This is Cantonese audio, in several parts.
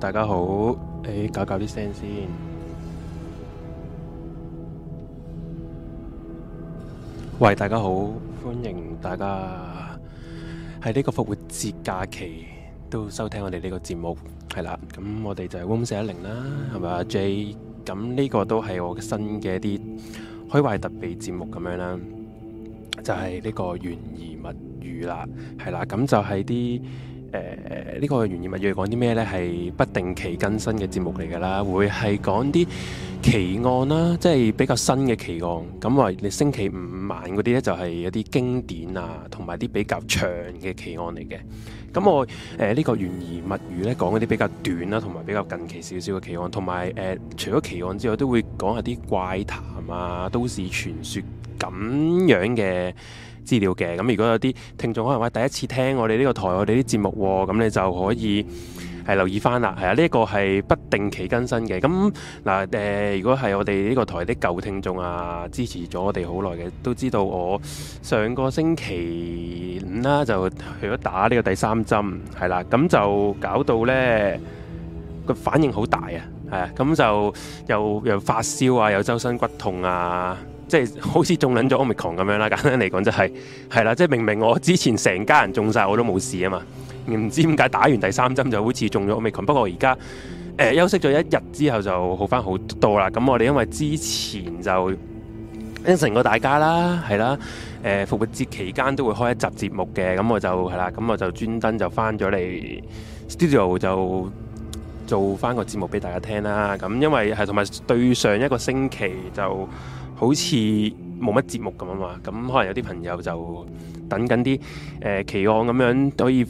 大家好，誒、哎，搞搞啲聲先。喂，大家好，歡迎大家喺呢個復活節假期都收聽我哋呢個節目，係啦，咁我哋就係 room 四一零啦，係咪阿 J？咁呢個都係我嘅新嘅一啲開懷特備節目咁樣啦，就係、是、呢個懸疑物語啦，係啦，咁就係啲。誒、呃，呢、這個懸疑物語講啲咩呢？係不定期更新嘅節目嚟噶啦，會係講啲奇案啦，即係比較新嘅奇案。咁話你星期五晚嗰啲呢，就係一啲經典啊，同埋啲比較長嘅奇案嚟嘅。咁我誒呢、呃這個懸疑物語呢，講嗰啲比較短啦，同埋比較近期少少嘅奇案。同埋誒，除咗奇案之外，都會講下啲怪談啊、都市傳說咁樣嘅。資料嘅咁，如果有啲聽眾可能係第一次聽我哋呢個台，我哋啲節目咁、哦，你就可以係留意返啦。係啊，呢、這、一個係不定期更新嘅。咁嗱誒，如果係我哋呢個台啲舊聽眾啊，支持咗我哋好耐嘅，都知道我上個星期五啦就去咗打呢個第三針，係啦，咁就搞到呢個反應好大啊，係啊，咁就又又發燒啊，又周身骨痛啊。即係好似中撚咗 omicron 咁樣啦。簡單嚟講、就係，就係係啦。即係明明我之前成家人中晒我都冇事啊嘛。唔知點解打完第三針就好似中咗 omicron。不過而家誒休息咗一日之後就好翻好多啦。咁我哋因為之前就應承過大家啦，係啦誒、呃，復活節期間都會開一集節目嘅。咁我就係啦，咁我就專登就翻咗嚟 studio 就做翻個節目俾大家聽啦。咁因為係同埋對上一個星期就，好似冇乜節目咁啊嘛，咁可能有啲朋友就等緊啲誒奇案咁樣，可以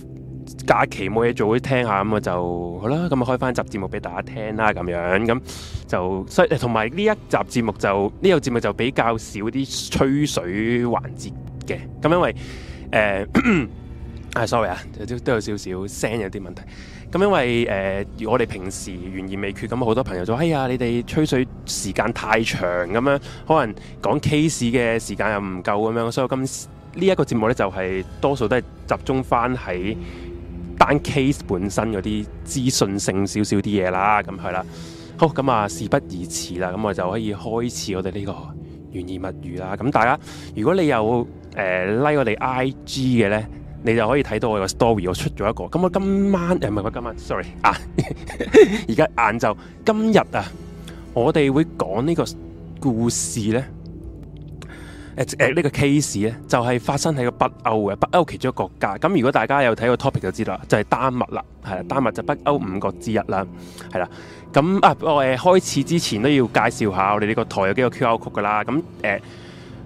假期冇嘢做聽，聽下咁啊就好啦，咁啊開翻集節目俾大家聽啦咁樣，咁就同埋呢一集節目就呢、呢個節目就比較少啲吹水環節嘅，咁因為誒、呃、 啊，sorry 啊，都，都有少少聲有啲問題。咁因為誒，呃、我哋平時懸疑未決，咁好多朋友就，哎呀，你哋吹水時間太長咁樣，可能講 case 嘅時間又唔夠咁樣，所以今、這個、節呢一個節目咧就係、是、多數都係集中翻喺單 case 本身嗰啲資訊性少少啲嘢啦，咁係啦。好，咁、嗯、啊，事不宜遲啦，咁、嗯、我就可以開始我哋呢個懸疑物語啦。咁、嗯、大家如果你有誒、呃、l、like、我哋 IG 嘅咧。你就可以睇到我個 story，我出咗一個。咁我今晚誒唔係我今晚，sorry 啊，而家晏晝，今日啊，我哋會講呢個故事咧，呢、呃呃呢個 case 咧，就係、係、發生喺個北歐嘅北歐其中一個國家。咁如果大家有睇個 topic 就知啦，就係、係、丹麥啦，係啦，丹麥就北歐五國之一啦，係啦。咁啊，我、呃、開始之前都要介紹下我哋呢個台有幾個 QR 曲噶啦。咁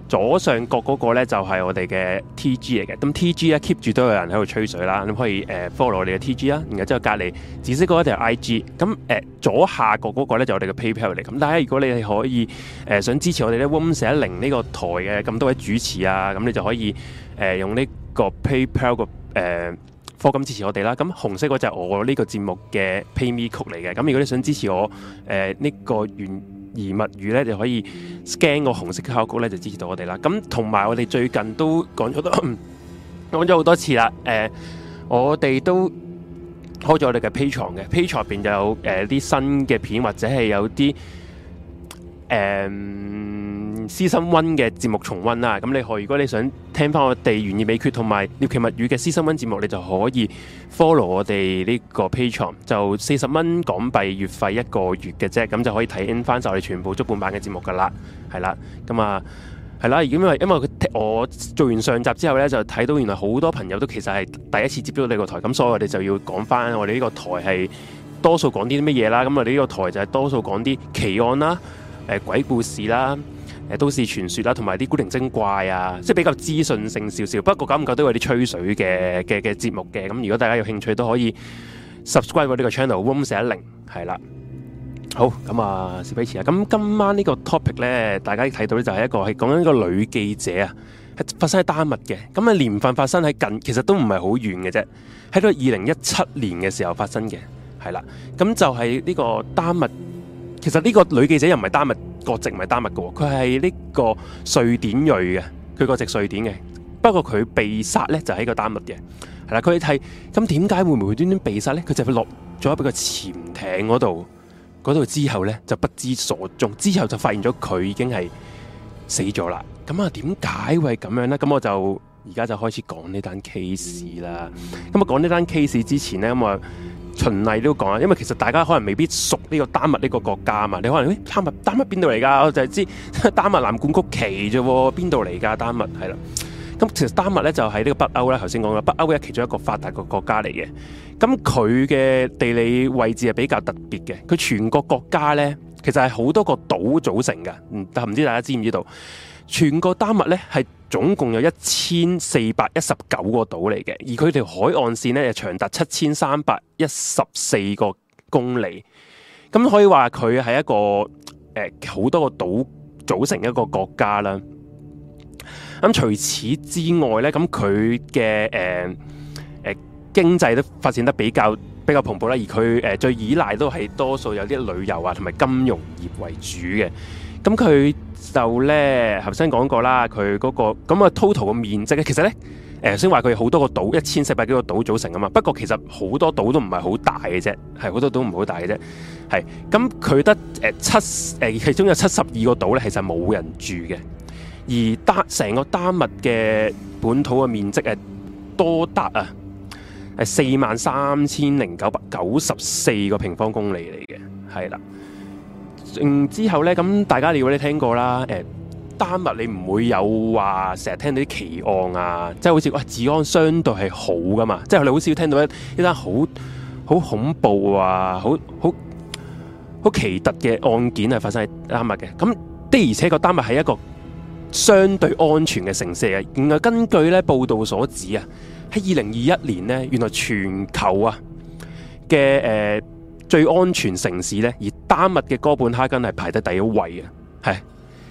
左上角嗰個咧就係、是、我哋嘅 T G 嚟嘅，咁 T G 咧 keep 住都有人喺度吹水啦，咁可以誒 follow 我哋嘅 T G 啦，然後之後隔離紫色嗰一就係 I G，咁誒左下角嗰個咧就是、我哋嘅 PayPal 嚟，咁大家如果你係可以誒、呃、想支持我哋咧，One 四一零呢個台嘅咁多位主持啊，咁你就可以誒、呃、用呢個 PayPal 嘅誒課金支持我哋啦，咁紅色嗰就係我呢個節目嘅 Pay Me Code 嚟嘅，咁如果你想支持我誒呢、呃這個原。而物語咧就可以 scan 個紅色嘅考局咧就支持到我哋啦。咁同埋我哋最近都講咗多講咗好多次啦。誒、呃，我哋都開咗我哋嘅 Patreon 嘅 Patreon 入邊就有誒啲、呃、新嘅片或者係有啲。誒、um，私心温嘅節目重温啦，咁、嗯、你可如果你想聽翻我哋懸疑美學同埋獵奇物語嘅私心温節目，你就可以 follow 我哋呢個 Patreon，就四十蚊港幣月費一個月嘅啫，咁就可以睇翻晒我哋全部足本版嘅節目噶啦，係啦，咁啊，係啦，因為因為佢我做完上集之後呢，就睇到原來好多朋友都其實係第一次接觸呢個台，咁所以我哋就要講翻我哋呢個台係多數講啲乜嘢啦，咁我哋呢個台就係多數講啲奇案啦。誒、呃、鬼故事啦，誒、呃、都市傳説啦，同埋啲古靈精怪啊，即係比較資訊性少少。不過久唔久都有啲吹水嘅嘅嘅節目嘅。咁、嗯、如果大家有興趣都可以 subscribe 我呢個 channel，room 四一零係啦。好咁、嗯、啊，史比斯啊，咁、嗯、今晚呢個 topic 呢，大家睇到呢就係一個係講緊一個女記者啊，係發生喺丹麥嘅。咁、嗯、啊，年份發生喺近，其實都唔係好遠嘅啫，喺到二零一七年嘅時候發生嘅係啦。咁、嗯、就係、是、呢個丹麥。其實呢個女記者又唔係丹麥國籍是的，唔係丹麥嘅，佢係呢個瑞典裔嘅，佢國籍瑞典嘅。不過佢被殺咧就喺、是、個丹麥嘅，係啦。佢係咁點解會唔會端端被殺咧？佢就落咗喺個潛艇嗰度，嗰度之後咧就不知所蹤。之後就發現咗佢已經係死咗啦。咁啊，點解會係咁樣咧？咁我就而家就開始講呢單 case 啦。咁啊，講呢單 case 之前咧，咁啊。循例都講啊，因為其實大家可能未必熟呢個丹麥呢個國家嘛，你可能誒丹麥丹麥邊度嚟㗎？我就係知丹麥藍罐曲奇啫喎，邊度嚟㗎？丹麥係啦，咁、嗯、其實丹麥咧就喺、是、呢個北歐呢。頭先講嘅北歐嘅其中一個發達嘅國家嚟嘅。咁佢嘅地理位置係比較特別嘅，佢全個國家咧其實係好多個島組成嘅，嗯，但唔知大家知唔知道？全個丹麥咧係總共有一千四百一十九個島嚟嘅，而佢條海岸線咧就長達七千三百一十四個公里，咁可以話佢係一個誒好、呃、多個島組成一個國家啦。咁除此之外咧，咁佢嘅誒誒經濟都發展得比較比較蓬勃啦，而佢、呃、最依賴都係多數有啲旅遊啊同埋金融業為主嘅。咁佢就咧，頭先講過啦，佢嗰、嗰個咁啊，total 嘅面積咧，其實咧，誒頭先話佢好多個島，一千四百幾個島組成啊嘛。不過其實好多島都唔係好大嘅啫，係好多島唔係好大嘅啫，係。咁佢得誒七誒其中有七十二個島咧，其實冇人住嘅。而丹成個丹麥嘅本土嘅面積係多得啊，係四萬三千零九百九十四個平方公里嚟嘅，係啦。然之後呢，咁大家如果你聽過啦，誒，丹麥你唔會有話成日聽到啲奇案啊，即係好似喂，治安相對係好噶嘛，即係你好少聽到一單好好恐怖啊，好好好奇特嘅案件係發生喺丹麥嘅，咁的而且確丹麥係一個相對安全嘅城市啊。根據呢報道所指啊，喺二零二一年呢，原來全球啊嘅誒。呃最安全城市咧，而丹麥嘅哥本哈根係排得第一位嘅，係。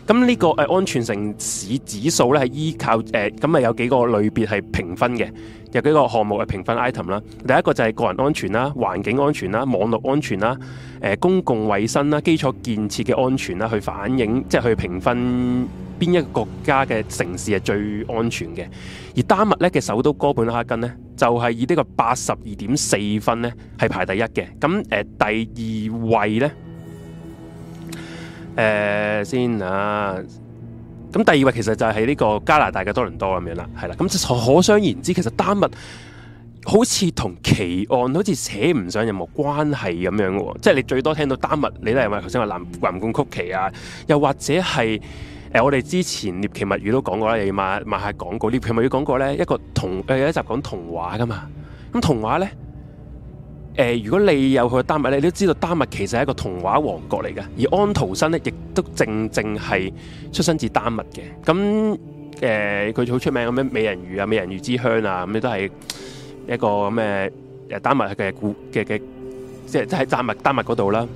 咁呢個安全城市指數咧係依靠咁啊、呃、有幾個類別係評分嘅，有幾個項目係評分 item 啦。第一個就係個人安全啦、環境安全啦、網絡安全啦、呃、公共衛生啦、基礎建設嘅安全啦，去反映即係、就是、去評分邊一個國家嘅城市係最安全嘅。而丹麥咧嘅首都哥本哈根呢，就係、是、以呢個八十二點四分呢係排第一嘅。咁、呃、第二位呢。誒，先啊，咁第二位其實就係呢個加拿大嘅多倫多咁樣啦，係啦，咁就可想而知，其實丹麥好似同奇案好似扯唔上任何關係咁樣嘅，即係你最多聽到丹麥，你都係話頭先話藍藍罐曲奇啊，又或者係誒、呃、我哋之前獵奇物語都講過啦，又賣賣下廣告，獵奇物語講過咧一個同誒有一集講童話噶嘛，咁童話咧。誒、呃，如果你有去丹麥咧，你都知道丹麥其實係一個童話王國嚟嘅，而安徒生咧亦都正正係出生自丹麥嘅。咁誒，佢、呃、好出名咁咩美人魚啊、美人魚之鄉啊，咁、嗯、都係一個咩嘅誒丹麥嘅故嘅嘅，即係喺丹麥、丹麥嗰度啦。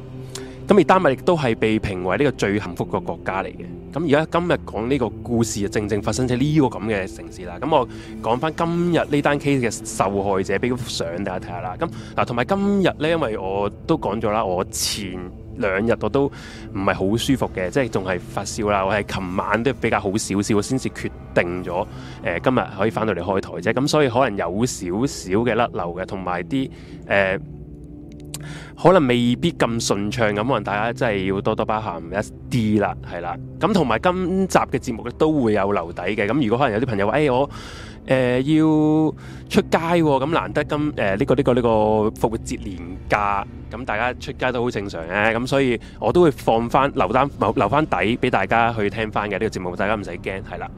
咁而丹麥亦都係被評為呢個最幸福嘅國家嚟嘅。咁而家今日講呢個故事就正正發生喺呢個咁嘅城市啦。咁我講翻今日呢單 case 嘅受害者，俾張相大家睇下啦。咁嗱，同埋今日呢，因為我都講咗啦，我前兩日我都唔係好舒服嘅，即係仲係發燒啦。我係琴晚都比較好少少，我先至決定咗、呃、今日可以翻到嚟開台啫。咁所以可能有少少嘅甩漏嘅，同埋啲誒。呃可能未必咁順暢咁，可能大家真係要多多包涵一啲啦，係啦。咁同埋今集嘅節目咧都會有留底嘅。咁如果可能有啲朋友話，誒、哎，我誒、呃、要出街、啊，咁難得今誒呢、呃呢個呢、呢個呢、呢個復活節連假，咁大家出街都好正常嘅、啊。咁所以我都會放翻留單留翻底俾大家去聽翻嘅呢個節目，大家唔使驚，係啦。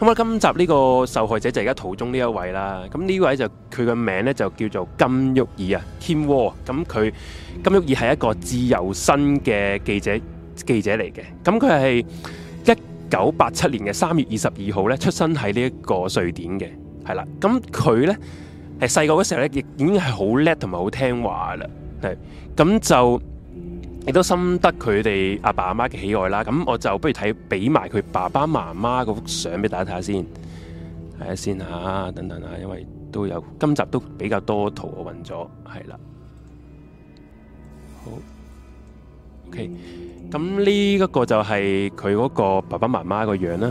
咁啊！今集呢個受害者就係而家圖中呢一位啦。咁呢位就佢嘅名咧就叫做金玉爾啊，Kim Wall。咁 Kim 佢金玉爾係一個自由身嘅記者記者嚟嘅。咁佢係一九八七年嘅三月二十二號咧，出生喺呢一個瑞典嘅係啦。咁佢咧係細個嗰時候咧，亦已經係好叻同埋好聽話啦。係咁就。亦都深得佢哋阿爸阿媽嘅喜愛啦，咁我就不如睇俾埋佢爸爸媽媽嗰幅相俾大家睇下先，睇下先吓，等等吓，因為都有，今集都比較多圖我暈咗，係啦，好，OK，咁呢一個就係佢嗰個爸爸媽媽個樣啦，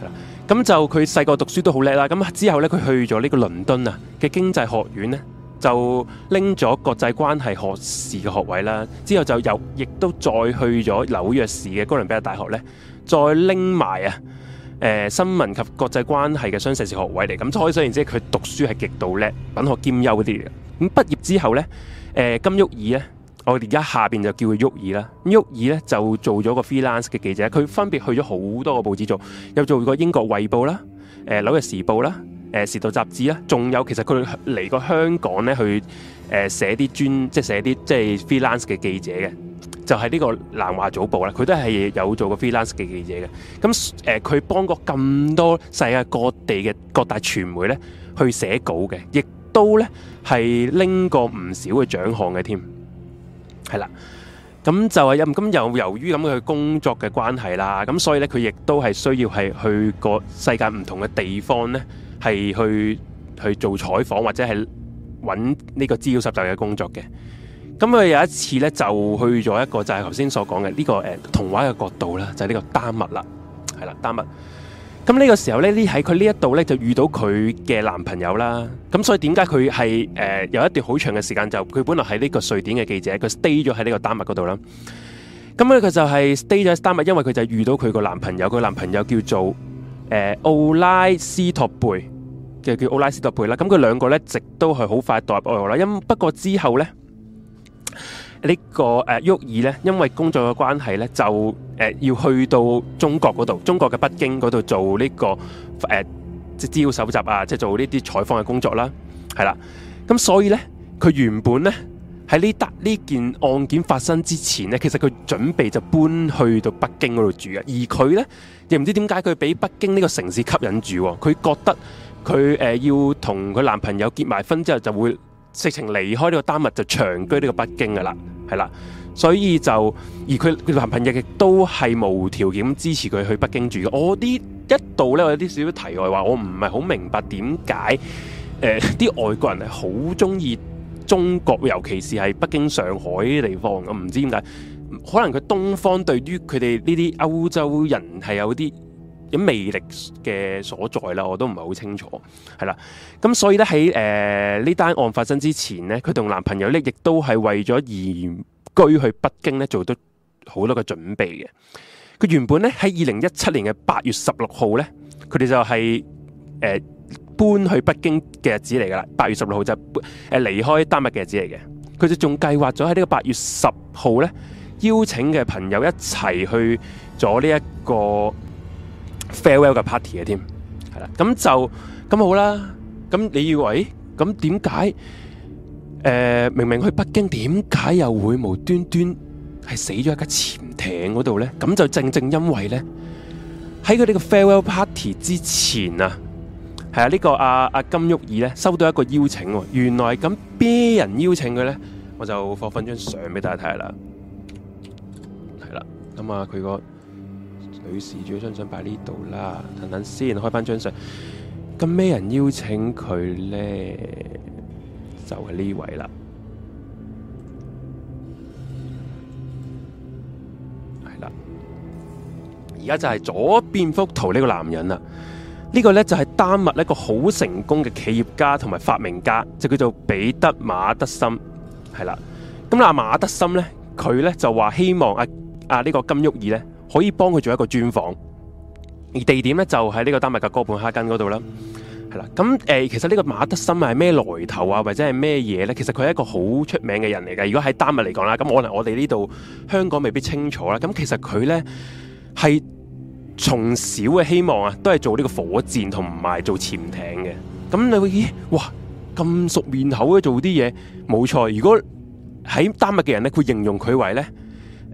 係啦，咁就佢細個讀書都好叻啦，咁之後呢，佢去咗呢個倫敦啊嘅經濟學院呢。就拎咗國際關係學士嘅學位啦，之後就又亦都再去咗紐約市嘅哥倫比亞大學呢，再拎埋啊，誒、呃、新聞及國際關係嘅雙碩士學位嚟。咁所以，而然之佢讀書係極度叻、品學兼優嗰啲嘅。咁畢業之後呢，誒、呃、金沃爾呢，我哋而家下邊就叫佢沃爾啦。咁沃爾呢，就做咗個 freelance 嘅記者，佢分別去咗好多個報紙做，又做過英國《衛報》啦、呃，誒紐約《時報》啦。誒，時代雜誌啦，仲有其實佢嚟過香港咧，去誒寫啲專即係寫啲即係 freelance 嘅記者嘅，就係呢個南華早報啦。佢都係有做過 freelance 嘅記者嘅。咁誒，佢幫過咁多世界各地嘅各大傳媒咧，去寫稿嘅，亦都咧係拎過唔少嘅獎項嘅，添係啦。咁就係因咁又由於咁去工作嘅關係啦，咁所以咧佢亦都係需要係去個世界唔同嘅地方咧。係去去做採訪或者係揾呢個資料收集嘅工作嘅。咁佢有一次呢，就去咗一個就係頭先所講嘅呢個誒、呃、童話嘅國度啦，就係、是、呢個丹麥啦，係啦丹麥。咁呢個時候咧，呢喺佢呢一度呢，就遇到佢嘅男朋友啦。咁所以點解佢係誒有一段好長嘅時間就佢本來係呢個瑞典嘅記者，佢 stay 咗喺呢個丹麥嗰度啦。咁咧佢就係 stay 咗喺丹麥，因為佢就遇到佢個男朋友，佢男朋友叫做誒奧、呃、拉斯托貝。就叫奧拉斯特佩啦。咁佢兩個咧，一直都係好快墮入愛河啦。因不過之後咧，這個呃、呢個誒沃爾咧，因為工作嘅關係咧，就誒、呃、要去到中國嗰度，中國嘅北京嗰度做呢、這個誒、呃、即資料搜集啊，即係做呢啲採訪嘅工作啦。係啦，咁所以咧，佢原本咧喺呢得呢件案件發生之前咧，其實佢準備就搬去到北京嗰度住嘅。而佢咧，又唔知點解佢俾北京呢個城市吸引住，佢覺得。佢誒、呃、要同佢男朋友結埋婚之後，就會直情離開呢個丹麥，就長居呢個北京㗎啦，係啦，所以就而佢佢男朋友亦都係無條件支持佢去北京住嘅。我啲一度呢，我有啲少少題外話，我唔係好明白點解誒啲外國人係好中意中國，尤其是係北京、上海呢啲地方。我唔知點解，可能佢東方對於佢哋呢啲歐洲人係有啲。有魅力嘅所在啦，我都唔係好清楚，係啦。咁所以咧喺誒呢單、呃、案發生之前呢，佢同男朋友呢亦都係為咗移居去北京呢做咗好多個準備嘅。佢原本呢，喺二零一七年嘅八月十六號呢，佢哋就係、是、誒、呃、搬去北京嘅日子嚟噶啦。八月十六號就誒、是呃、離開丹麥嘅日子嚟嘅。佢哋仲計劃咗喺呢個八月十號呢，邀請嘅朋友一齊去咗呢一個。farewell 嘅 party 嘅添，係啦，咁就咁好啦，咁你以為咁點解？誒、呃，明明去北京，點解又會無端端係死咗一架潛艇嗰度咧？咁就正正因為咧，喺佢哋嘅 farewell party 之前啊，係、這個、啊，呢個阿阿金玉兒咧收到一個邀請，原來咁邊人邀請佢咧，我就放返張相俾大家睇下啦，係啦，咁啊佢個。女士，最張相擺呢度啦，等等先，開翻張相。咁咩人邀請佢呢？就係、是、呢位啦，係啦。而家就係左邊幅圖呢個男人啦，呢、呢個呢，就係、是、丹麥一個好成功嘅企業家同埋發明家，就叫做彼得馬德森，係啦。咁啦，阿馬德森呢，佢呢，就話希望阿阿呢個金旭兒呢。可以幫佢做一個專訪，而地點咧就喺呢個丹麥嘅哥本哈根嗰度啦，係啦。咁誒、呃，其實呢個馬德森係咩來頭啊，或者係咩嘢咧？其實佢係一個好出名嘅人嚟㗎。如果喺丹麥嚟講啦，咁可能我哋呢度香港未必清楚啦。咁其實佢咧係從小嘅希望啊，都係做呢個火箭同埋做潛艇嘅。咁你會咦？哇！咁熟面口嘅、啊、做啲嘢，冇錯。如果喺丹麥嘅人咧，佢形容佢為咧誒、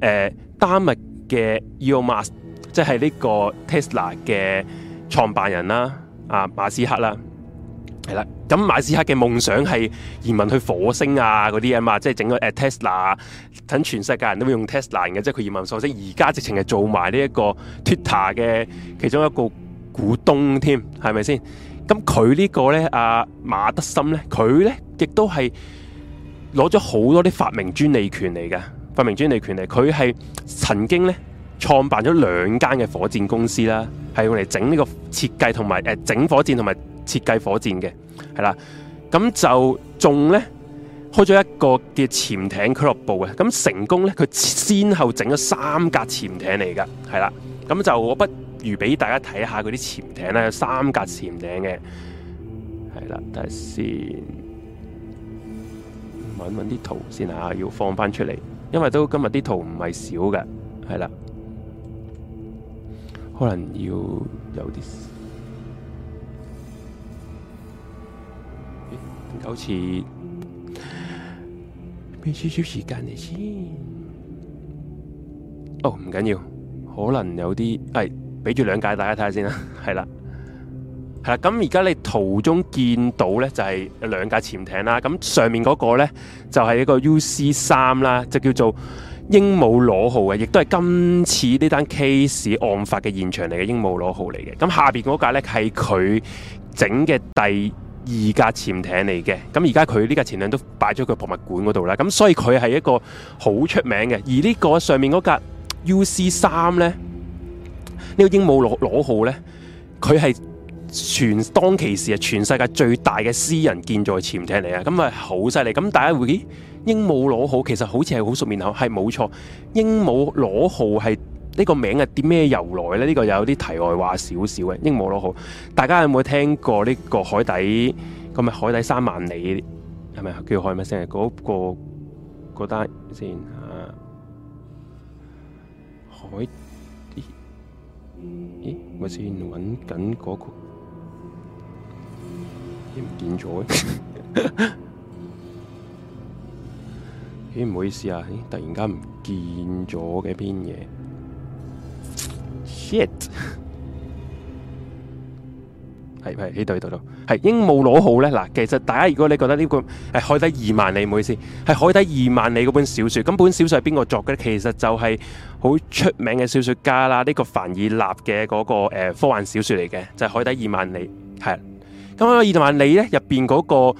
呃、丹麥嘅 Elon Musk 即係呢個 Tesla 嘅創辦人啦，啊，馬斯克啦，係啦。咁馬斯克嘅夢想係移民去火星啊，嗰啲啊嘛，即係整個 Tesla，等全世界人都會用 Tesla 嘅，即係佢移民火星。而家直情係做埋呢一個 Twitter 嘅其中一個股東添，係咪先？咁佢呢個咧，阿、啊、馬德森咧，佢咧亦都係攞咗好多啲發明專利權嚟嘅。發明專利權利，佢係曾經咧創辦咗兩間嘅火箭公司啦，係用嚟整呢個設計同埋誒整火箭同埋設計火箭嘅，係啦。咁就仲咧開咗一個叫潛艇俱樂部嘅，咁成功咧佢先後整咗三架潛艇嚟噶，係啦。咁就我不如俾大家睇下嗰啲潛艇咧，有三架潛艇嘅，係啦。睇下先，揾揾啲圖先啊，要放翻出嚟。因為都今日啲圖唔係少嘅，係啦，可能要有啲，好似俾少少時間你先。哦，唔緊要，可能有啲，係俾住兩屆大家睇下先啦，係啦。係啦，咁而家你途中見到呢，就係兩架潛艇啦。咁上面嗰個呢，就係一個 U C 三啦，就叫做鸚鵡螺號嘅，亦都係今次呢單 case 案發嘅現場嚟嘅鸚鵡螺號嚟嘅。咁下面嗰架呢，係佢整嘅第二架潛艇嚟嘅。咁而家佢呢架潛艇都擺咗喺博物館嗰度啦。咁所以佢係一個好出名嘅。而呢個上面嗰架 U C 三呢，呢個鸚鵡螺螺號呢，佢係。全當其時係全世界最大嘅私人建造嘅潛艇嚟啊！咁咪好犀利咁，大家會咦？鸚鵡螺號其實好似係好熟面口，係冇錯。鸚鵡螺號係呢、這個名係啲咩由來咧？呢、這個有啲題外話少少嘅。鸚鵡螺號，大家有冇聽過呢個海底？咁咪海底三萬里係咪叫海咩聲啊？嗰、那個嗰單、那個那個、先啊，海底咦？我、欸欸、先揾緊嗰個。唔見咗咦？唔、 咦、好意思啊、咦，突然間唔見咗嘅篇嘢，shit，係係呢度呢度，係 《鸚鵡螺號》咧。嗱，其實大家如果你覺得呢個係海底二萬里，唔好意思，係海底二萬里嗰本小說。咁本小說係邊個作嘅？其實就係好出名嘅小說家啦。呢個凡爾納嘅嗰個誒科幻小說嚟嘅，就係《海底二萬里》，係。咁以同埋你咧入邊嗰個誒、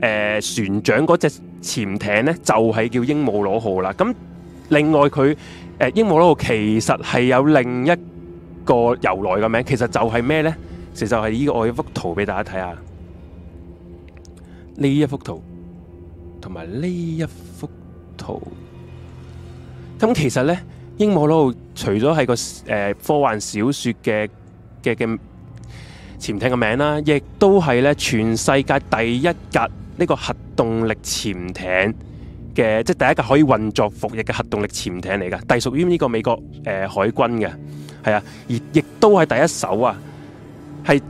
呃、船長嗰隻潛艇咧就係、是、叫鸚鵡螺號啦。咁另外佢誒鸚鵡螺號其實係有另一個由來嘅名，其實就係咩咧？其實就係依個我有幅圖俾大家睇下，呢一幅圖同埋呢一幅圖。咁其實咧，鸚鵡螺號除咗係個誒、呃、科幻小說嘅嘅嘅。潛艇嘅名啦，亦都係咧全世界第一架呢個核動力潛艇嘅，即係第一架可以運作服役嘅核動力潛艇嚟㗎，隸屬於呢個美國誒、呃、海軍嘅，係啊，亦都係第一艘啊，係。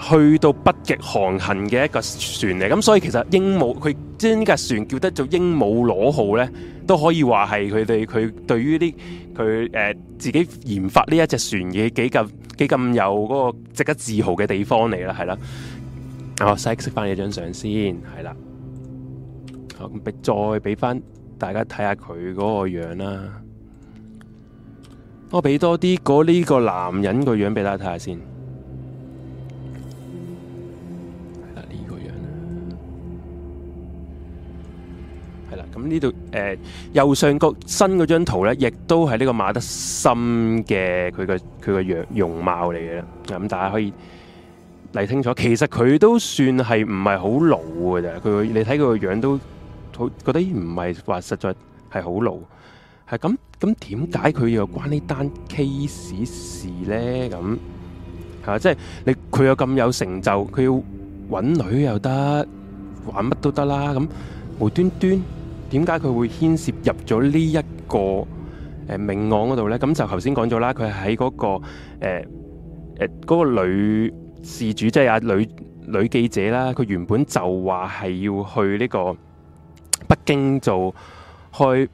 去到北極航行嘅一個船嚟，咁所以其實鸚鵡佢將呢架船叫得做鸚鵡螺號咧，都可以話係佢哋佢對於呢佢誒自己研發呢一隻船嘅幾咁幾咁有嗰個值得自豪嘅地方嚟啦，係啦。哦、啊，我細息翻你張相先，係啦。好，咁俾再俾翻大家睇下佢嗰個樣啦。我俾多啲嗰呢個男人個樣俾大家睇下先。咁呢度誒右上角新嗰張圖咧，亦都係呢個馬德森嘅佢個佢個樣容貌嚟嘅，咁、嗯、大家可以睇清楚。其實佢都算係唔係好老嘅啫。佢你睇佢個樣都好覺得唔係話實在係好老。係咁，咁點解佢又關呢單 case 事咧？咁係啊，即係你佢又咁有成就，佢要揾女又得，玩乜都得啦。咁、嗯、無端端～點解佢會牽涉入咗呢一個誒命案嗰度呢？咁就頭先講咗啦，佢喺嗰個誒誒、呃呃嗰個女事主，即係啊女女記者啦。佢原本就話係要去呢個北京做開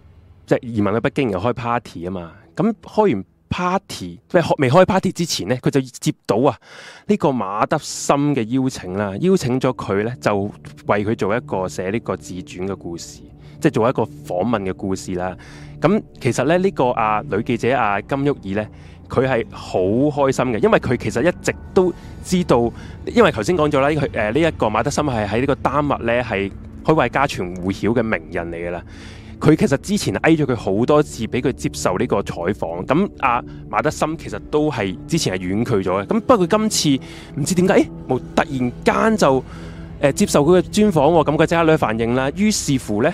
即係移民去北京，又開 party 啊嘛。咁開完 party 即係未開 party 之前呢，佢就接到啊呢個馬德森嘅邀請啦，邀請咗佢呢，就為佢做一個寫呢個自傳嘅故事。即係做一個訪問嘅故事啦。咁其實咧，呢、這個啊女記者啊金旭爾呢，佢係好開心嘅，因為佢其實一直都知道，因為頭先講咗啦，呢佢誒呢一個、呃這個馬德森係喺呢個丹麥呢係可謂家傳戶曉嘅名人嚟嘅啦。佢其實之前哀咗佢好多次，俾佢接受呢個採訪。咁啊，馬德森其實都係之前係婉拒咗嘅。咁不過佢今次唔知點解冇突然間就誒、呃、接受佢嘅專訪喎。咁佢即刻女反應啦，於是乎呢。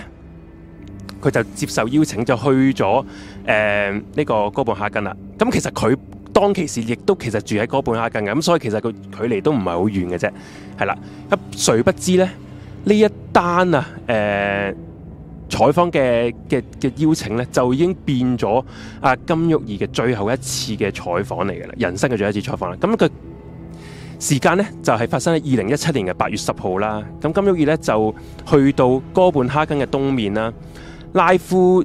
佢就接受邀請，就去咗誒呢個哥本哈根啦。咁其實佢當其時亦都其實住喺哥本哈根嘅，咁所以其實佢距離都唔係好遠嘅啫。係啦，咁誰不知呢？呢一單啊，誒、呃、採訪嘅嘅嘅邀請呢，就已經變咗阿金玉爾嘅最後一次嘅採訪嚟嘅啦，人生嘅最後一次採訪啦。咁、那、佢、個、時間呢，就係、是、發生喺二零一七年嘅八月十號啦。咁金玉爾呢，就去到哥本哈根嘅東面啦。拉夫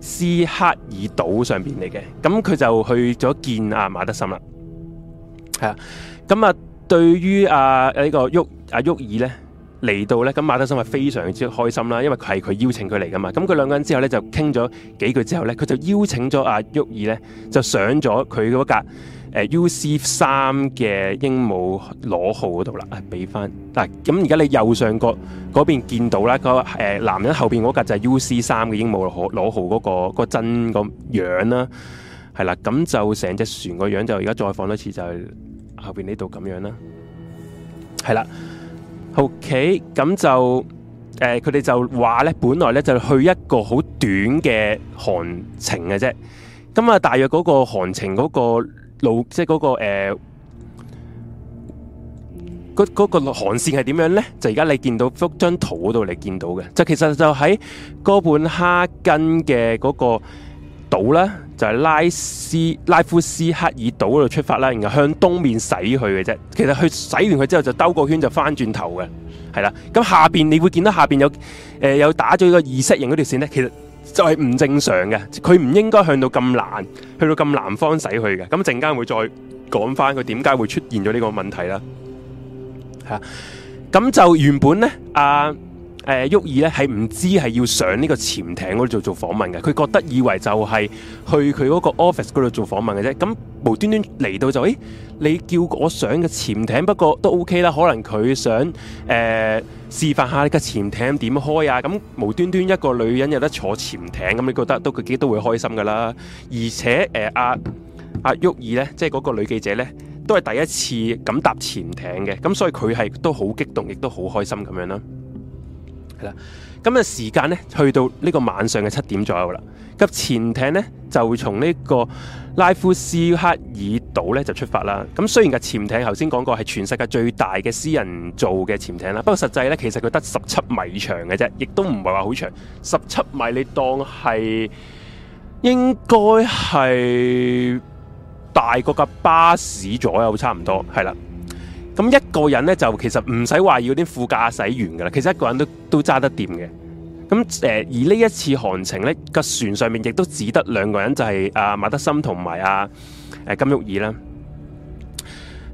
斯克爾島上邊嚟嘅，咁佢就去咗見阿、啊、馬德森啦，係啊，咁啊，對於阿、啊這個啊、呢個沃阿沃爾咧嚟到咧，咁馬德森係非常之開心啦，因為佢係佢邀請佢嚟噶嘛，咁佢兩個人之後咧就傾咗幾句之後咧，佢就邀請咗阿沃爾咧就上咗佢嗰架。誒 U C 三嘅鸚鵡螺號嗰度啦，俾翻嗱。咁而家你右上角嗰邊見到啦，那個誒、呃、男人後邊嗰格就係 U C 三嘅鸚鵡螺螺號嗰、那個那個真個樣，樣、就是、樣啦，係啦。咁就成隻船個樣就而家再放多次，就係後邊呢度咁樣啦，係啦。OK，咁就誒佢哋就話咧，本來咧就去一個好短嘅航程嘅啫。咁啊，大約嗰個航程嗰、那個。路即係、那、嗰個誒，嗰嗰航線係點樣咧？就而家你見到幅張圖嗰度你見到嘅，就其實就喺哥本哈根嘅嗰個島啦，就係、是、拉斯拉夫斯克爾島嗰度出發啦，然後向東面駛去嘅啫。其實佢駛完佢之後就兜個圈就返轉頭嘅，係啦。咁下邊你會見到下邊有誒、呃、有打咗個 Z 形嗰條線咧，其實。就係、是、唔正常嘅，佢唔應該向到咁難，向難向去到咁南方使去嘅。咁陣間會再講翻佢點解會出現咗呢個問題啦。嚇，咁就原本呢。啊。誒、呃，沃爾咧係唔知係要上呢個潛艇嗰度做訪問嘅，佢覺得以為就係去佢嗰個 office 嗰度做訪問嘅啫。咁無端端嚟到就誒，你叫我上嘅潛艇，不過都 O K 啦。可能佢想誒、呃、示範下你嘅潛艇點開啊。咁無端端一個女人有得坐潛艇，咁你覺得都自己都會開心噶啦。而且誒，阿阿沃爾呢，即係嗰個女記者呢，都係第一次咁搭潛艇嘅，咁所以佢係都好激動，亦都好開心咁樣啦。咁啊，時間咧去到呢個晚上嘅七點左右啦。咁潛艇咧就會從呢個拉夫斯克爾島咧就出發啦。咁雖然個潛艇頭先講過係全世界最大嘅私人造嘅潛艇啦，不過實際咧其實佢得十七米長嘅啫，亦都唔係話好長。十七米你當係應該係大過個巴士左右差唔多，係啦。咁一個人咧就其實唔使話要啲副駕駛員㗎啦，其實一個人都都揸得掂嘅。咁、呃、而呢一次航程咧，個船上面亦都只得兩個人，就係、是、阿、啊、馬德森同埋阿金玉爾啦。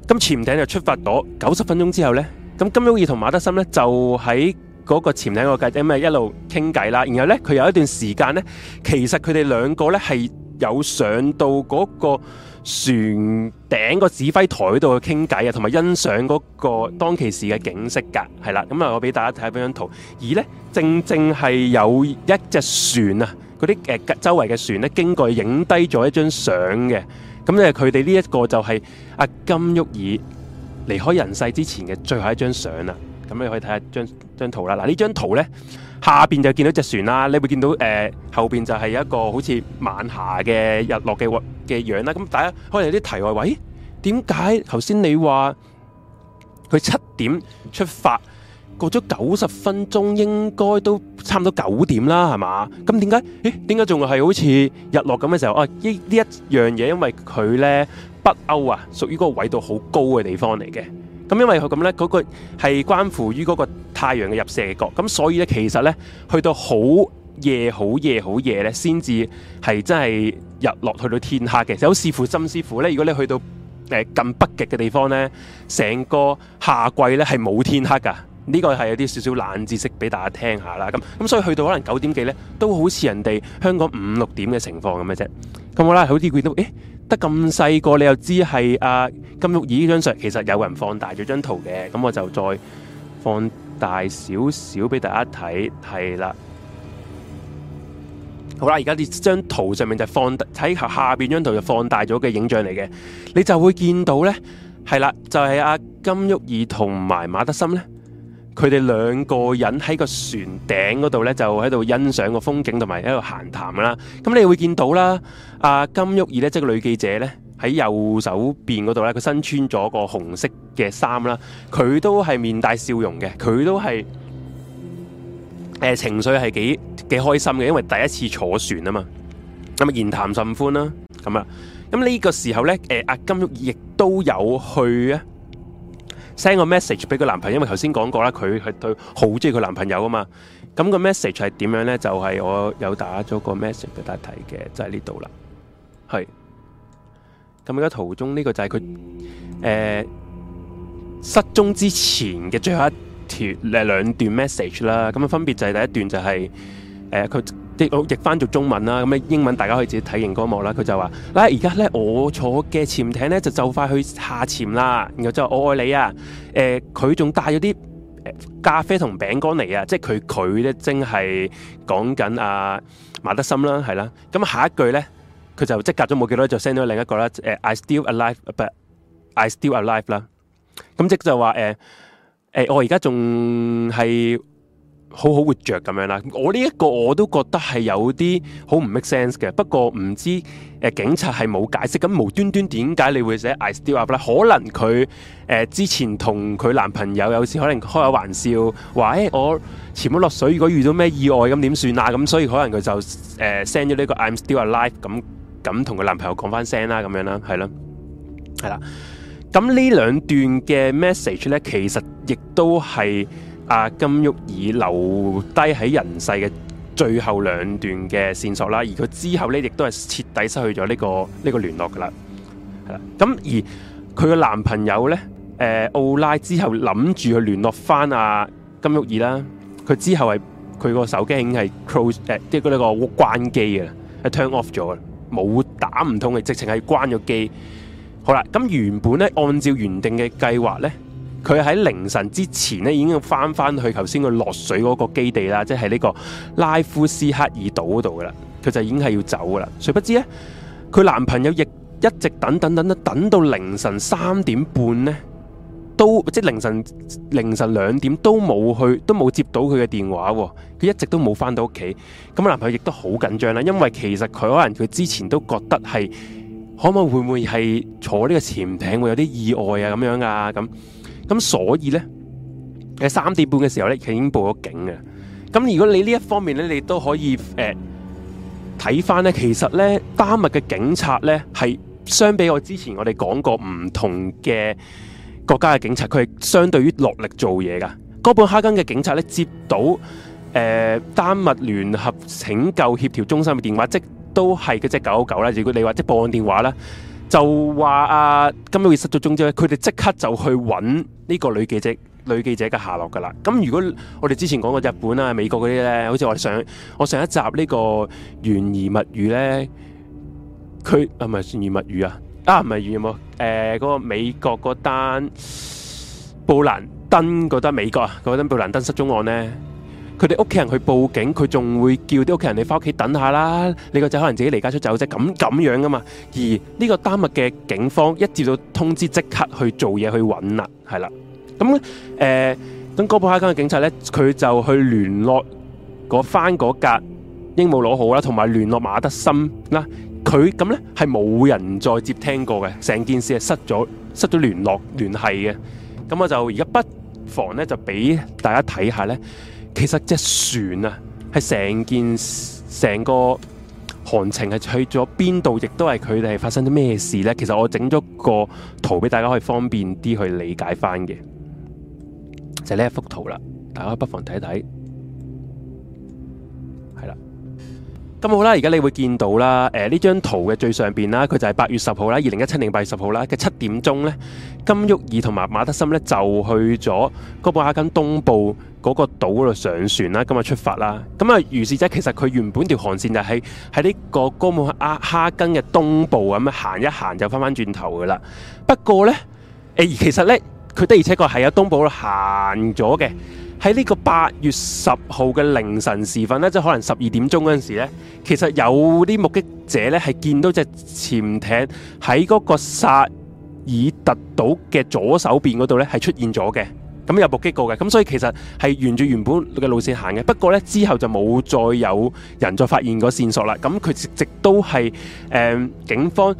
咁潛艇就出發咗九十分鐘之後咧，咁金玉爾同馬德森咧就喺嗰個潛艇個計咁咪一路傾偈啦。然後咧佢有一段時間咧，其實佢哋兩個咧係有上到嗰、那個船頂個指揮台度傾偈啊，同埋欣賞嗰個當其時嘅景色噶，係啦。咁啊，我俾大家睇下張圖。而呢，正正係有一隻船啊，嗰啲誒周圍嘅船呢，經過影低咗一張相嘅。咁咧，佢哋呢一個就係阿金沃爾離開人世之前嘅最後一張相啦。咁你可以睇下張張圖啦。嗱，呢張圖呢。下面就見到隻船啦，你會見到誒、呃、後邊就係一個好似晚霞嘅日落嘅嘅樣啦。咁大家可能有啲題外，喂，點解頭先你話佢七點出發，過咗九十分鐘應該都差唔多九點啦，係嘛？咁點解？誒點解仲係好似日落咁嘅時候？啊，呢呢一樣嘢，因為佢呢北歐啊，屬於個緯度好高嘅地方嚟嘅。咁因為佢咁呢，嗰個係關乎於嗰個太陽嘅入射角，咁所以呢，其實呢，去到好夜、好夜、好夜呢，先至係真係日落去到天黑嘅。就好似乎，甚至乎呢，如果你去到咁近北極嘅地方呢，成個夏季呢，係冇天黑㗎。呢、這個係有啲少少冷知識，俾大家聽下啦。咁咁，所以去到可能九點幾呢，都好似人哋香港五六點嘅情況咁嘅啫。咁好啦，好似見到，誒得咁細個，你又知係阿、啊、金玉兒呢張相，張 Sir，其實有人放大咗張圖嘅。咁我就再放大少少俾大家睇，係啦。好啦，而家呢張圖上面就放大喺下邊張圖就放大咗嘅影像嚟嘅，你就會見到呢，係啦，就係、是、阿、啊、金玉兒同埋馬德森呢。佢哋兩個人喺個船頂嗰度呢，就喺度欣賞個風景同埋喺度閒談啦。咁你會見到啦，阿金玉兒呢，即係個女記者呢，喺右手邊嗰度呢，佢身穿咗個紅色嘅衫啦，佢都係面帶笑容嘅，佢都係誒、呃、情緒係幾幾開心嘅，因為第一次坐船啊嘛，咁啊言談甚歡啦，咁啊，咁呢個時候呢，誒、呃、阿金玉兒亦都有去啊。send 個 message 俾佢男朋友，因為頭先講過啦，佢係對好中意佢男朋友啊嘛。咁個 message 係點樣呢？就係我有打咗個 message 俾大家睇嘅，就係呢度啦。係，咁而家途中呢個就係佢誒失蹤之前嘅最後一條兩段 message 啦。咁分別就係第一段就係誒佢。呃即我譯翻做中文啦，咁嘅英文大家可以自己睇型歌幕啦。佢就話：咧而家咧我坐嘅潛艇咧就就快去下潛啦。然後就我愛你啊！誒、呃，佢仲帶咗啲咖啡同餅乾嚟啊！即係佢佢咧，正係講緊啊，馬德森啦，係啦。咁下一句咧，佢就即隔咗冇幾多日就 send 咗另一個啦。誒，I still alive，不，I still alive 啦。咁即就話誒誒，我而家仲係。好好活着咁樣啦，我呢一個我都覺得係有啲好唔 make sense 嘅。不過唔知誒警察係冇解釋，咁無端端點解你會寫 I'm still alive 咧？可能佢、呃、之前同佢男朋友有時可能開下玩笑，話、欸、我潛咗落水，如果遇到咩意外咁點算啊？咁所以可能佢就 send 咗呢個 I'm still alive 咁咁同佢男朋友講返聲啦，咁樣啦，係啦，係啦。咁呢兩段嘅 message 咧，其實亦都係。阿金玉兒留低喺人世嘅最後兩段嘅線索啦，而佢之後咧亦都係徹底失去咗呢、這個呢、這個聯絡噶啦，係啦。咁而佢個男朋友咧，誒、呃，奧拉之後諗住去聯絡翻阿金玉兒啦，佢之後係佢個手機已經係 close，誒、呃，即係個關機噶啦，係 turn off 咗啦，冇打唔通嘅，直情係關咗機。好啦，咁原本咧，按照原定嘅計劃咧。佢喺凌晨之前咧，已經翻翻去頭先佢落水嗰個基地啦，即係呢個拉夫斯克爾島嗰度噶啦。佢就已經係要走噶啦。誰不知咧，佢男朋友亦一直等等等等，等到凌晨三點半咧，都即凌晨凌晨兩點都冇去，都冇接到佢嘅電話喎。佢一直都冇翻到屋企。咁男朋友亦都好緊張啦，因為其實佢可能佢之前都覺得係可唔可能會唔會係坐呢個潛艇會有啲意外啊咁樣啊咁。咁所以呢，喺三點半嘅時候呢，佢已經報咗警嘅。咁如果你呢一方面呢，你都可以誒睇翻呢。其實呢，丹麥嘅警察呢，係相比我之前我哋講過唔同嘅國家嘅警察，佢係相對於落力做嘢㗎。哥本哈根嘅警察呢，接到誒、呃、丹麥聯合拯救協調中心嘅電話，即都係嗰隻狗狗啦，如果你話即是報案電話啦。就話啊，今日佢失咗蹤之後，佢哋即刻就去揾呢個女記者女記者嘅下落噶啦。咁如果我哋之前講過日本啊、美國嗰啲咧，好似我上我上一集呢個懸疑物語呢，呃，佢啊係咪懸疑物語啊？啊唔係懸疑物語，誒嗰個美國嗰單布蘭登嗰單美國啊嗰單布蘭登失蹤案咧。佢哋屋企人去報警，佢仲會叫啲屋企人，你翻屋企等一下啦。你個仔可能自己離家出走啫，咁咁樣噶嘛。而呢個丹麥嘅警方一接到通知，即刻去做嘢去揾啦，係啦。咁誒，等、呃、哥本哈根嘅警察呢，佢就去聯絡嗰翻嗰格英霧羅號啦，同埋聯絡馬德森啦。佢咁呢，係冇人再接聽過嘅，成件事係失咗失咗聯絡聯繫嘅。咁我就而家不妨呢，就俾大家睇下呢。其實隻船啊，係成件成個行程係去咗邊度，亦都係佢哋係發生咗咩事呢？其實我整咗個圖俾大家，可以方便啲去理解翻嘅，就係呢一幅圖啦。大家不妨睇一睇。咁好啦，而家你會見到啦，誒呢張圖嘅最上邊啦，佢就係八月十號啦，二零一七年八月十號啦嘅七點鐘呢，金玉兒同埋馬德森呢，就去咗哥本哈根東部嗰個島嗰度上船啦，今日出發啦。咁啊，於是即係其實佢原本條航線就係喺呢個哥本哈根嘅東部咁樣行一行就翻翻轉頭噶啦。不過呢，誒、欸、其實呢，佢的而且確係喺東部行咗嘅。喺呢個八月十號嘅凌晨時分呢即係可能十二點鐘嗰陣時咧，其實有啲目擊者呢係見到隻潛艇喺嗰個薩爾特島嘅左手邊嗰度呢係出現咗嘅，咁有目擊過嘅，咁所以其實係沿住原本嘅路線行嘅，不過呢，之後就冇再有人再發現個線索啦，咁佢直直都係誒、呃、警方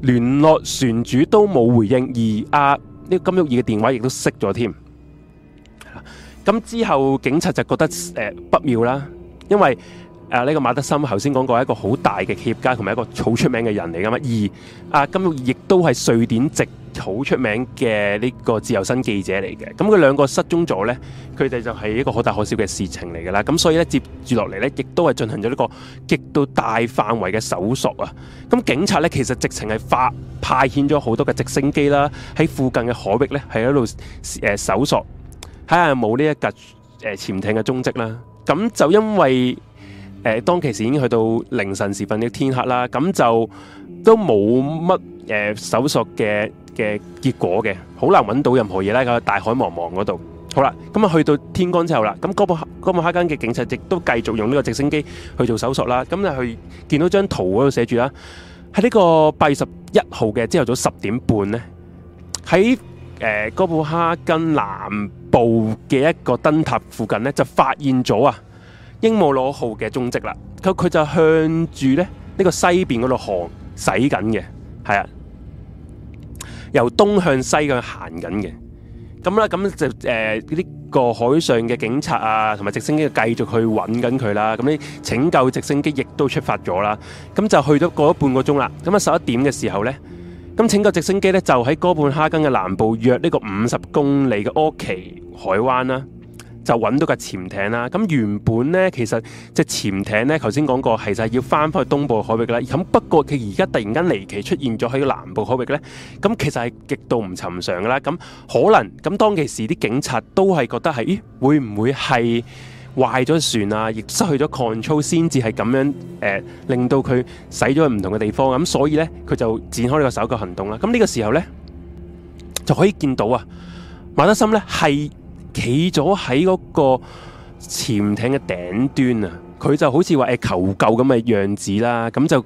聯絡船主都冇回應，而阿、啊、呢、這個金玉儀嘅電話亦都熄咗添。咁之後，警察就覺得、呃、不妙啦，因為呢、呃這個馬德森頭先講過一個好大嘅企業家，同埋一個好出名嘅人嚟噶嘛。而啊，金玉亦都係瑞典籍好出名嘅呢個自由身記者嚟嘅。咁佢兩個失蹤咗呢，佢哋就係一個可大可小嘅事情嚟噶啦。咁、嗯、所以呢接住落嚟呢，亦都係進行咗呢個極度大範圍嘅搜索啊。咁、嗯、警察呢，其實直情係發派遣咗好多嘅直升機啦，喺附近嘅海域呢，係喺度誒搜索。睇下冇呢一架潛潛艇嘅蹤跡啦，咁就因為誒、呃、當其時已經去到凌晨時分嘅天黑啦，咁就都冇乜誒搜索嘅嘅結果嘅，好難揾到任何嘢啦，個大海茫茫嗰度。好啦，咁啊去到天光之後啦，咁嗰部哥本哈根嘅警察亦都繼續用呢個直升機去做搜索啦。咁就去見到張圖嗰度寫住啦，喺呢個八月十一號嘅朝頭早十點半呢。喺。誒、呃，哥布哈根南部嘅一個燈塔附近呢，就發現咗啊，英號的了《鸚鵡螺號》嘅蹤跡啦。咁佢就向住咧呢、這個西邊那邊嗰度航駛緊嘅，係啊，由東向西咁行緊嘅。咁啦，咁就誒呢、呃這個海上嘅警察啊，同埋直升機繼續去揾緊佢啦。咁呢拯救直升機亦都出發咗啦。咁就去咗過咗半個鐘啦。咁啊，十一點嘅時候呢。咁請個直升機咧，就喺哥本哈根嘅南部約呢個五十公里嘅柯奇海灣啦，就揾到個潛艇啦。咁原本呢，其實隻潛艇呢，頭先講過，其實係要翻翻去東部海域嘅啦。咁不過佢而家突然間離奇出現咗喺南部海域嘅呢，咁其實係極度唔尋常嘅啦。咁可能咁當其時啲警察都係覺得係，咦，會唔會係？壞咗船啊，亦失去咗 control，先至係咁樣誒、呃，令到佢駛咗去唔同嘅地方。咁所以呢，佢就展開呢個搜救行動啦。咁呢個時候呢，就可以見到啊，馬德森呢係企咗喺嗰個潛艇嘅頂端啊，佢就好似話誒求救咁嘅樣子啦。咁就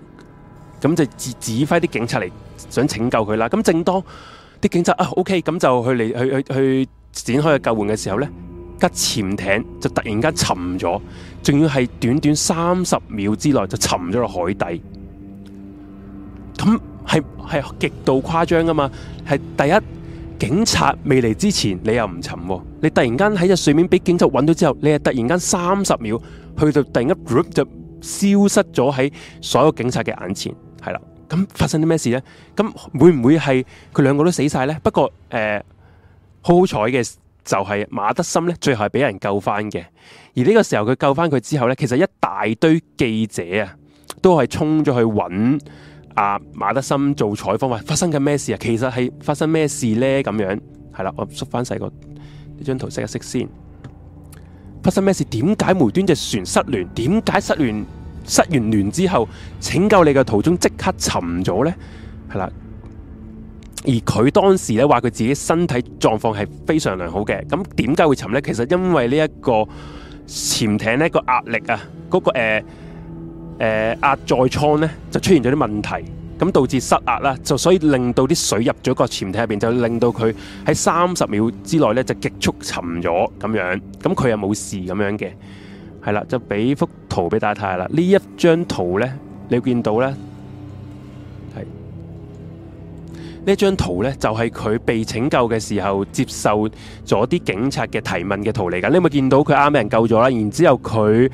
咁就指指揮啲警察嚟想拯救佢啦。咁正當啲警察啊，OK，咁就去嚟去去去展開嘅救援嘅時候呢。架潛艇就突然間沉咗，仲要係短短三十秒之內就沉咗落海底，咁係係極度誇張噶嘛？係第一，警察未嚟之前你又唔沉喎，你突然間喺只水面俾警察揾到之後，你係突然間三十秒去到第一 group 就消失咗喺所有警察嘅眼前，係啦，咁發生啲咩事呢？咁會唔會係佢兩個都死晒呢？不過誒，好彩嘅。就係、是、馬德森咧，最後係俾人救翻嘅。而呢個時候佢救翻佢之後咧，其實一大堆記者是啊，都係衝咗去揾啊馬德森做採訪，話發生緊咩事啊？其實係發生咩事咧？咁樣係啦，我縮翻細個呢張圖，識一識先。發生咩事？點解無端隻船失聯？點解失聯？失完聯之後，拯救你嘅途中即刻沉咗咧？係啦。而佢當時咧話佢自己身體狀況係非常良好嘅，咁點解會沉呢？其實因為呢一個潛艇呢個壓力啊，嗰個誒誒壓載艙咧就出現咗啲問題，咁導致失壓啦，就所以令到啲水入咗個潛艇入邊，就令到佢喺三十秒之內呢，就極速沉咗咁樣，咁佢又冇事咁樣嘅，係啦，就俾幅圖俾大家睇下啦。呢一張圖呢，你會見到呢。呢張圖呢，就係佢被拯救嘅時候接受咗啲警察嘅提問嘅圖嚟噶。你有冇見到佢啱啱俾人救咗啦？然之後佢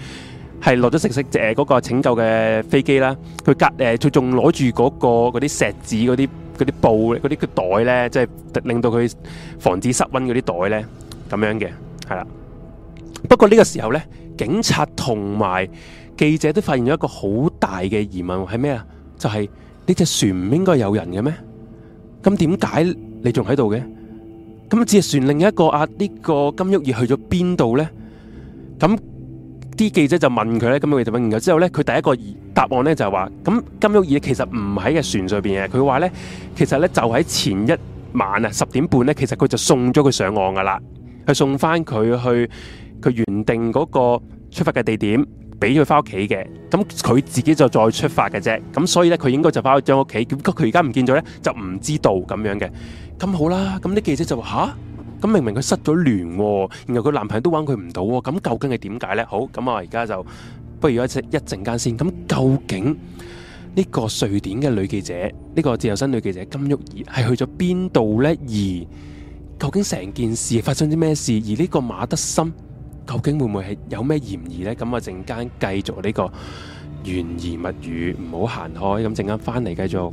係落咗直升嗰個拯救嘅飛機啦。佢隔誒，佢仲攞住嗰個嗰啲石子、嗰啲嗰啲布、嗰啲袋呢，即係令到佢防止失溫嗰啲袋呢。咁樣嘅，係啦。不過呢個時候呢，警察同埋記者都發現咗一個好大嘅疑問係咩啊？就係呢隻船唔應該有人嘅咩？咁點解你仲喺度嘅？咁只係船另一個啊呢個金玉兒去咗邊度呢？咁啲記者就問佢呢，咁佢就問完咗之後呢，佢第一個答案呢就係話，咁金玉兒其實唔喺嘅船上邊嘅。佢話呢，其實呢就喺前一晚啊十點半呢，其實佢就送咗佢上岸噶啦，去送翻佢去佢原定嗰個出發嘅地點。俾佢翻屋企嘅，咁佢自己就再出發嘅啫。咁所以呢，佢應該就翻去張屋企。咁佢而家唔見咗呢，就唔知道咁樣嘅。咁好啦，咁啲記者就話吓，咁、啊、明明佢失咗聯、哦，然後佢男朋友都揾佢唔到、哦，咁究竟係點解呢？好，咁我而家就不如一一陣間先。咁究竟呢個瑞典嘅女記者，呢、呢個自由身女記者金玉兒係去咗邊度呢？而究竟成件事發生啲咩事？而呢個馬德森。究竟會唔會係有咩嫌疑呢？咁我陣間繼續呢個懸疑物語，唔好行開。咁陣間返嚟繼續。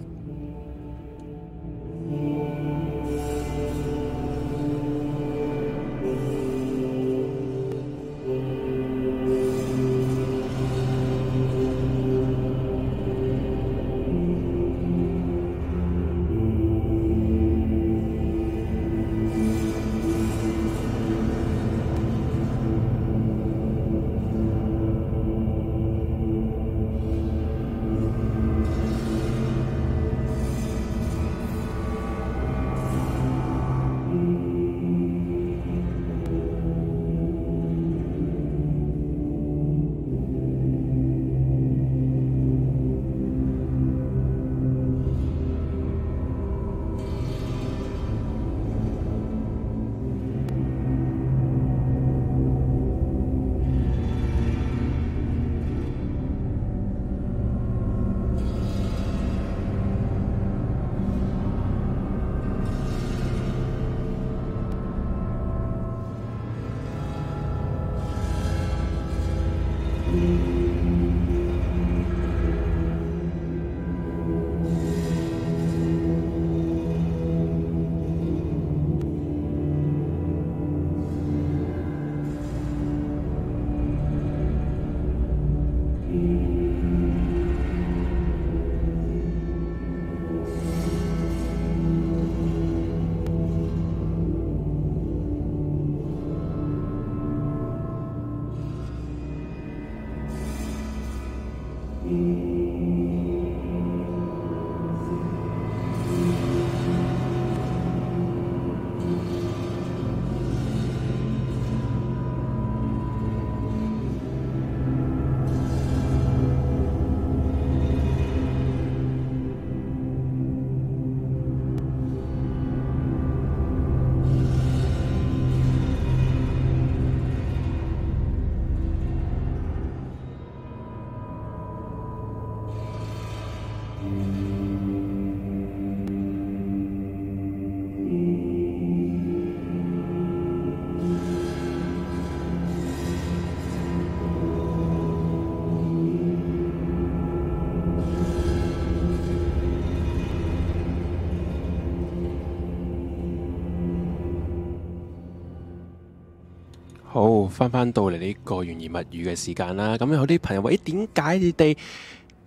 翻翻到嚟呢個懸疑物語嘅時間啦，咁有啲朋友話：咦、欸，點解你哋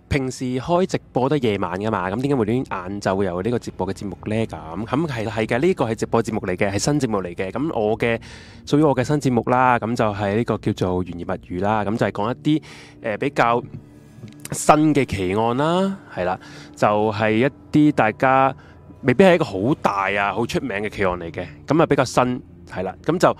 平時開直播得夜晚噶嘛？咁點解會轉晏晝會有呢個直播嘅節目呢？咁，咁係係嘅，呢、這個係直播節目嚟嘅，係新節目嚟嘅。咁我嘅屬於我嘅新節目啦，咁就係呢個叫做懸疑物語啦，咁就係講一啲誒、呃、比較新嘅奇案啦，係啦，就係、是、一啲大家未必係一個好大啊、好出名嘅奇案嚟嘅，咁啊比較新係啦，咁就。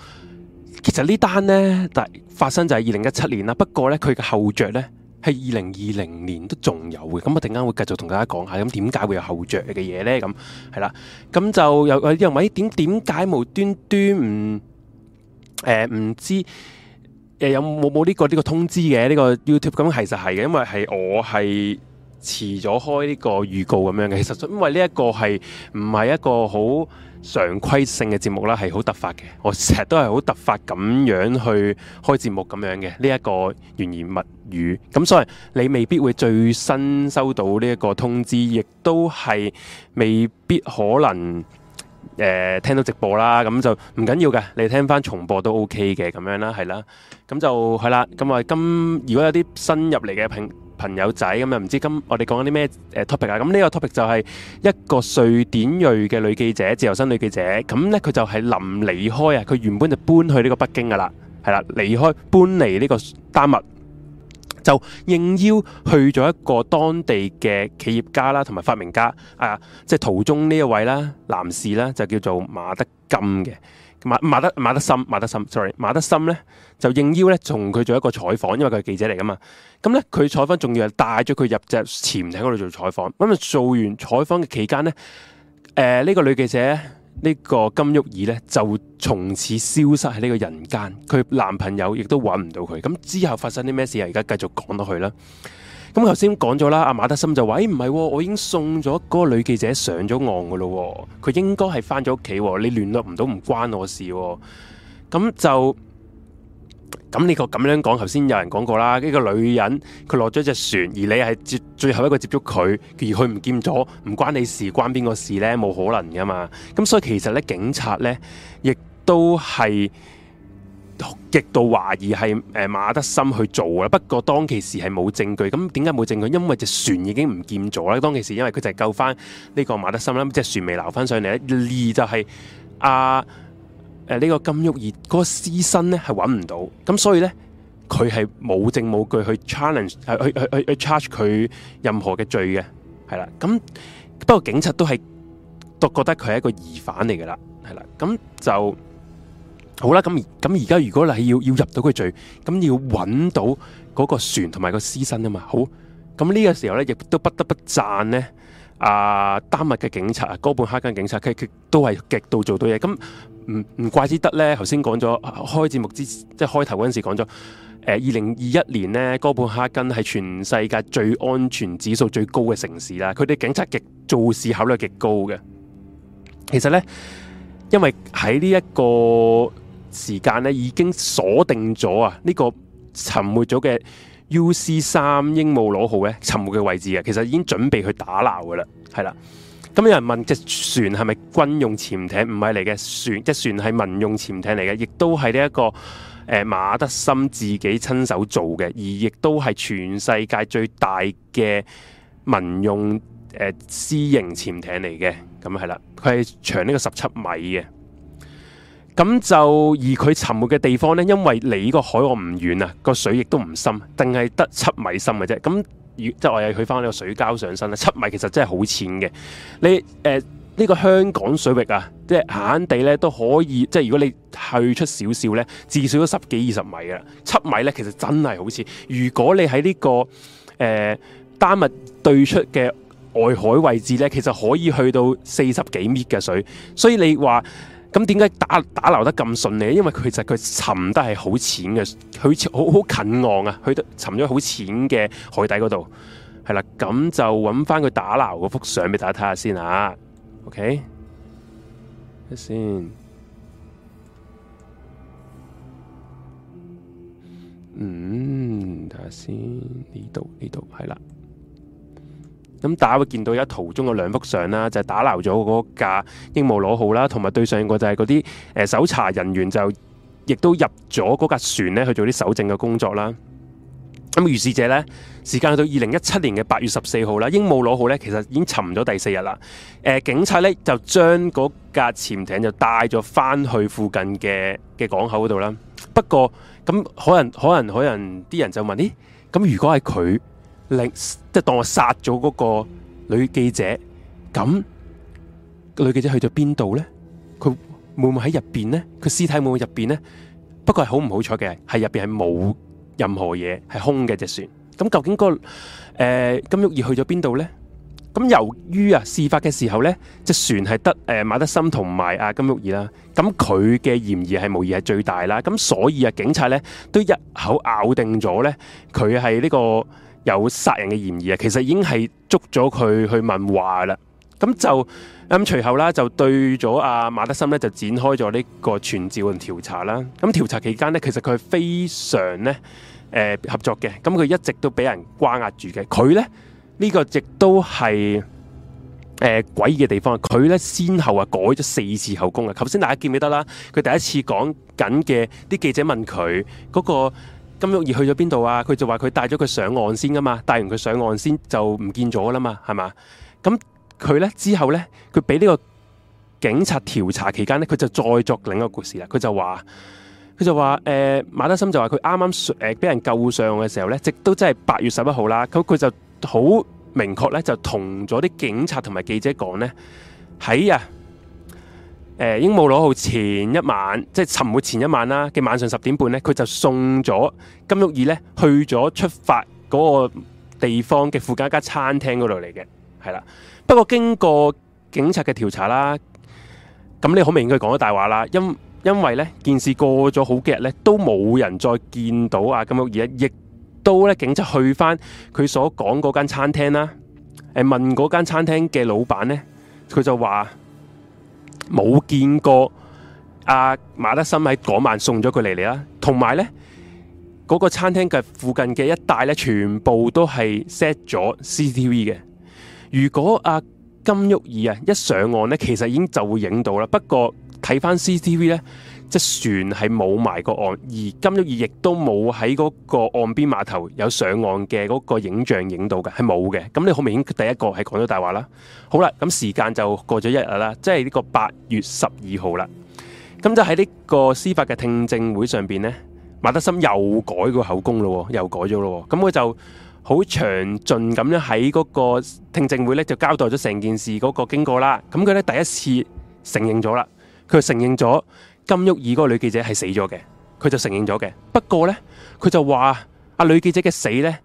其實這呢單呢大發生就係二零一七年啦，不過呢，佢嘅後著呢係二零二零年都仲有嘅。咁我陣間會繼續同大家講下。咁點解會有後著嘅嘢呢？咁係啦。咁就有啲人問：點點解無端端唔誒唔知誒有冇冇呢個呢、呢個通知嘅呢、呢個 YouTube？咁、嗯、其實係嘅，因為係我係遲咗開呢個預告咁樣嘅。其實因為呢一個係唔係一個好。常規性嘅節目啦，係好突發嘅。我成日都係好突發咁樣去開節目咁樣嘅，呢一個謠言物語。咁所以你未必會最新收到呢一個通知，亦都係未必可能誒、呃、聽到直播啦。咁就唔緊要嘅，你聽返重播都 OK 嘅咁樣啦，係啦。咁就係啦。咁我哋今如果有啲新入嚟嘅朋友仔咁啊，唔知今我哋講緊啲咩 topic 啊？咁呢個 topic 就係一個瑞典裔嘅女記者，自由身女記者咁呢，佢就係臨離開啊，佢原本就搬去呢個北京噶啦，係啦，離開搬嚟呢個丹麥，就應邀去咗一個當地嘅企業家啦，同埋發明家啊，即係途中呢一位啦，男士啦，就叫做馬德金嘅。馬馬得，馬德森，馬德森，sorry，馬德森咧，就應邀咧同佢做一個採訪，因為佢係記者嚟噶嘛。咁咧佢採訪仲要係帶咗佢入隻潛艇嗰度做採訪。咁、嗯、啊做完採訪嘅期間咧，誒、呃、呢、這個女記者呢、這個金玉兒咧就從此消失喺呢個人間，佢男朋友亦都揾唔到佢。咁、嗯、之後發生啲咩事啊？而家繼續講落去啦。咁頭先講咗啦，阿馬德森就話：哎，唔係喎，我已經送咗嗰個女記者上咗岸嘅咯，佢應該係翻咗屋企。你聯絡唔到，唔關我事。咁就咁呢個咁樣講，頭先有人講過啦，呢個女人佢落咗隻船，而你係接最後一個接觸佢，而佢唔見咗，唔關你事，關邊個事呢？冇可能噶嘛。咁所以其實呢，警察呢，亦都係。極度懷疑係誒馬德森去做啦，不過當其時係冇證據，咁點解冇證據？因為隻船已經唔見咗啦。當其時因為佢就係救翻呢個馬德森啦，隻船未撈翻上嚟咧。二就係阿誒呢個金玉兒嗰個屍身咧係揾唔到，咁所以咧佢係冇證冇據去 challenge，去去去去 charge 佢任何嘅罪嘅，係啦。咁不過警察都係都覺得佢係一個疑犯嚟噶啦，係啦。咁就。好啦，咁咁而家如果你係要要入到佢罪，咁要揾到嗰個船同埋個屍身啊嘛，好。咁呢個時候呢，亦都不得不讚呢。啊、呃，丹麥嘅警察，哥本哈根警察，佢都係極度做到嘢。咁唔唔怪之得呢。頭先講咗開節目之即係開頭嗰陣時講咗，二零二一年呢，哥本哈根係全世界最安全指數最高嘅城市啦。佢哋警察極做事效率極高嘅。其實呢，因為喺呢一個。時間咧已經鎖定咗啊，呢個沉沒咗嘅 U C 三鸚鵡螺號咧沉沒嘅位置啊，其實已經準備去打撈噶啦，係啦。咁有人問，隻船係咪軍用潛艇？唔係嚟嘅船，隻、就是、船係民用潛艇嚟嘅，亦都係呢一個誒、呃、馬德森自己親手做嘅，而亦都係全世界最大嘅民用誒私營潛艇嚟嘅。咁係啦，佢係長呢個十七米嘅。咁就而佢沉沒嘅地方呢，因為離個海岸唔遠啊，個水亦都唔深，定係得七米深嘅啫。咁即係我又去翻呢個水膠上身啦。七米其實真係好淺嘅。你誒呢、呃這個香港水域啊，即係閒地呢都可以，即係如果你去出少少呢，至少都十幾二十米啊。七米呢，其實真係好淺。如果你喺呢、這個誒、呃、丹麥對出嘅外海位置呢，其實可以去到四十幾米嘅水。所以你話。咁點解打打撈得咁順利呢？因為佢就係佢沉得係好淺嘅，佢好好近岸啊，佢沉咗好淺嘅海底嗰度，係啦。咁就揾翻佢打撈嗰幅相俾大家睇下先啊。OK，睇先。嗯，睇下先，呢度呢度係啦。咁大家會見到有圖中嘅兩幅相啦，就係、是、打撈咗嗰架鸚鵡螺號啦，同埋對上個就係嗰啲誒搜查人員就亦都入咗嗰架船咧去做啲搜證嘅工作啦。咁、啊、如是者咧，時間去到二零一七年嘅八月十四號啦，鸚鵡螺號咧其實已經沉咗第四日啦。誒、呃，警察咧就將嗰架潛艇就帶咗翻去附近嘅嘅港口嗰度啦。不過咁可能可能可能啲人就問，咦，咁如果係佢令即係當我殺咗嗰個女記者，咁女記者去咗邊度咧？佢會唔會喺入邊咧？佢屍體會唔會入邊咧？不過係好唔好彩嘅，係入邊係冇任何嘢，係空嘅隻船。咁究竟個誒金玉兒去咗邊度咧？咁由於啊事發嘅時候咧，隻船係得誒馬德森同埋阿金玉兒啦，咁佢嘅嫌疑係無疑係最大啦。咁所以啊，警察咧都一口咬定咗咧，佢係呢個。有殺人嘅嫌疑啊！其實已經係捉咗佢去問話啦。咁就咁，隨後啦，就對咗阿馬德森咧，就展開咗呢個傳召同調查啦。咁調查期間呢，其實佢係非常咧誒、呃、合作嘅。咁佢一直都俾人關押住嘅。佢咧呢、呢個亦都係誒詭異嘅地方。佢咧先後啊改咗四次口供啊！頭先大家記唔記得啦，佢第一次講緊嘅啲記者問佢嗰、嗰個金玉兒去咗邊度啊？佢就話佢帶咗佢上岸先㗎嘛，帶完佢上岸先就唔見咗啦嘛，係嘛？咁佢呢之後呢，佢俾呢個警察調查期間呢，佢就再作另一個故事啦。佢就話佢就話誒、呃，馬德森就話佢啱啱誒俾人救上嘅時候呢，直到真係八月十一號啦。咁佢就好明確呢，就同咗啲警察同埋記者講呢，喺啊。誒鸚鵡螺號前一晚，即係沉沒前一晚啦嘅晚上十點半咧，佢就送咗金玉兒咧去咗出發嗰個地方嘅附近一間餐廳嗰度嚟嘅，係啦。不過經過警察嘅調查啦，咁你好明顯佢講咗大話啦，因因為咧件事過咗好幾日咧，都冇人再見到阿金玉兒，亦都咧警察去翻佢所講嗰間餐廳啦，誒問嗰間餐廳嘅老闆咧，佢就話，冇見過阿、啊、馬德森喺嗰晚送咗佢嚟嚟啦，同埋呢嗰、那個餐廳嘅附近嘅一帶呢，全部都係 set 咗 CCTV 嘅。如果阿、啊、金玉爾啊一上岸呢，其實已經就會影到啦。不過睇返 CCTV 呢。即船係冇埋個岸，而金玉葉亦都冇喺嗰個岸邊碼頭有上岸嘅嗰個影像影到嘅，係冇嘅。咁你好明顯第一個係講咗大話啦？好啦，咁時間就過咗一日啦，即係呢個八月十二號啦。咁就喺呢個司法嘅聽證會上邊呢，馬德森又改個口供咯，又改咗咯。咁佢就好詳盡咁樣喺嗰個聽證會呢就交代咗成件事嗰個經過啦。咁佢呢第一次承認咗啦，佢承認咗。金玉二嗰個女記者係死咗嘅，佢就承認咗嘅。不過呢，佢就話阿女記者嘅死呢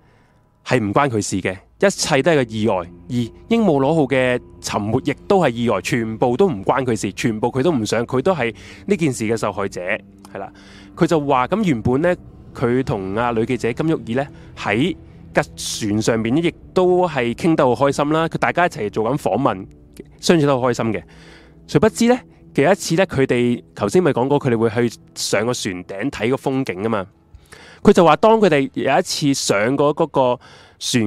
係唔關佢事嘅，一切都係個意外。而鸚鵡螺號嘅沉沒亦都係意外，全部都唔關佢事，全部佢都唔想，佢都係呢件事嘅受害者。係啦，佢就話咁原本呢，佢同阿女記者金玉二呢喺吉船上面亦都係傾得好開心啦。佢大家一齊做緊訪問，相處得好開心嘅。誰不知呢？有一次咧，佢哋頭先咪講過，佢哋會去上個船頂睇個風景㗎嘛。佢就話，當佢哋有一次上過嗰個船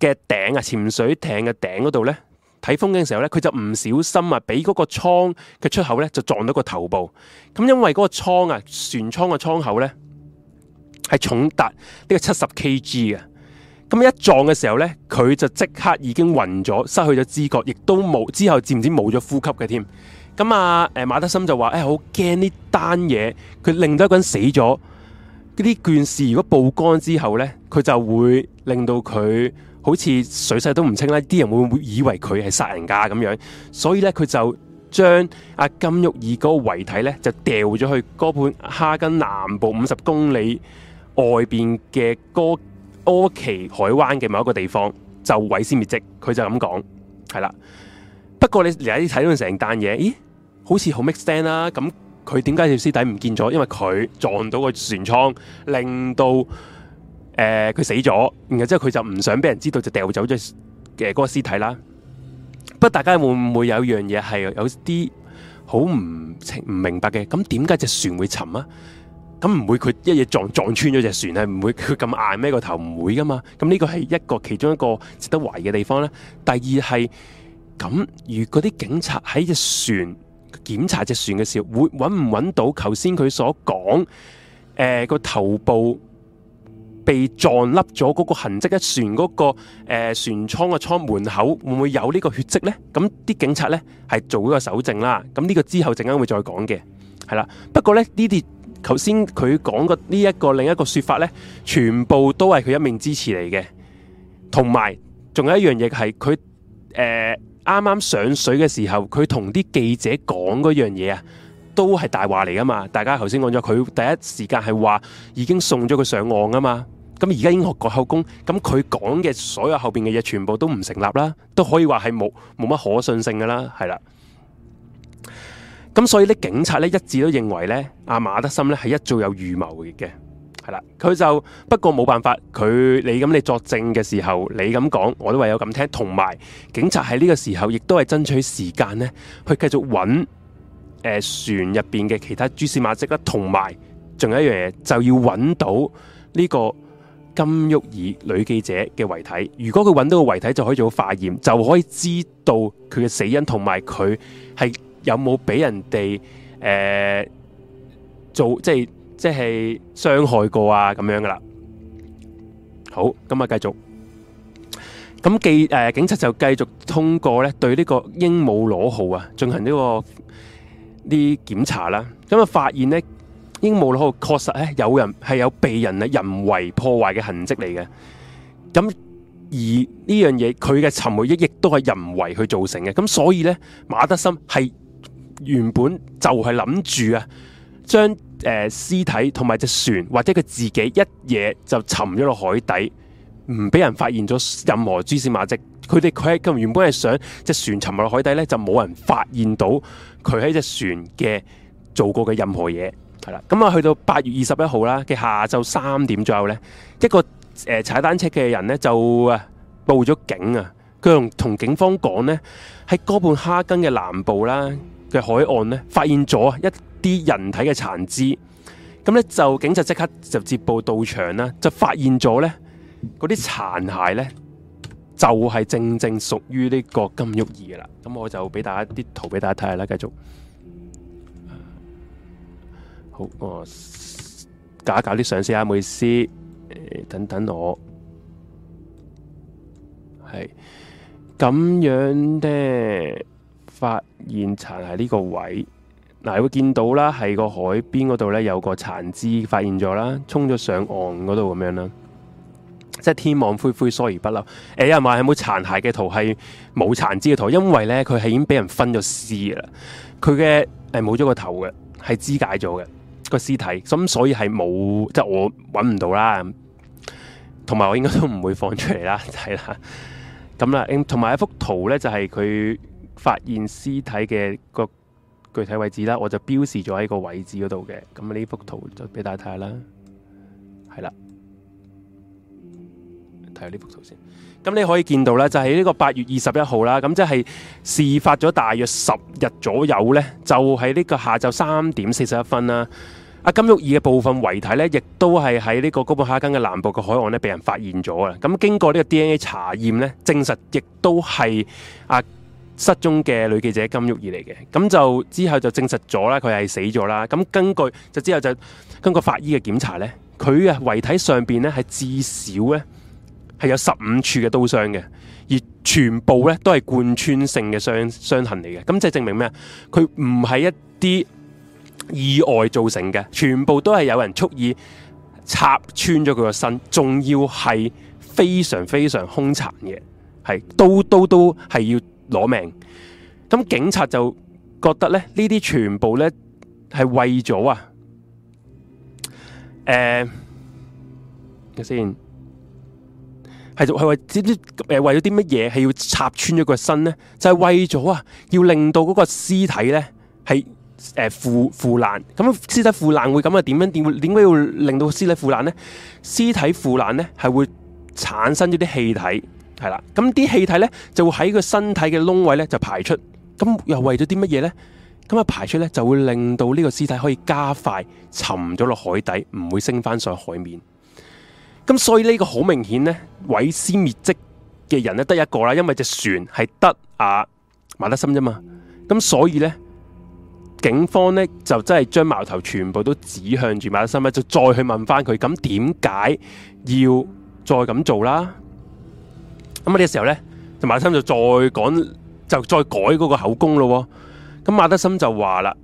嘅頂啊，潛水艇嘅頂嗰度咧睇風景嘅時候咧，佢就唔小心啊，俾嗰個倉嘅出口咧就撞到個頭部。咁因為嗰個倉啊，船倉嘅窗口咧係重達呢個七十 K G 嘅。咁一撞嘅時候咧，佢就即刻已經暈咗，失去咗知覺，亦都冇之後，至唔知冇咗呼吸嘅添？咁啊，誒馬德森就話：誒好驚呢單嘢，佢令到一個人死咗，嗰啲件事如果曝光之後呢，佢就會令到佢好似水勢都唔清。呢啲人會唔會以為佢係殺人噶咁樣。所以呢，佢就將阿、啊、金玉爾嗰個遺體呢，就掉咗去哥本哈根南部五十公里外邊嘅哥柯奇海灣嘅某一個地方就毀屍滅跡。佢就咁講，係啦。不過你睇到成單嘢，咦，好似好 make sense 啦。咁佢點解條屍體唔見咗？因為佢撞到個船艙，令到誒佢、呃、死咗。然後之後佢就唔想俾人知道，就掉走只嘅嗰個屍體啦。不過，大家會唔會有一樣嘢係有啲好唔唔明白嘅？咁點解隻船會沉啊？咁唔會佢一嘢撞撞穿咗隻船係唔會佢咁硬孭個頭唔會噶嘛？咁呢個係一個其中一個值得懷疑嘅地方咧。第二係。咁，如果啲警察喺隻船檢查隻船嘅時候，會揾唔揾到頭先佢所講誒個頭部被撞凹咗嗰個痕跡，那個？一、呃、船嗰個誒船艙嘅艙門口會唔會有呢個血跡呢？咁啲警察呢係做嗰個搜證啦。咁呢個之後陣間會再講嘅，係啦。不過咧呢啲頭先佢講嘅呢一個另一個說法呢，全部都係佢一面之詞嚟嘅。同埋仲有一樣嘢係佢誒。呃啱啱上水嘅時候，佢同啲記者講嗰樣嘢啊，都係大話嚟噶嘛！大家頭先講咗，佢第一時間係話已經送咗佢上岸噶嘛。咁而家已經學過口供，咁佢講嘅所有後邊嘅嘢，全部都唔成立啦，都可以話係冇冇乜可信性噶啦，係啦。咁所以呢警察呢一致都認為呢阿馬德森呢係一早有預謀嘅。佢就不過冇辦法，佢你咁你作證嘅時候，你咁講，我都唯有咁聽。同埋警察喺呢個時候，亦都係爭取時間呢，去繼續揾、呃、船入邊嘅其他蛛絲馬跡啦。同埋仲有一樣嘢，就要揾到呢個金玉兒女記者嘅遺體。如果佢揾到個遺體，就可以做化驗，就可以知道佢嘅死因，同埋佢係有冇俾人哋誒、呃、做即係。即係傷害過啊，咁樣噶啦。好，咁啊繼續。咁記誒、呃，警察就繼續通過咧，對呢個鸚鵡螺號啊進行呢、這個啲檢查啦。咁啊，發現呢鸚鵡螺號確實咧有人係有被人啊人為破壞嘅痕跡嚟嘅。咁而呢樣嘢，佢嘅沉沒亦亦都係人為去造成嘅。咁所以呢，馬德森係原本就係諗住啊將。將誒、呃、屍體同埋隻船，或者佢自己一夜就沉咗落海底，唔俾人發現咗任何蛛絲馬跡。佢哋佢咁根本係想，隻船沉落海底咧，就冇人發現到佢喺隻船嘅做過嘅任何嘢，係啦。咁、嗯、啊，去到八月二十一號啦嘅下晝三點左右咧，一個踩、呃、單車嘅人咧就啊報咗警啊，佢同警、啊、警方講咧喺哥本哈根嘅南部啦。啊嘅海岸咧，發現咗一啲人體嘅殘肢，咁咧就警察即刻就接報到場啦，就發現咗咧嗰啲殘骸咧就係、是、正正屬於呢個金玉兒嘅啦。咁我就俾大家啲圖俾大家睇下啦。繼續好，好、哦、我搞一搞啲相先啊，冇意思、呃，等等我，係咁樣嘅。發現殘骸呢個位，嗱、啊，你會見到啦，喺個海邊嗰度咧有個殘肢發現咗啦，沖咗上岸嗰度咁樣啦，即係天網恢恢疏而不漏。誒、哎，有人話係冇殘骸嘅圖，係冇殘肢嘅圖，因為咧佢係已經俾人分咗屍啦，佢嘅，誒，冇咗個頭嘅，係肢解咗嘅個屍體，咁所以係冇，即係我搵唔到啦，同埋我應該都唔會放出嚟啦。係啦，咁、嗯、啦，同埋一幅圖咧就係、是、佢發現屍體嘅個具體位置啦，我就標示咗喺個位置嗰度嘅，咁呢幅圖就俾大家睇下啦，係啦，睇下呢幅圖先。咁你可以見到咧，就喺、是、呢個八月二十一號啦，咁即係事發咗大約十日左右咧，就喺、是、呢個下晝三點四十一分啦。阿金玉爾嘅部分遺體咧，亦都係喺呢個哥本哈根嘅南部嘅海岸咧，被人發現咗啦。咁經過呢個 DNA 查驗咧，證實亦都係阿。啊失蹤嘅女記者金玉兒嚟嘅，咁就之後就證實咗啦，佢係死咗啦。咁根據就之後就根據法醫嘅檢查呢，佢遺體上邊呢係至少呢係有十五處嘅刀傷嘅，而全部呢都係貫穿性嘅傷傷痕嚟嘅。咁即係證明咩？佢唔係一啲意外造成嘅，全部都係有人蓄意插穿咗佢個身，仲要係非常非常凶殘嘅，係刀刀刀係要。攞命，咁警察就覺得咧，呢啲全部咧係為咗啊，誒、呃，先，係係為誒為咗啲乜嘢係要插穿咗個身咧？就係、是、為咗啊，要令到嗰個屍體咧係誒腐腐爛，咁屍體腐爛會咁啊？點樣點點解要令到屍體腐爛咧？屍體腐爛咧係會產生一啲氣體。係啦，咁啲氣體呢就會喺佢身體嘅窿位呢就排出，咁又為咗啲乜嘢呢？咁啊排出呢就會令到呢個屍體可以加快沉咗落海底，唔會升翻上海面。咁所以呢個好明顯呢，毀屍滅跡嘅人呢得一個啦，因為隻船係得啊馬德森啫嘛。咁所以呢，警方呢就真係將矛頭全部都指向住馬德森啦，就再去問翻佢，咁點解要再咁做啦？咁啊！呢個時候咧，就馬德森就再講，就再改嗰個口供咯、哦。咁馬德森就話啦，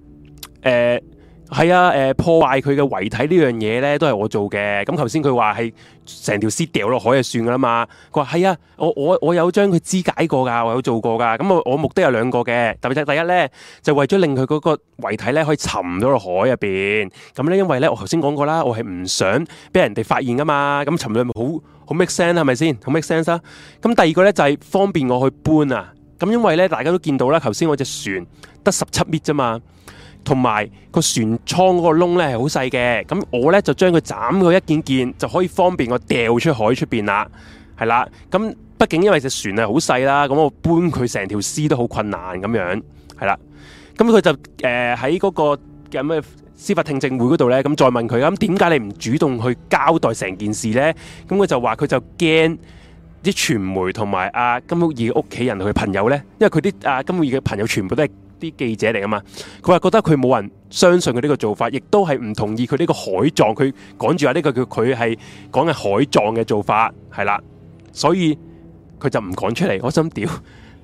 誒、呃，係啊，誒、呃，破壞佢嘅遺體呢樣嘢咧，都係我做嘅。咁頭先佢話係成條屍掉落海就算噶啦嘛。佢話係啊，我我我有將佢肢解過噶，我有做過噶。咁我我目的有兩個嘅，特別就係第一咧，就為咗令佢嗰個遺體咧可以沉咗落海入邊。咁咧，因為咧我頭先講過啦，我係唔想俾人哋發現噶嘛。咁沉落去咪好？好 make sense 係係咪先？好 make sense 啊！咁第二個咧就係方便我去搬啊！咁因為咧大家都見到啦，頭先我船隻船得十七米啫嘛，同埋個船艙嗰個窿咧係好細嘅。咁我咧就將佢斬佢一件件，就可以方便我掉出海出邊啦。係啦，咁畢竟因為隻船係好細啦，咁我搬佢成條屍都好困難咁樣，係啦。咁佢就誒喺嗰個叫咩？司法聽證會嗰度咧，咁再問佢，咁點解你唔主動去交代成件事呢？咁佢就話佢就驚啲傳媒同埋阿金屋二嘅屋企人同佢朋友呢，因為佢啲阿金屋二嘅朋友全部都係啲記者嚟噶嘛，佢話覺得佢冇人相信佢呢個做法，亦都係唔同意佢呢個海葬，佢講住話呢個叫佢係講係嘅海葬嘅做法係啦，所以佢就唔講出嚟。我心屌！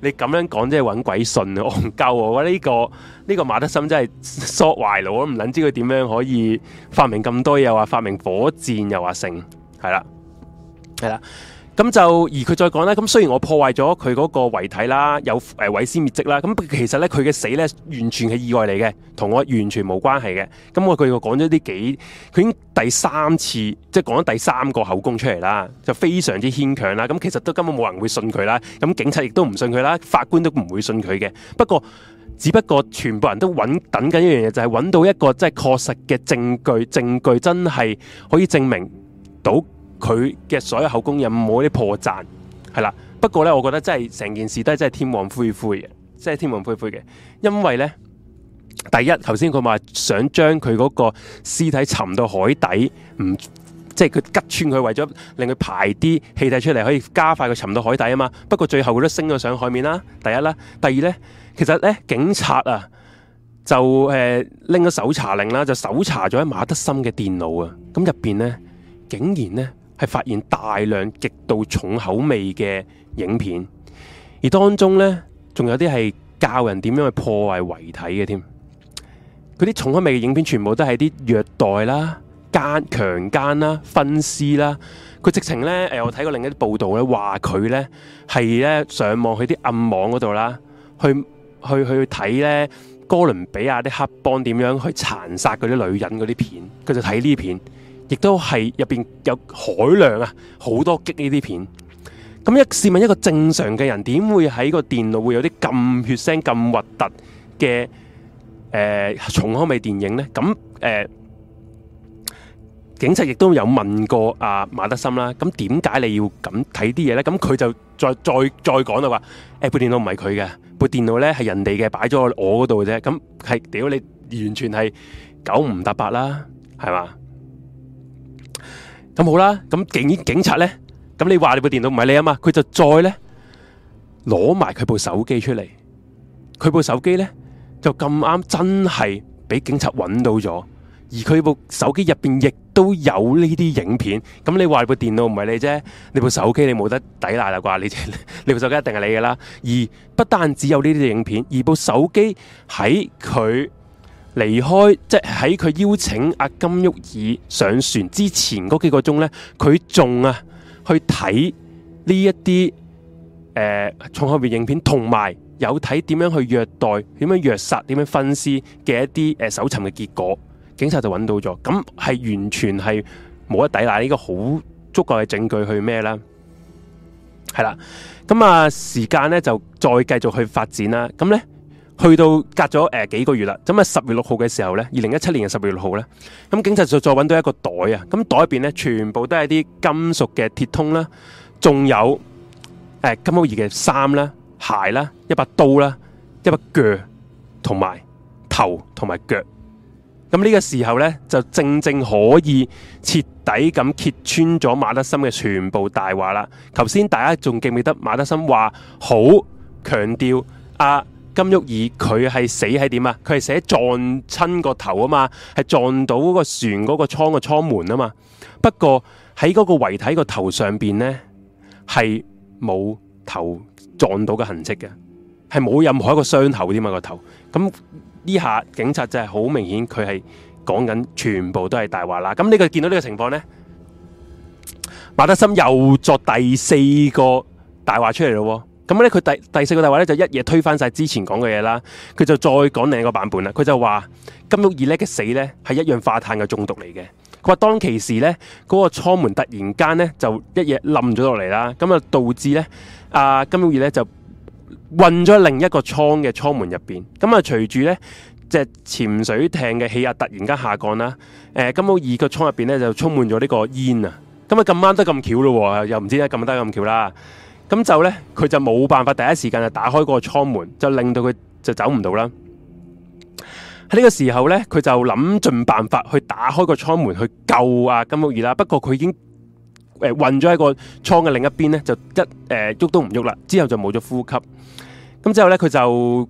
你咁樣講即係揾鬼信啊！憨鳩喎，我呢、這個呢、這個馬德森真係縮壞腦，唔撚知佢點樣可以發明咁多嘢，話發明火箭又話成，係啦，係啦。咁就而佢再講啦，咁雖然我破壞咗佢嗰個遺體啦，有誒毀屍滅跡啦，咁其實咧佢嘅死咧完全係意外嚟嘅，同我完全冇關係嘅。咁我佢又講咗啲幾，佢已經第三次即係講咗第三個口供出嚟啦，就非常之牽強啦。咁其實都根本冇人會信佢啦。咁警察亦都唔信佢啦，法官都唔會信佢嘅。不過，只不過全部人都揾等緊一樣嘢，就係揾到一個即係確實嘅證據，證據真係可以證明到。佢嘅所有口供有冇啲破綻係啦？不過呢，我覺得真係成件事都係真係天網恢恢嘅，真係天網恢恢嘅。因為呢，第一頭先佢話想將佢嗰個屍體沉到海底，唔即係佢吉穿佢，為咗令佢排啲氣體出嚟，可以加快佢沉到海底啊嘛。不過最後佢都升咗上海面啦。第一啦，第二呢，其實呢，警察啊，就誒拎咗搜查令啦，就搜查咗喺馬德森嘅電腦啊。咁入邊呢，竟然呢。係發現大量極度重口味嘅影片，而當中呢，仲有啲係教人點樣去破壞遺體嘅添。嗰啲重口味嘅影片全部都係啲虐待啦、奸、強姦啦、分屍啦。佢直情呢，誒我睇過另一啲報道呢話佢呢係呢上網去啲暗網嗰度啦，去去去睇呢哥倫比亞啲黑幫點樣去殘殺嗰啲女人嗰啲片，佢就睇呢片。亦都係入邊有海量啊，好多激呢啲片。咁一試問一個正常嘅人，點會喺個電腦會有啲咁血腥、咁核突嘅誒重口味電影呢？咁誒、呃，警察亦都有問過阿、啊、馬德森啦。咁點解你要咁睇啲嘢呢？咁佢就再再再講啦，話誒部電腦唔係佢嘅，部電腦呢係人哋嘅，擺咗我嗰度嘅啫。咁係屌你，完全係九唔搭八啦，係嘛？咁好啦，咁警警察呢？咁你話你部電腦唔係你啊嘛，佢就再呢攞埋佢部手機出嚟，佢部手機呢，就咁啱真係俾警察揾到咗，而佢部手機入邊亦都有呢啲影片，咁你話部電腦唔係你啫，你部手機你冇得抵賴啦啩？你你部手機一定係你噶啦，而不單只有呢啲影片，而部手機喺佢。離開，即係喺佢邀請阿金旭爾上船之前嗰幾個鐘呢，佢仲啊去睇呢一啲誒、從、呃、後面的影片同埋有睇點樣去虐待、點樣虐殺、點樣分屍嘅一啲誒、呃、搜尋嘅結果，警察就揾到咗，咁係完全係冇得抵賴呢、這個好足夠嘅證據去咩啦？係啦、啊，咁啊時間呢就再繼續去發展啦，咁呢。去到隔咗誒幾個月啦，咁啊十月六號嘅時候呢，二零一七年嘅十月六號呢，咁警察就再揾到一個袋啊，咁袋入邊呢，全部都係啲金屬嘅鐵通啦，仲有金歐兒嘅衫啦、鞋啦、一把刀啦、一把鋸同埋頭同埋腳。咁、這、呢個時候呢，就正正可以徹底咁揭穿咗馬德森嘅全部大話啦。頭先大家仲記唔記得馬德森話好強調啊？金玉爾佢係死喺點啊？佢係寫撞親個頭啊嘛，係撞到個船嗰個艙個艙門啊嘛。不過喺嗰個遺體個頭上邊呢，係冇頭撞到嘅痕跡嘅，係冇任何一個傷口添嘛個頭。咁呢下警察就係好明顯，佢係講緊全部都係大話啦。咁呢個見到呢個情況呢，馬德森又作第四個大話出嚟咯。咁咧，佢第第四個大話咧，就一嘢推翻晒之前講嘅嘢啦。佢就再講另一個版本啦。佢就話金屋二叻嘅死咧，係一氧化碳嘅中毒嚟嘅。佢話當其時咧，嗰、那個倉門突然間咧就一嘢冧咗落嚟啦。咁啊，導致咧啊金屋二咧就混咗另一個倉嘅倉門入邊。咁啊，隨住咧隻潛水艇嘅氣壓突然間下降啦。誒、呃，金屋二個倉入邊咧就充滿咗呢個煙啊。咁啊，咁啱得咁巧咯、哦，又唔知得咁得咁巧啦。咁就咧，佢就冇辦法第一時間就打開嗰個艙門，就令到佢就走唔到啦。喺呢個時候咧，佢就諗盡辦法去打開個艙門去救阿、啊、金木魚啦。不過佢已經誒暈咗喺個艙嘅另一邊咧，就一誒喐、呃、都唔喐啦，之後就冇咗呼吸。咁之後咧，佢就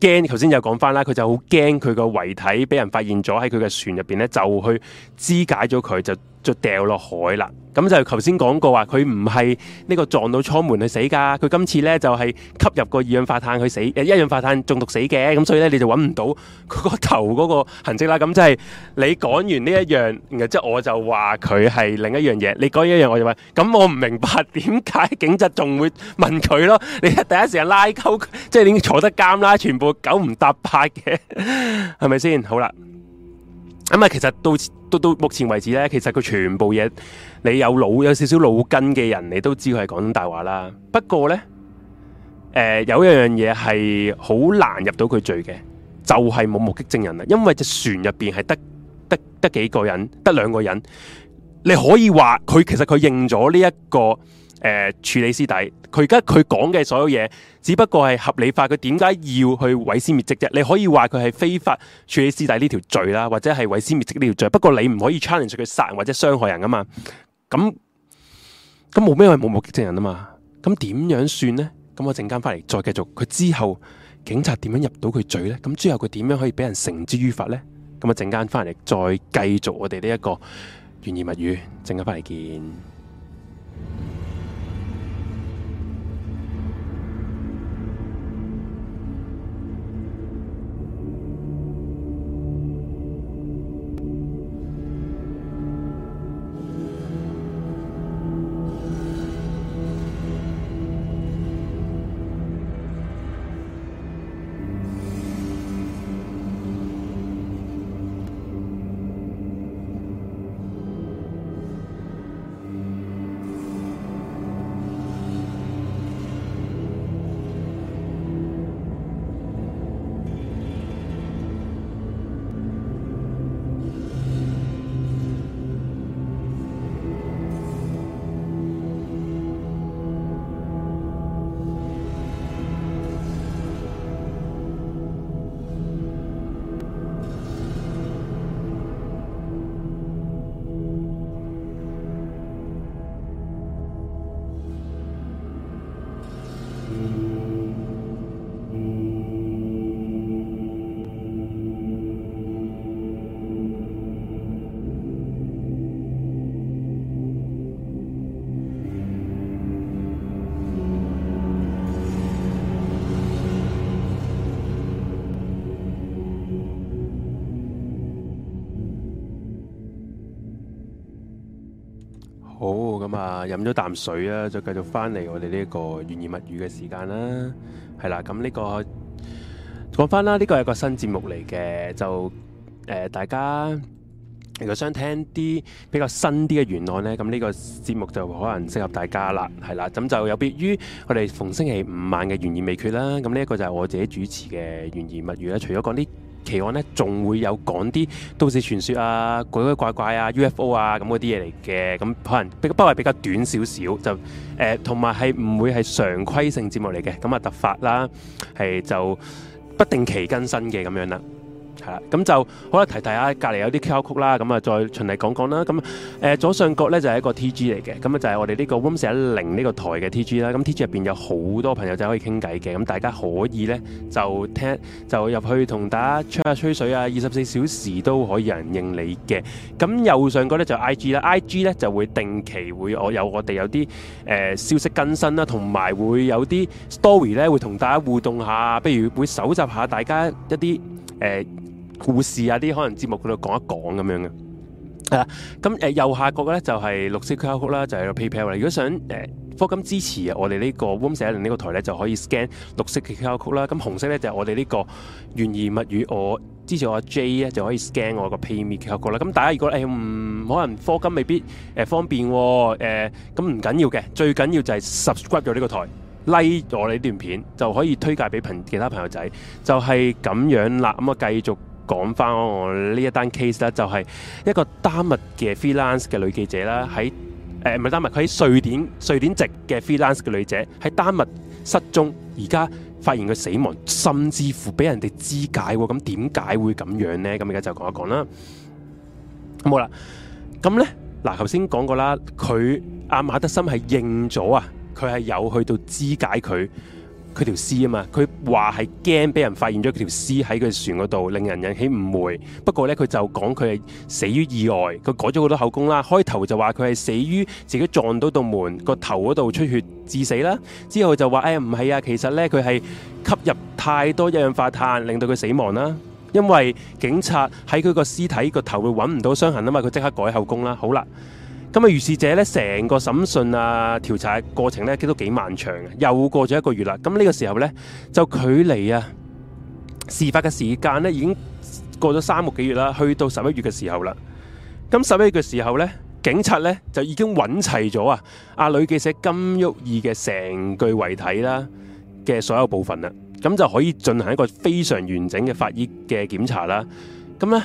驚，頭先又講翻啦，佢就好驚佢個遺體俾人發現咗喺佢嘅船入邊咧，就去肢解咗佢就。就掉落海啦，咁就頭先講過話佢唔係呢個撞到艙門去死噶，佢今次呢，就係、是、吸入個二氧化碳去死，誒一氧化碳中毒死嘅，咁所以呢，你就揾唔到佢個頭嗰個痕迹啦。咁即係你講完呢一樣，然後即係我就話佢係另一樣嘢，你講一樣我就話，咁我唔明白點解警察仲會問佢咯？你第一時間拉鈎，即係點坐得監啦？全部狗唔搭八嘅，係咪先？好啦。咁啊，其實到到到目前為止咧，其實佢全部嘢，你有腦有少少腦筋嘅人，你都知佢係講大話啦。不過咧，誒、呃，有一樣嘢係好難入到佢罪嘅，就係冇目擊證人啊。因為隻船入邊係得得得幾個人，得兩個人，你可以話佢其實佢認咗呢一個。誒、呃，處理屍體，佢而家佢講嘅所有嘢，只不過係合理化佢點解要去毀屍滅跡啫？你可以話佢係非法處理屍體呢條罪啦，或者係毀屍滅跡呢條罪。不過你唔可以 challenge 佢殺人或者傷害人啊嘛？咁咁冇咩冇目擊證人啊嘛？咁點樣，樣算呢？點樣算呢？咁我陣間翻嚟再繼續。佢之後警察點樣入到佢罪呢？咁之後佢點樣可以俾人繩之於法呢？咁我陣間翻嚟再繼續我哋呢一個懸疑物語。陣間翻嚟見。好，咁啊，飲咗啖水啊，就繼續翻嚟我哋呢個懸疑物語嘅時間啦，係啦，咁呢、這個講翻啦，呢、這個係一個新節目嚟嘅，就誒、呃，大家如果想聽啲比較新啲嘅懸案呢，咁呢個節目就可能適合大家啦，係啦，咁就有別於我哋逢星期五晚嘅懸疑未決啦，咁呢一個就係我自己主持嘅懸疑物語啦，除咗講啲。奇案咧，仲會有講啲都市傳說啊、鬼鬼怪怪啊、UFO 啊咁嗰啲嘢嚟嘅，咁可能不過係比較短少少，就誒同埋係唔會係常規性節目嚟嘅，咁啊突發啦，係就不定期更新嘅咁樣啦。係啦，咁就好啦。提提下隔籬有啲 QR Code 啦，咁啊，再循例講講啦。咁誒、呃，左上角咧就係、是、一個 T G 嚟嘅，咁啊就係我哋呢個 w o m s 零呢個台嘅 T G 啦。咁 T G 入邊有好多朋友仔可以傾偈嘅，咁大家可以咧就聽就入去同大家吹下吹，吹水啊，二十四小時都可以有人應你嘅。咁右上角咧就 I G 啦，I G 咧就會定期會我有，有我哋有啲誒、呃、消息更新啦，同埋會有啲 Story 咧會同大家互動下，不如會搜集一下大家一啲誒。呃故事啊啲可能節目佢度講一講咁樣嘅，係、啊、啦，咁誒、呃、右下角咧就係、是、綠色曲曲啦，就係、是、個 PayPal 啦。如果想誒科、呃、金支持啊，我哋呢個 warm 社呢個台咧，就可以 scan 綠色嘅曲曲啦。咁、嗯、紅色咧就係、是、我哋呢個懸疑物語我，我支持我阿 J 咧就可以 scan 我個 PayMe 嘅曲曲啦。咁、嗯、大家如果誒唔、欸呃、可能科金未必誒、呃、方便、啊，誒咁唔緊要嘅，最緊要就係 subscribe 咗呢個台 like 我哋呢段片，就可以推介俾朋其他朋友仔，就係、是、咁樣啦。咁啊繼續。講翻我呢一單 case 啦，就係、是、一個丹麥嘅 freelance 嘅女記者啦，喺誒唔係丹麥，佢喺瑞典，瑞典籍嘅 freelance 嘅女者喺丹麥失蹤，而家發現佢死亡，甚至乎俾人哋肢解喎，咁點解會咁樣呢？咁而家就講一講啦。好啦，咁咧嗱，頭先講過啦，佢阿馬德森係認咗啊，佢係有去到肢解佢。佢條屍啊嘛，佢話係驚俾人發現咗佢條屍喺佢船嗰度，令人引起誤會。不過呢，佢就講佢係死於意外，佢改咗好多口供啦。開頭就話佢係死於自己撞到道門個頭嗰度出血致死啦。之後就話誒唔係啊，其實呢，佢係吸入太多一氧化碳，令到佢死亡啦。因為警察喺佢個屍體個頭會揾唔到傷痕啊嘛，佢即刻改口供啦。好啦。咁啊，如是者咧，成個審訊啊、調查過程咧，都幾漫長又過咗一個月啦，咁呢個時候呢，就距離啊事發嘅時間呢，已經過咗三個幾月啦，去到十一月嘅時候啦。咁十一月嘅時候呢，警察呢，就已經揾齊咗啊，阿女記者金玉儀嘅成具遺體啦嘅所有部分啦，咁就可以進行一個非常完整嘅法醫嘅檢查啦。咁呢。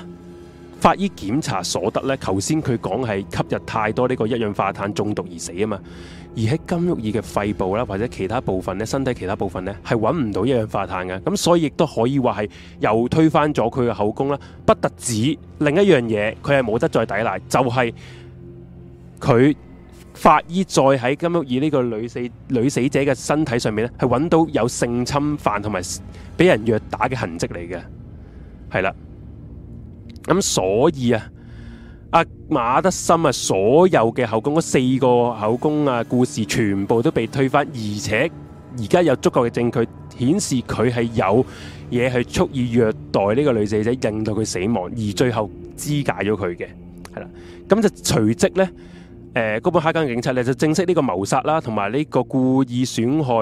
法醫檢查所得呢，頭先佢講係吸入太多呢個一氧化碳中毒而死啊嘛，而喺金玉爾嘅肺部啦，或者其他部分呢，身體其他部分呢，係揾唔到一氧化碳嘅，咁所以亦都可以話係又推翻咗佢嘅口供啦。不特止另一樣嘢，佢係冇得再抵賴，就係佢法醫再喺金玉爾呢個女死女死者嘅身體上面呢，係揾到有性侵犯同埋俾人虐打嘅痕跡嚟嘅，係啦。咁所以啊，阿、啊、馬德森啊，所有嘅口供，嗰四個口供啊，故事全部都被推翻，而且而家有足夠嘅證據顯示佢係有嘢係蓄意虐待呢個女死者，令到佢死亡，而最後肢解咗佢嘅，係啦，咁就隨即呢。誒、呃，哥本哈根警察咧，就正式呢個謀殺啦，同埋呢個故意損害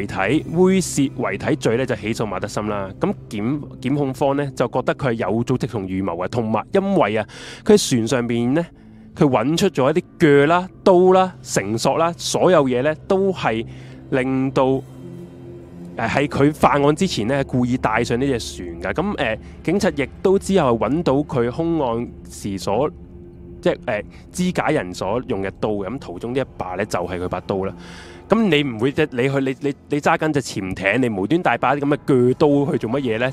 遺體、猥褻遺體罪咧，就起訴馬德森啦。咁檢檢控方咧，就覺得佢係有組織同預謀嘅，同埋因為啊，佢喺船上邊呢，佢搵出咗一啲鋸啦、刀啦、繩索啦，所有嘢呢，都係令到喺佢犯案之前呢，係故意帶上呢隻船嘅。咁誒、呃，警察亦都之後搵到佢凶案時所。即係誒肢解人所用嘅刀。咁、嗯、途中呢一把咧就係佢把刀啦。咁你唔會即你去你你你揸緊隻潛艇，你無端帶把啲咁嘅鋸刀去做乜嘢咧？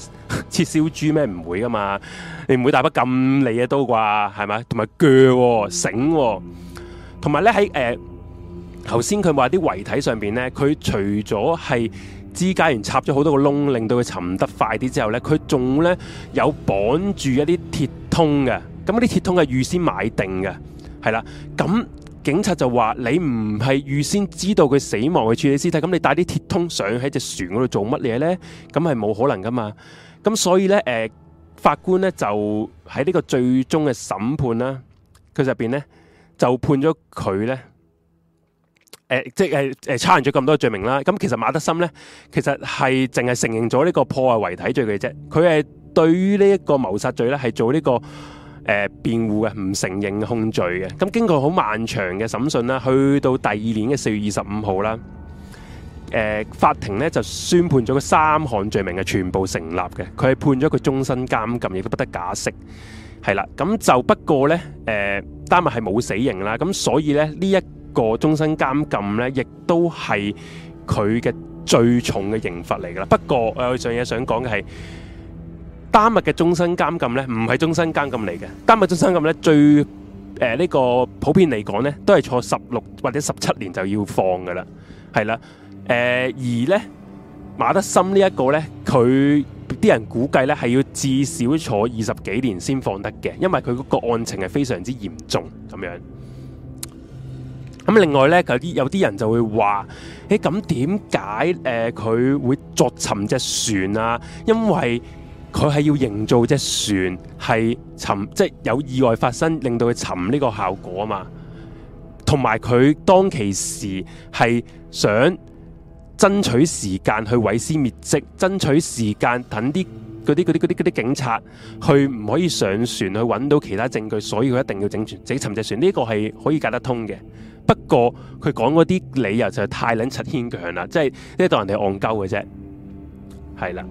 切燒豬咩？唔會噶嘛？你唔會帶把咁利嘅刀啩？係咪？同埋鋸喎、繩喎。同埋咧喺誒頭先佢話啲遺體上面咧，佢除咗係肢解完插咗好多個窿，令到佢沉得快啲之後咧，佢仲咧有綁住一啲鐵通嘅。咁啲鐵通係預先買定嘅，係啦。咁警察就話你唔係預先知道佢死亡去處理屍體，咁你帶啲鐵通上喺隻船嗰度做乜嘢咧？咁係冇可能噶嘛。咁所以咧，誒、呃，法官咧就喺呢個最終嘅審判啦，佢入邊咧就判咗佢咧，誒、呃，即係誒，差人咗咁多罪名啦。咁其實馬德森咧，其實係淨係承認咗呢個破壞遺體罪嘅啫。佢係對於呢一個謀殺罪咧，係做呢、呢個。誒、呃，辯護嘅唔承認控罪嘅，咁經過好漫長嘅審訊啦，去到第二年嘅四月二十五號啦，誒、呃，法庭咧就宣判咗個三項罪名嘅全部成立嘅，佢係判咗佢終身監禁，亦都不得假釋，係啦，咁就不過咧，誒，丹麥係冇死刑啦，咁所以咧呢一個終身監禁咧，亦都係佢嘅最重嘅刑罰嚟噶啦，不過我有樣嘢想講嘅係。丹麥嘅終身監禁呢，唔係終身監禁嚟嘅。丹麥終身監禁呢，最誒呢個普遍嚟講呢，都係坐十六或者十七年就要放噶啦，係啦。誒、呃、而呢馬德森呢一個呢，佢啲人估計呢係要至少坐二十幾年先放得嘅，因為佢嗰個案情係非常之嚴重咁樣。咁另外呢，有啲有啲人就會話，誒咁點解誒佢會作沉隻船啊？因為佢係要營造隻船係沉，即係、就是、有意外發生，令到佢沉呢個效果啊嘛。同埋佢當其時係想爭取時間去毀屍滅跡，爭取時間等啲啲啲啲啲警察去唔可以上船去揾到其他證據，所以佢一定要整船整沉隻船。呢、呢個係可以解得通嘅。不過佢講嗰啲理由就太捻七牽強啦，即係當人哋戇鳩嘅啫，係啦。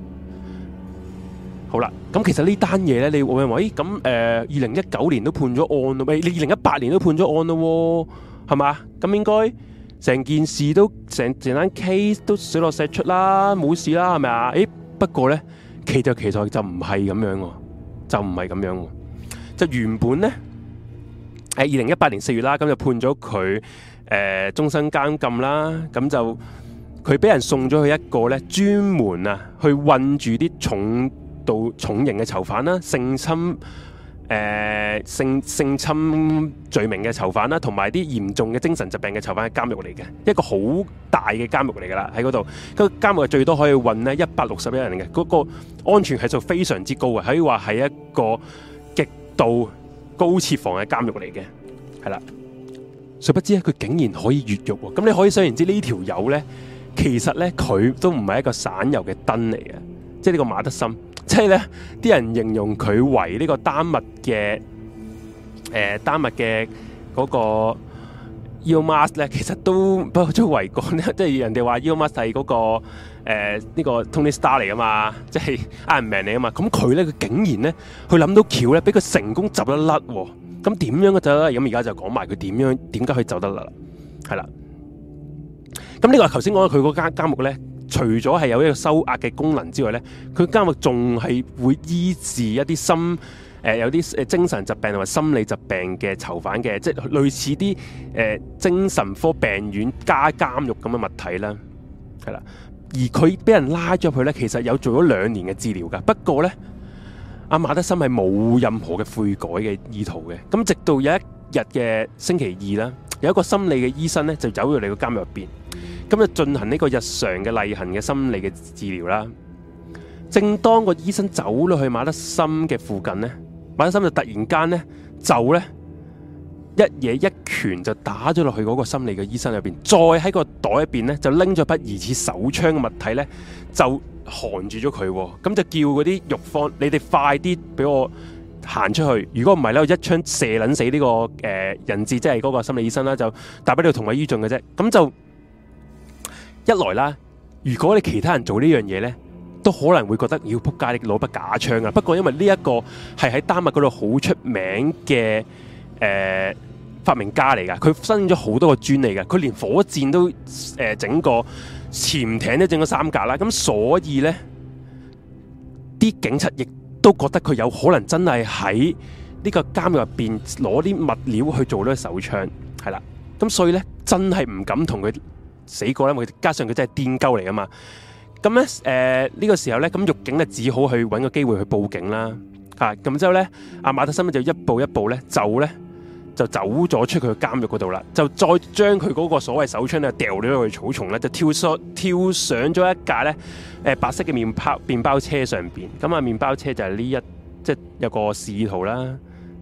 好啦，咁其實這呢單嘢咧，你會認為，咁、哎、誒，二零一九年都判咗案咯，咪你二零一八年都判咗案咯，係嘛？咁應該成件事都成成單 case 都水落石出啦，冇事啦，係咪啊？誒、哎，不過咧，其實其實就其就就唔係咁樣，就唔係咁樣，就原本咧喺二零一八年四月啦，咁就判咗佢誒終身監禁啦，咁就佢俾人送咗去一個咧專門啊去困住啲重。到重刑嘅囚犯啦，性侵、誒、呃、性性侵罪名嘅囚犯啦，同埋啲嚴重嘅精神疾病嘅囚犯喺監獄嚟嘅，一個好大嘅監獄嚟噶啦，喺嗰度個監獄最多可以運呢一百六十一人嘅，嗰、嗰個安全係數非常之高啊，可以話係一個極度高設防嘅監獄嚟嘅，係啦，殊不知佢竟然可以越獄喎，咁你可以想，然知呢條友呢，其實呢，佢都唔係一個省油嘅燈嚟嘅，即係呢個馬德森。即係咧，啲人形容佢為呢個丹麥嘅，誒、呃，丹麥嘅嗰個 Elon Musk 咧，其實都不好做維講咧，即係人哋話 Elon Musk 係嗰個，誒、呃，呢、這個 Tony Stark 嚟啊嘛，即係 Iron Man 嚟啊嘛，咁佢咧，佢竟然咧，佢諗到橋咧，俾佢成功執一甩咁點樣嘅啫啦，咁而家就講埋佢點樣，點解佢走得甩啦，係啦，咁呢個係頭先講佢嗰間監獄咧。除咗係有一個收押嘅功能之外呢，佢監獄仲係會醫治一啲心誒、呃、有啲誒精神疾病同埋心理疾病嘅囚犯嘅，即係類似啲誒、呃、精神科病院加監獄咁嘅物體啦，係啦。而佢俾人拉咗去呢，其實有做咗兩年嘅治療㗎。不過呢，阿馬德森係冇任何嘅悔改嘅意圖嘅。咁直到有一日嘅星期二啦。有一個心理嘅醫生咧，就走入嚟個監獄入邊，咁就進行呢個日常嘅例行嘅心理嘅治療啦。正當個醫生走落去馬德森嘅附近呢，馬德森就突然間呢，就呢，一嘢一拳就打咗落去嗰個心理嘅醫生入邊，再喺個袋入邊呢，就拎咗把疑似手槍嘅物體呢，就含住咗佢，咁就叫嗰啲獄方，你哋快啲俾我。行出去，如果唔係咧，一槍射捻死呢個誒人質，即係嗰個心理醫生啦，就大不了同歸於盡嘅啫。咁就一來啦，如果你其他人做這呢樣嘢咧，都可能會覺得要撲街，攞把假槍啊。不過因為呢一個係喺丹麥嗰度好出名嘅誒、呃、發明家嚟噶，佢申請咗好多個專利噶，佢連火箭都誒整個潛艇都整個三架啦。咁所以咧，啲警察亦。都覺得佢有可能真係喺呢個監獄入邊攞啲物料去做呢個手槍，係啦，咁所以呢，真係唔敢同佢死過啦，因為加上佢真係癲鳩嚟噶嘛，咁咧誒呢、呃這個時候呢，咁獄警呢只好去揾個機會去報警啦，吓、啊，咁之後呢，阿馬德森呢就一步一步呢走呢。就走咗出佢嘅監獄嗰度啦，就再將佢嗰個所謂手槍咧掉咗落去草叢咧，就跳上跳上咗一架咧誒白色嘅麵包麵包車上邊。咁啊，麵包車就係呢一即係、就是、有個示意圖啦，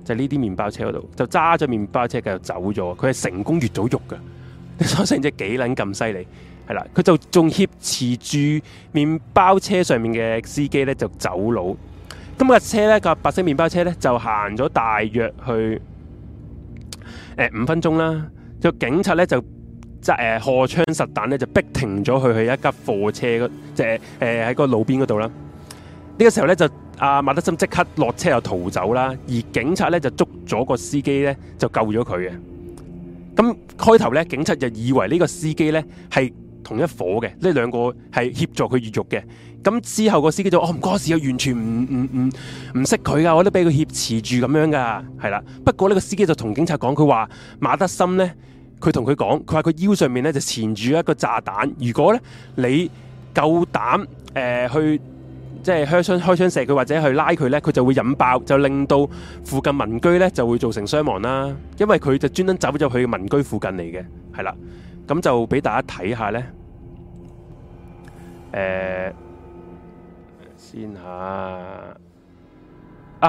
就呢啲麵包車嗰度就揸咗麵包車，繼續走咗。佢係成功越咗獄嘅，所睇成隻幾撚咁犀利係啦。佢就仲挾持住麵包車上面嘅司機咧，就走佬。咁、那、架、個、車咧架、那個、白色麵包車咧，就行咗大約去。誒、呃、五分鐘啦，就警察咧就即誒荷槍實彈咧就逼停咗佢去一架貨車即係誒喺嗰路邊嗰度啦。呢、這個時候咧就阿馬、啊、德森即刻落車又逃走啦，而警察咧就捉咗個司機咧就救咗佢嘅。咁開頭咧警察就以為呢個司機咧係同一伙嘅，呢兩個係協助佢越獄嘅。咁之後司、哦、個司機就我唔嗰時又完全唔唔唔唔識佢噶，我都俾佢挾持住咁樣噶，係啦。不過呢個司機就同警察講，佢話馬德森呢，佢同佢講，佢話佢腰上面呢就纏住一個炸彈，如果呢，你夠膽誒、呃、去即係開槍開槍射佢或者去拉佢呢，佢就會引爆，就令到附近民居呢就會造成傷亡啦。因為佢就專登走咗去民居附近嚟嘅，係啦。咁就俾大家睇下呢。誒、呃。先下啊，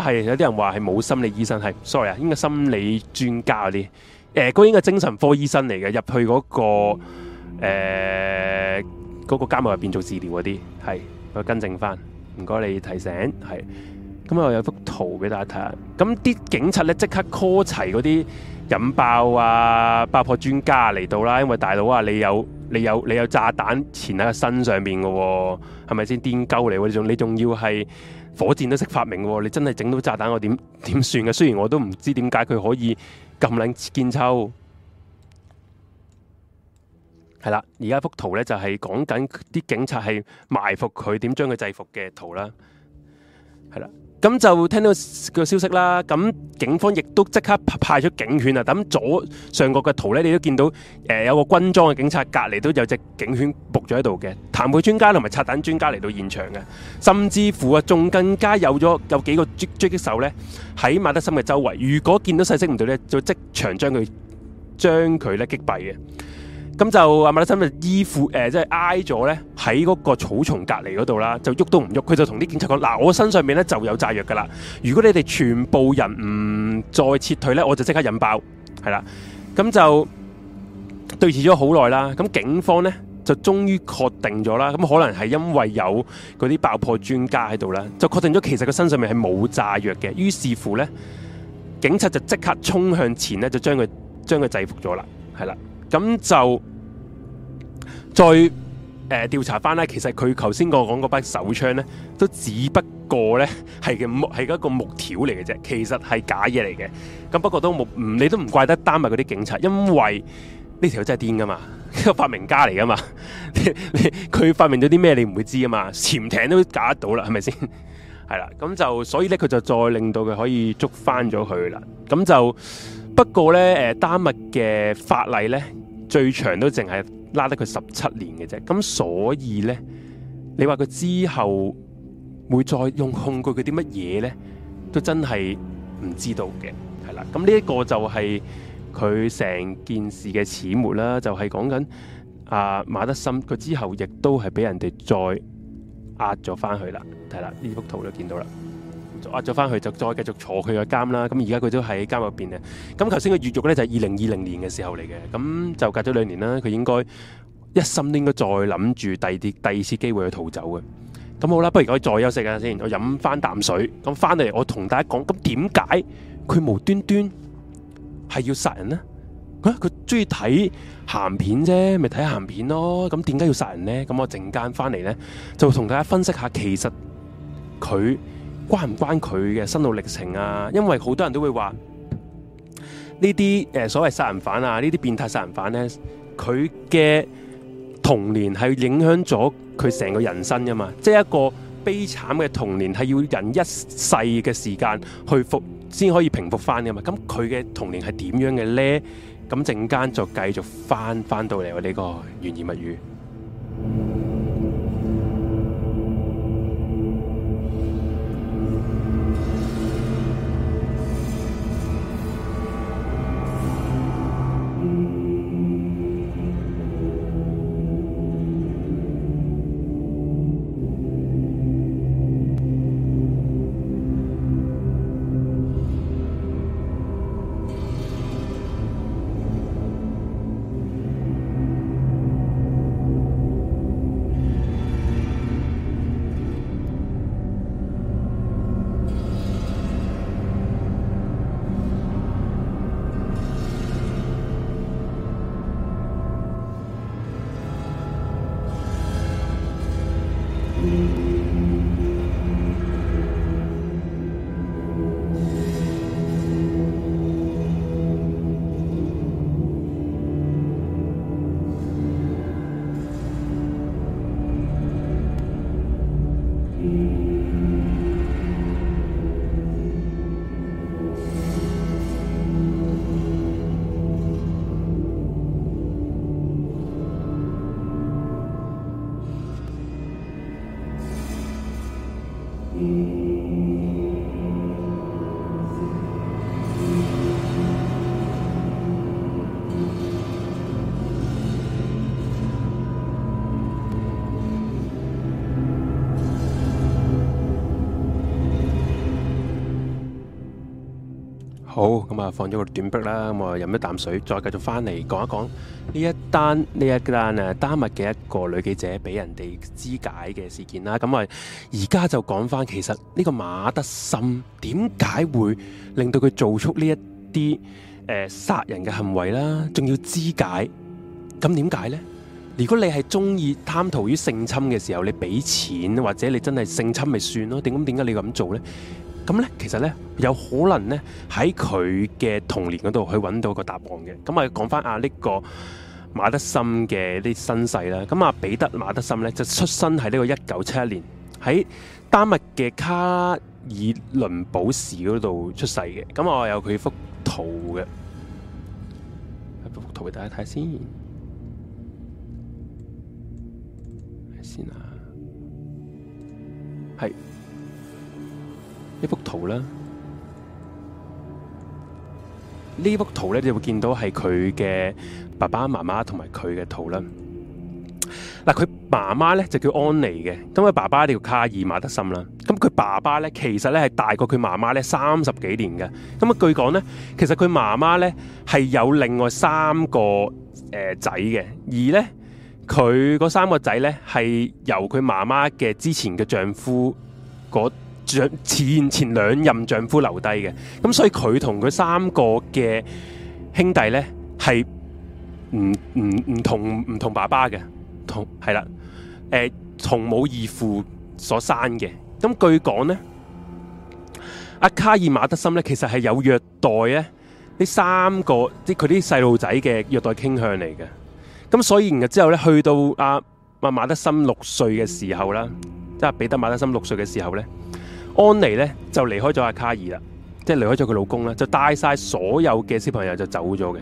係有啲人話係冇心理醫生，係 sorry 啊、呃，應該心理專家嗰啲，誒，應該精神科醫生嚟嘅，入去嗰、嗰個誒嗰、呃嗰個監獄入邊做治療嗰啲，係去跟正翻，唔該你提醒，係咁啊，有幅圖俾大家睇下。咁啲警察咧，即刻 call 齊嗰啲引爆啊，爆破專家嚟到啦，因為大佬啊你有。你有你有炸彈纏喺個身上面嘅喎，係咪先癲鳩嚟喎？你仲你仲要係火箭都識發明喎？你真係整到炸彈，我點點算嘅？雖然我都唔知點解佢可以咁聰尖抽。係啦，而家幅圖咧就係講緊啲警察係埋伏佢點將佢制服嘅圖啦。係啦。咁就聽到個消息啦，咁警方亦都即刻派咗警犬啊！咁左上角嘅圖咧，你都見到、呃、有個軍裝嘅警察，隔離都有隻警犬伏咗喺度嘅。談判專家同埋拆彈專家嚟到現場嘅，甚至乎啊，仲更加有咗有幾個狙擊手咧喺馬德森嘅周圍。如果見到勢色唔對咧，就即場將佢將佢咧擊斃嘅。咁就阿馬德森就依附誒，即係挨咗咧，喺嗰個草叢隔籬嗰度啦，就喐都唔喐。佢就同啲警察講：嗱，我身上面咧就有炸藥噶啦。如果你哋全部人唔再撤退咧，我就即刻引爆，係啦。咁就對峙咗好耐啦。咁警方咧就終於確定咗啦。咁可能係因為有嗰啲爆破專家喺度啦，就確定咗其實佢身上面係冇炸藥嘅。於是乎咧，警察就即刻衝向前咧，就將佢將佢制服咗啦，係啦。咁就再誒調、呃、查翻咧，其實佢頭先我講嗰把手槍咧，都只不過咧係嘅木係一個木條嚟嘅啫，其實係假嘢嚟嘅。咁不過都唔你都唔怪得丹麥嗰啲警察，因為呢條、這個、真係癲噶嘛，一、這個發明家嚟噶嘛，佢 發明咗啲咩你唔會知㗎嘛，潛艇都假得到啦，係咪先？係 啦，咁就所以咧，佢就再令到佢可以捉翻咗佢啦。咁就。不過咧，誒，丹麥嘅法例咧，最長都淨係拉得佢十七年嘅啫。咁所以咧，你話佢之後會再用控據佢啲乜嘢咧，都真係唔知道嘅。係啦，咁呢一個就係佢成件事嘅始末啦。就係講緊啊馬德森，佢之後亦都係俾人哋再壓咗翻去啦。係啦，呢幅圖都見到啦。押咗翻去就再繼續坐佢個監啦，咁而家佢都喺監入邊嘅。咁頭先佢越獄咧就係二零二零年嘅時候嚟嘅，咁就隔咗兩年啦。佢應該一心應該再諗住第啲第二次機會去逃走嘅。咁好啦，不如我再休息下先，我飲翻啖水。咁翻嚟我同大家講，咁點解佢無端端係要殺人呢？啊，佢中意睇鹹片啫，咪睇鹹片咯。咁點解要殺人呢？咁我陣間翻嚟呢，就同大家分析下，其實佢。關唔關佢嘅心路歷程啊？因為好多人都會話呢啲誒所謂殺人犯啊，呢啲變態殺人犯呢，佢嘅童年係影響咗佢成個人生噶嘛？即係一個悲慘嘅童年係要人一世嘅時間去復先可以平復翻噶嘛？咁佢嘅童年係點樣嘅呢？咁陣間就繼續翻翻到嚟我呢個懸疑物語。好，咁啊放咗個短壁啦，咁啊飲一啖水，再繼續翻嚟，講一講呢一單呢一單誒丹麥嘅一個女記者俾人哋肢解嘅事件啦，咁啊而家就講翻，其實呢個馬德森點解會令到佢做出呢一啲誒殺人嘅行為啦，仲要肢解，咁點解呢？如果你係中意貪圖於性侵嘅時候，你俾錢或者你真係性侵咪算咯，點咁點解你咁做呢？咁咧，其實咧有可能咧喺佢嘅童年嗰度去揾到個答案嘅。咁啊，講返啊呢個馬德森嘅啲身世啦。咁啊，彼得馬德森咧就出生喺呢個一九七一年喺丹麥嘅卡爾倫堡市嗰度出世嘅。咁我有佢幅圖嘅，幅圖俾大家睇先，先啦，係。呢幅圖呢，呢一幅圖啦，呢幅圖咧，你就會見到係佢嘅爸爸媽媽同埋佢嘅圖啦。嗱，佢媽媽咧就叫安妮嘅，咁佢爸爸叫卡爾馬德森啦。咁佢爸爸咧其實咧係大過佢媽媽咧三十幾年嘅。咁啊，據講咧，其實佢媽媽咧係有另外三個誒、呃、仔嘅，而咧佢嗰三個仔咧係由佢媽媽嘅之前嘅丈夫前前兩任丈夫留低嘅，咁所以佢同佢三個嘅兄弟呢，係唔唔唔同唔同爸爸嘅，同係啦，誒，同母異父所生嘅。咁據講呢，阿卡爾馬德森呢，其實係有虐待咧呢三個，即係佢啲細路仔嘅虐待傾向嚟嘅。咁所以然嘅之後咧，去到阿、啊、阿馬德森六歲嘅時候啦，即係彼得馬德森六歲嘅時候呢。安妮咧就離開咗阿卡爾啦，即係離開咗佢老公咧，就帶晒所有嘅小朋友就走咗嘅，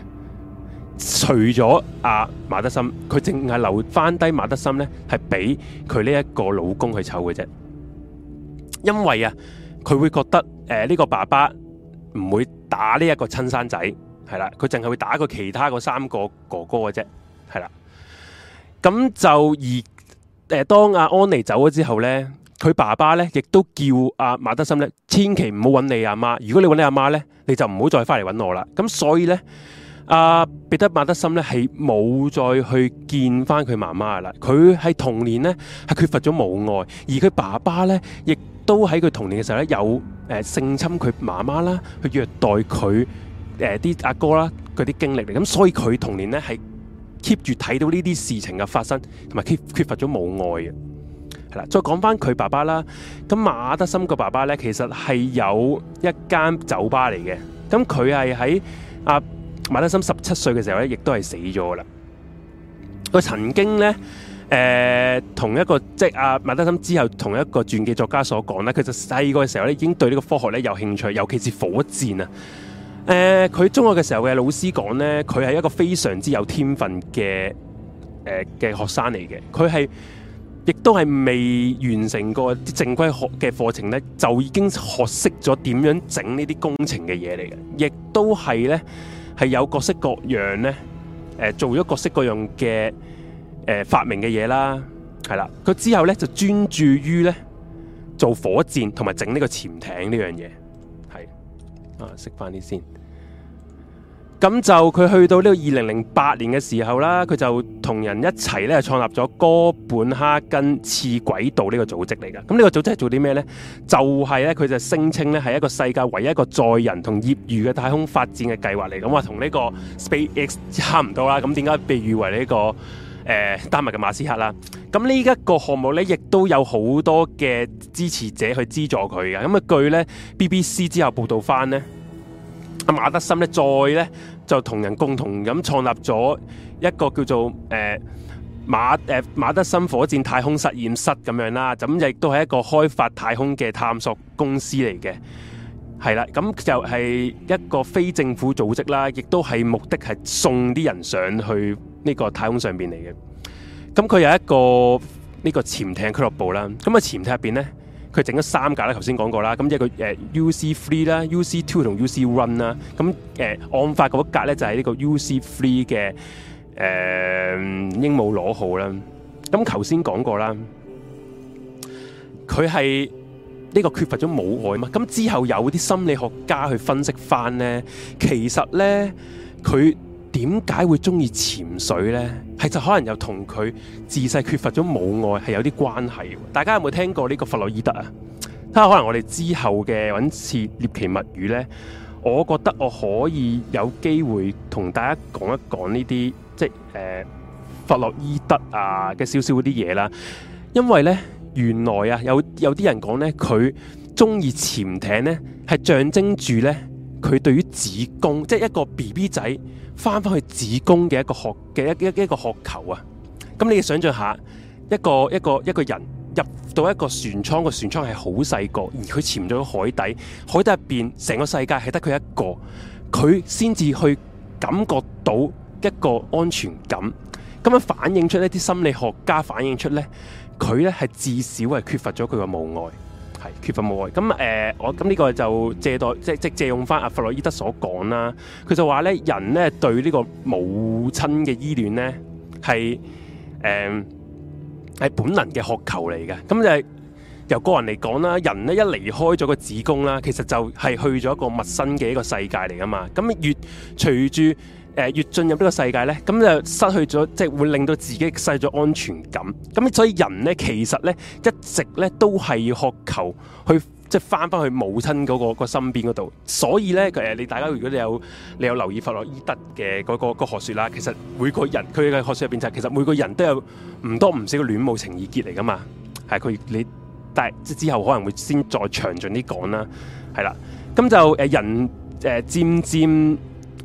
除咗阿、啊、馬德森，佢淨係留翻低馬德森咧，係俾佢呢一個老公去湊嘅啫，因為啊，佢會覺得誒呢、呃這個爸爸唔會打呢一個親生仔，係啦，佢淨係會打佢其他嗰三個哥哥嘅啫，係啦，咁就而誒、呃、當阿、啊、安妮走咗之後咧。佢爸爸咧，亦都叫阿、啊、馬德森咧，千祈唔好揾你阿媽。如果你揾你阿媽咧，你就唔好再翻嚟揾我啦。咁所以咧，阿、啊、彼得馬德森咧係冇再去見翻佢媽媽噶啦。佢喺童年咧係缺乏咗母愛，而佢爸爸咧亦都喺佢童年嘅時候咧有誒、呃、性侵佢媽媽啦，去虐待佢誒啲阿哥啦佢啲經歷嚟。咁所以佢童年咧係 keep 住睇到呢啲事情嘅發生，同埋 keep 缺乏咗母愛嘅。再講返佢爸爸啦，咁馬德森個爸爸呢，其實係有一間酒吧嚟嘅。咁佢係喺阿馬德森十七歲嘅時候呢，亦都係死咗啦。佢曾經呢，誒、呃、同一個即係、啊、阿馬德森之後，同一個傳記作家所講呢，佢就細個嘅時候呢，已經對呢個科學呢有興趣，尤其是火箭啊。誒、呃，佢中學嘅時候嘅老師講呢，佢係一個非常之有天分嘅誒嘅學生嚟嘅，佢係。亦都係未完成過啲正規學嘅課程呢，就已經學識咗點樣整呢啲工程嘅嘢嚟嘅，亦都係呢，係有各式各樣呢，誒做咗各式各樣嘅誒發明嘅嘢啦，係啦，佢之後呢，就專注於呢，做火箭同埋整呢個潛艇呢樣嘢，係啊識翻啲先。咁就佢去到呢個二零零八年嘅時候啦，佢就同人一齊咧創立咗哥本哈根次軌道呢個組織嚟嘅。咁呢個組織係做啲咩呢？就係咧佢就聲稱咧係一個世界唯一一個載人同業餘嘅太空發展嘅計劃嚟。咁話同呢個 SpaceX 差唔多啦。咁點解被譽為呢、這個誒、呃、丹麥嘅馬斯克啦？咁呢一個項目咧，亦都有好多嘅支持者去資助佢嘅。咁據咧 BBC 之後報導翻呢，阿馬德森咧再咧。就同人共同咁創立咗一個叫做誒、呃、馬誒、呃、馬德森火箭太空實驗室咁樣啦，咁亦都係一個開發太空嘅探索公司嚟嘅，係啦，咁就係一個非政府組織啦，亦都係目的係送啲人上去呢個太空上邊嚟嘅。咁佢有一個呢、這個潛艇俱樂部啦，咁啊潛艇入邊呢。佢整咗三格咧，頭先講過啦，咁一個誒 UC Three 啦、UC Two 同 UC One 啦，咁誒案發嗰一格咧就係呢個 UC Three 嘅誒鸚鵡螺號啦。咁頭先講過啦，佢係呢個缺乏咗母愛啊嘛。咁之後有啲心理學家去分析翻咧，其實咧佢。他點解會中意潛水呢？係就可能又同佢自細缺乏咗母愛係有啲關係。大家有冇聽過呢個弗洛伊德啊？睇下可能我哋之後嘅揾次獵奇物語呢，我覺得我可以有機會同大家講一講呢啲即係弗洛伊德啊嘅少少啲嘢啦。因為呢，原來啊有有啲人講呢，佢中意潛艇呢係象徵住呢。佢對於子宮，即係一個 BB 仔翻返去子宮嘅一個學嘅一一個渴求啊！咁你想象一下，一個一個一個人入到一個船艙，個船艙係好細個，而佢潛咗海底，海底入邊成個世界係得佢一個，佢先至去感覺到一個安全感。咁樣反映出呢啲心理學家反映出呢佢呢係至少係缺乏咗佢嘅母愛。缺乏母愛咁，誒，我咁呢個就借代，即即借用返阿弗洛伊德所講啦。佢就話咧，人咧對呢個母親嘅依戀咧，係誒係本能嘅渴求嚟嘅。咁就係、是、由個人嚟講啦，人咧一離開咗個子宮啦，其實就係去咗一個陌生嘅一個世界嚟㗎嘛。咁越隨住。誒越進入呢個世界咧，咁就失去咗，即係會令到自己失去咗安全感。咁所以人咧，其實咧，一直咧都係渴求去即係翻翻去母親嗰個身邊嗰度。所以咧，誒你大家如果你有你有留意弗洛伊德嘅嗰個個學説啦，其實每個人佢嘅學説入邊就其實每個人都有唔多唔少嘅戀母情意結嚟噶嘛，係佢你，但係即之後可能會先再詳盡啲講啦，係啦。咁就誒人誒漸漸。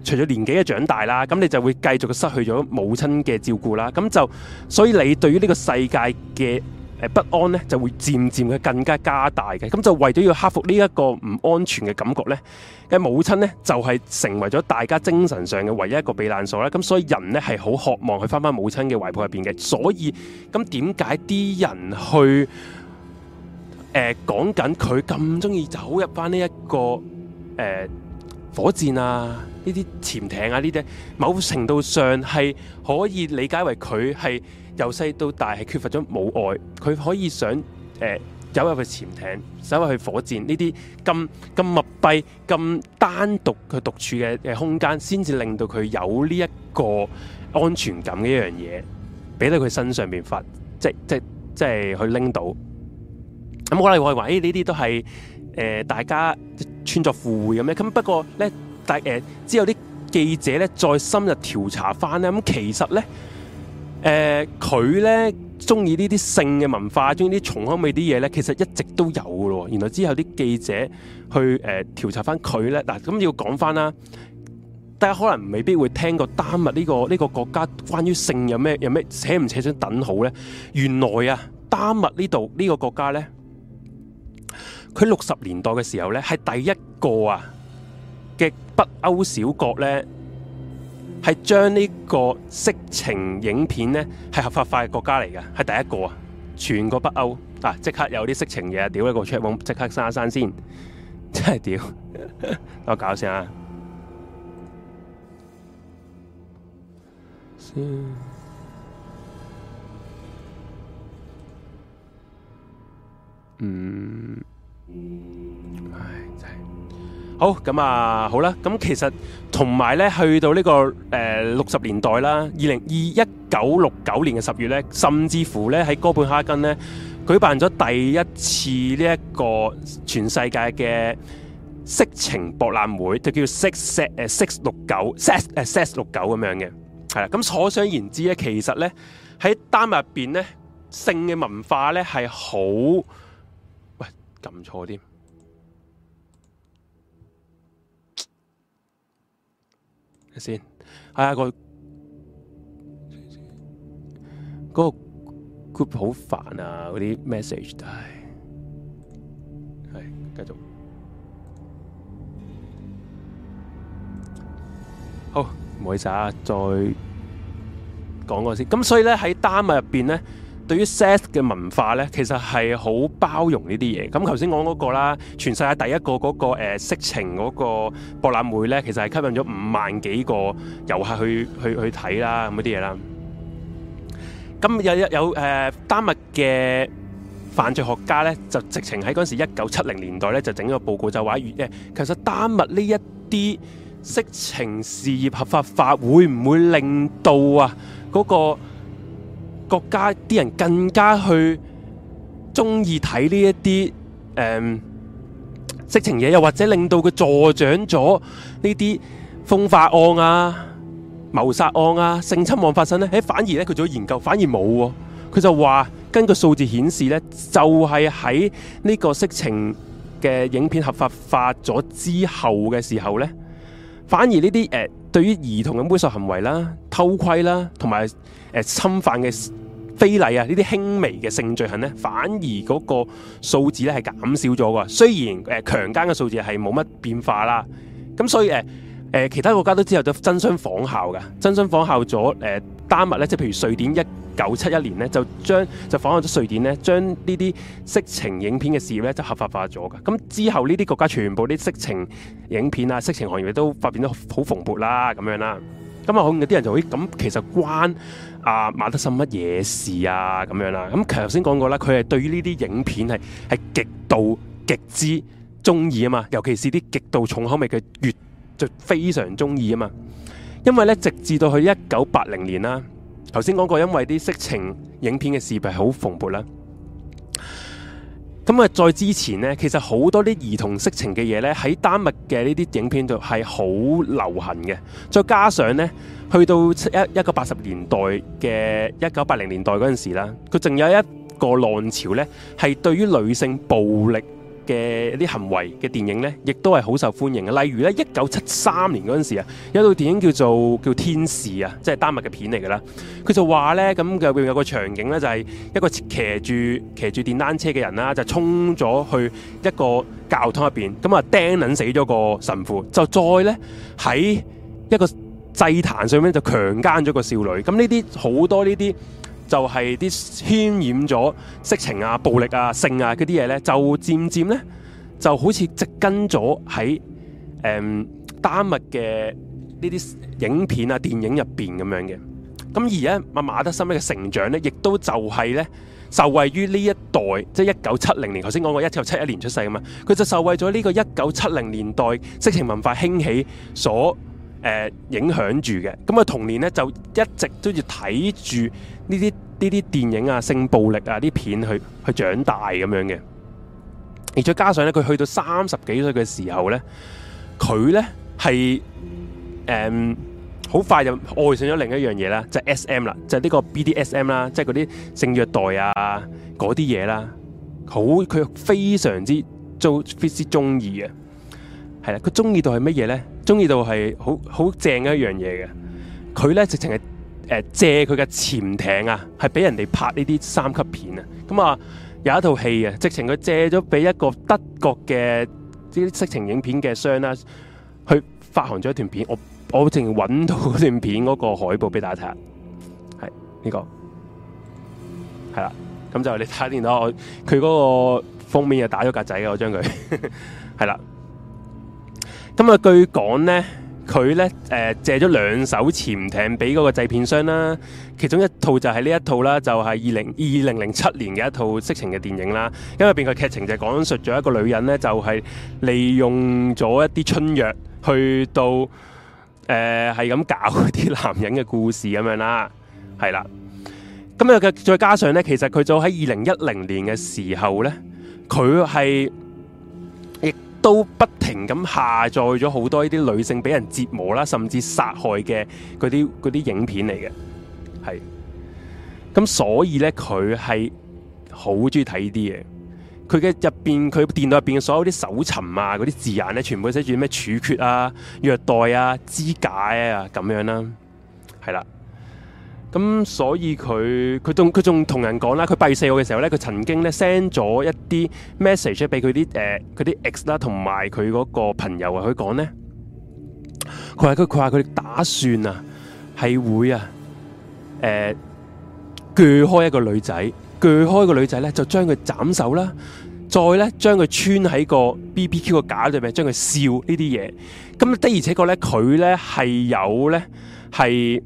除咗年紀嘅長大啦，咁你就會繼續失去咗母親嘅照顧啦，咁就所以你對於呢個世界嘅誒不安呢，就會漸漸嘅更加加大嘅，咁就為咗要克服呢一個唔安全嘅感覺呢，嘅母親呢，就係、是、成為咗大家精神上嘅唯一一個避難所啦，咁所以人呢，係好渴望去翻翻母親嘅懷抱入邊嘅，所以咁點解啲人去誒講緊佢咁中意走入翻呢一個誒？呃火箭啊，呢啲潛艇啊，呢啲某程度上係可以理解為佢係由細到大係缺乏咗母愛。佢可以想誒走、呃、入去潛艇，走入去火箭呢啲咁咁密閉、咁單獨嘅獨處嘅嘅空間，先至令到佢有呢一個安全感嘅一樣嘢，俾到佢身上邊發，即即即係去拎到。咁、嗯、我哋可以話，呢、哎、啲都係。誒、呃，大家穿着赴會咁咁不過咧，大誒，之後啲記者咧再深入調查翻咧，咁其實咧，誒、呃，佢咧中意呢啲性嘅文化，中意啲重口味啲嘢咧，其實一直都有嘅咯。原來之後啲記者去誒、呃、調查翻佢咧，嗱，咁要講翻啦，大家可能未必會聽過丹麥呢、呢個呢、呢個國家關於性有咩有咩寫唔寫得等好咧？原來啊，丹麥呢度呢個國家咧。佢六十年代嘅時候呢，係第一個啊嘅北歐小國呢，係將呢個色情影片呢，係合法化嘅國家嚟嘅，係第一個啊！全個北歐啊，即刻有啲色情嘢，屌一個 check 即刻刪一刪先，真係屌，等我搞先啊，嗯。唉，真係好咁啊，好啦，咁其實同埋咧，去到呢個誒六十年代啦，二零二一九六九年嘅十月咧，甚至乎咧喺哥本哈根咧舉辦咗第一次呢一個全世界嘅色情博覽會，就叫 sex 誒 six 六九 sex 誒 sex 六九，咁樣嘅，係啦。咁所想言之咧，其實咧喺丹麥入邊咧，性嘅文化咧係好。撳錯添，先係啊個嗰個 group 好煩啊，嗰啲 message 都係，係繼續好唔好意思啊，再講過先咁，所以咧喺單物入邊咧。對於 sex 嘅文化咧，其實係好包容呢啲嘢。咁頭先講嗰個啦，全世界第一個嗰個誒色情嗰個博覽會咧，其實係吸引咗五萬幾個遊客去去去睇啦，咁嗰啲嘢啦。咁有有有誒丹麥嘅犯罪學家咧，就直情喺嗰陣時一九七零年代咧，就整咗個報告就話，誒其實丹麥呢一啲色情事業合法化會唔會令到啊嗰個？國家啲人更加去鍾意睇呢一啲誒色情嘢，又或者令到佢助長咗呢啲風化案啊、謀殺案啊、性侵案發生咧？誒、欸，反而咧佢做咗研究，反而冇啊。佢就話根據數字顯示咧，就係喺呢個色情嘅影片合法化咗之後嘅時候咧，反而呢啲誒對於兒童嘅猥褻行為啦、偷窺啦，同埋誒侵犯嘅。非禮啊！呢啲輕微嘅性罪行咧，反而嗰個數字咧係減少咗噶。雖然誒、呃、強姦嘅數字係冇乜變化啦。咁所以、呃呃、其他國家都之後都爭相仿效嘅，爭相仿效咗誒、呃、丹麥咧，即譬如瑞典一九七一年咧，就將就仿效咗瑞典咧，將呢啲色情影片嘅事業咧就合法化咗嘅。咁之後呢啲國家全部啲色情影片啊、色情行業都發展得好蓬勃啦咁樣啦。咁啊，有啲人就會咁，其實關。啊，馬德森乜嘢事啊咁樣啦？咁頭先講過啦，佢係對於呢啲影片係係極度極之中意啊嘛，尤其是啲極度重口味嘅粵，就非常中意啊嘛。因為呢，直至到去一九八零年啦，頭先講過，因為啲色情影片嘅事業好蓬勃啦。咁啊！再之前呢，其實好多啲兒童色情嘅嘢呢，喺丹麥嘅呢啲影片度係好流行嘅。再加上呢，去到一一九八十年代嘅一九八零年代嗰陣時啦，佢仲有一個浪潮呢，係對於女性暴力嘅一啲行為嘅電影呢，亦都係好受歡迎嘅。例如呢，一九七三年嗰陣時啊，有套電影叫做《叫天使》啊，即係丹麥嘅片嚟噶啦。佢就話呢，咁入邊有個場景呢，就係、是、一個騎住騎住電單車嘅人啦、啊，就衝咗去一個教堂入邊，咁啊釘撚死咗個神父，就再呢，喺一個祭壇上面就強奸咗個少女。咁呢啲好多呢啲。就係啲渲染咗色情啊、暴力啊、性啊嗰啲嘢呢，就漸漸呢，就好似植根咗喺誒丹麥嘅呢啲影片啊、電影入邊咁樣嘅。咁而家馬馬德森嘅成長呢，亦都就係呢受惠於呢一代，即係一九七零年，頭先講過一九七一年出世啊嘛。佢就受惠咗呢個一九七零年代色情文化興起所誒、呃、影響住嘅。咁啊，童年呢，就一直都要睇住。呢啲呢啲電影啊、性暴力啊啲片去去長大咁樣嘅，而再加上咧，佢去到三十幾歲嘅時候咧，佢咧係誒好快就愛上咗另一樣嘢啦，就係 S.M. 啦，就係呢個 BDSM 啦，即係嗰啲性虐待啊嗰啲嘢啦，好佢非常之中中意嘅，係啦，佢中意到係乜嘢咧？中意到係好好正嘅一樣嘢嘅，佢咧直情係。誒，借佢嘅潛艇啊，係俾人哋拍呢啲三級片啊。咁啊，有一套戲啊，直情佢借咗俾一個德國嘅啲色情影片嘅商啦，去發行咗一段片。我我淨揾到段片嗰個海報俾大家睇下。係、這、呢個，係啦、啊。咁就你睇下電我佢嗰個封面就打咗格仔嘅，我將佢係啦。咁啊，據講咧。佢呢誒借咗兩艘潛艇俾嗰個製片商啦，其中一套就係呢一套啦，就係二零二零零七年嘅一套色情嘅電影啦。因為佢嘅劇情就係講述咗一個女人呢，就係利用咗一啲春藥去到誒係咁搞啲男人嘅故事咁樣啦，係啦。咁又嘅再加上呢，其實佢就喺二零一零年嘅時候呢，佢係。都不停咁下載咗好多呢啲女性俾人折磨啦，甚至殺害嘅嗰啲嗰啲影片嚟嘅。係，咁所以呢，佢係好中意睇呢啲嘢，佢嘅入邊，佢電腦入邊嘅所有啲搜尋啊，嗰啲字眼呢，全部都寫住咩處決啊、虐待啊、肢解啊咁樣啦，係啦。咁、嗯、所以佢佢仲佢仲同人講啦，佢閉四號嘅時候咧，佢曾經咧 send 咗一啲 message 俾佢啲誒佢啲 ex 啦，同埋佢嗰個朋友啊，佢講咧，佢話佢佢話佢打算啊係會啊誒鋸、呃、開一個女仔，鋸開一個女仔咧就將佢斬手啦，再咧將佢穿喺個 BBQ 個架上咪將佢笑呢啲嘢。咁的而且確咧，佢咧係有咧係。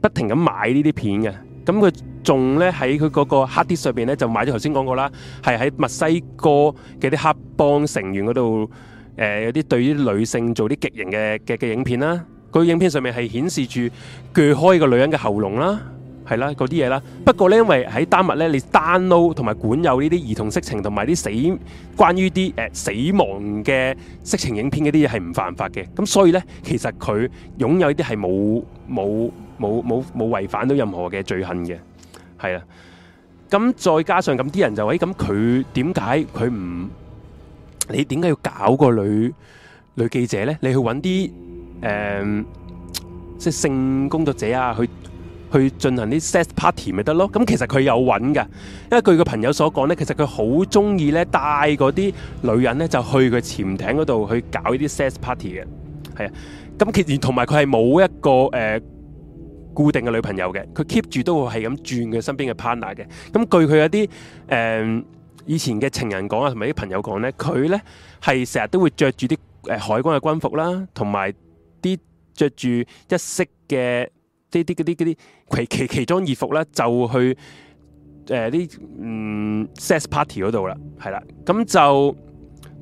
不停咁買這些呢啲片嘅，咁佢仲咧喺佢嗰個黑 a 上邊咧就買咗。頭先講過啦，係喺墨西哥嘅啲黑幫成員嗰度誒，有啲對於女性做啲極刑嘅嘅嘅影片啦。佢、那個、影片上面係顯示住鋸開個女人嘅喉嚨啦，係啦嗰啲嘢啦。不過咧，因為喺丹麥咧，你 d o 同埋管有呢啲兒童色情同埋啲死關於啲誒死亡嘅色情影片嗰啲嘢係唔犯法嘅。咁所以咧，其實佢擁有呢啲係冇冇。冇冇冇違反到任何嘅罪行嘅，係啊！咁再加上咁啲人就誒，咁佢點解佢唔你點解要搞個女女記者咧？你去揾啲誒即係性工作者啊，去去進行啲 sex party 咪得咯？咁其實佢有揾㗎，因為據個朋友所講咧，其實佢好中意，咧帶嗰啲女人咧就去個潛艇嗰度去搞呢啲 sex party 嘅，係啊！咁其實同埋佢係冇一個誒。呃固定嘅女朋友嘅，佢 keep 住都會係咁轉佢身邊嘅 partner 嘅。咁據佢一啲誒、呃、以前嘅情人講啊，同埋啲朋友講咧，佢咧係成日都會着住啲誒海軍嘅軍服啦，同埋啲着住一式嘅呢啲嗰啲啲奇奇奇裝異服啦，就會去誒啲、呃、嗯 sex Sess party 嗰度啦，係啦。咁、嗯、就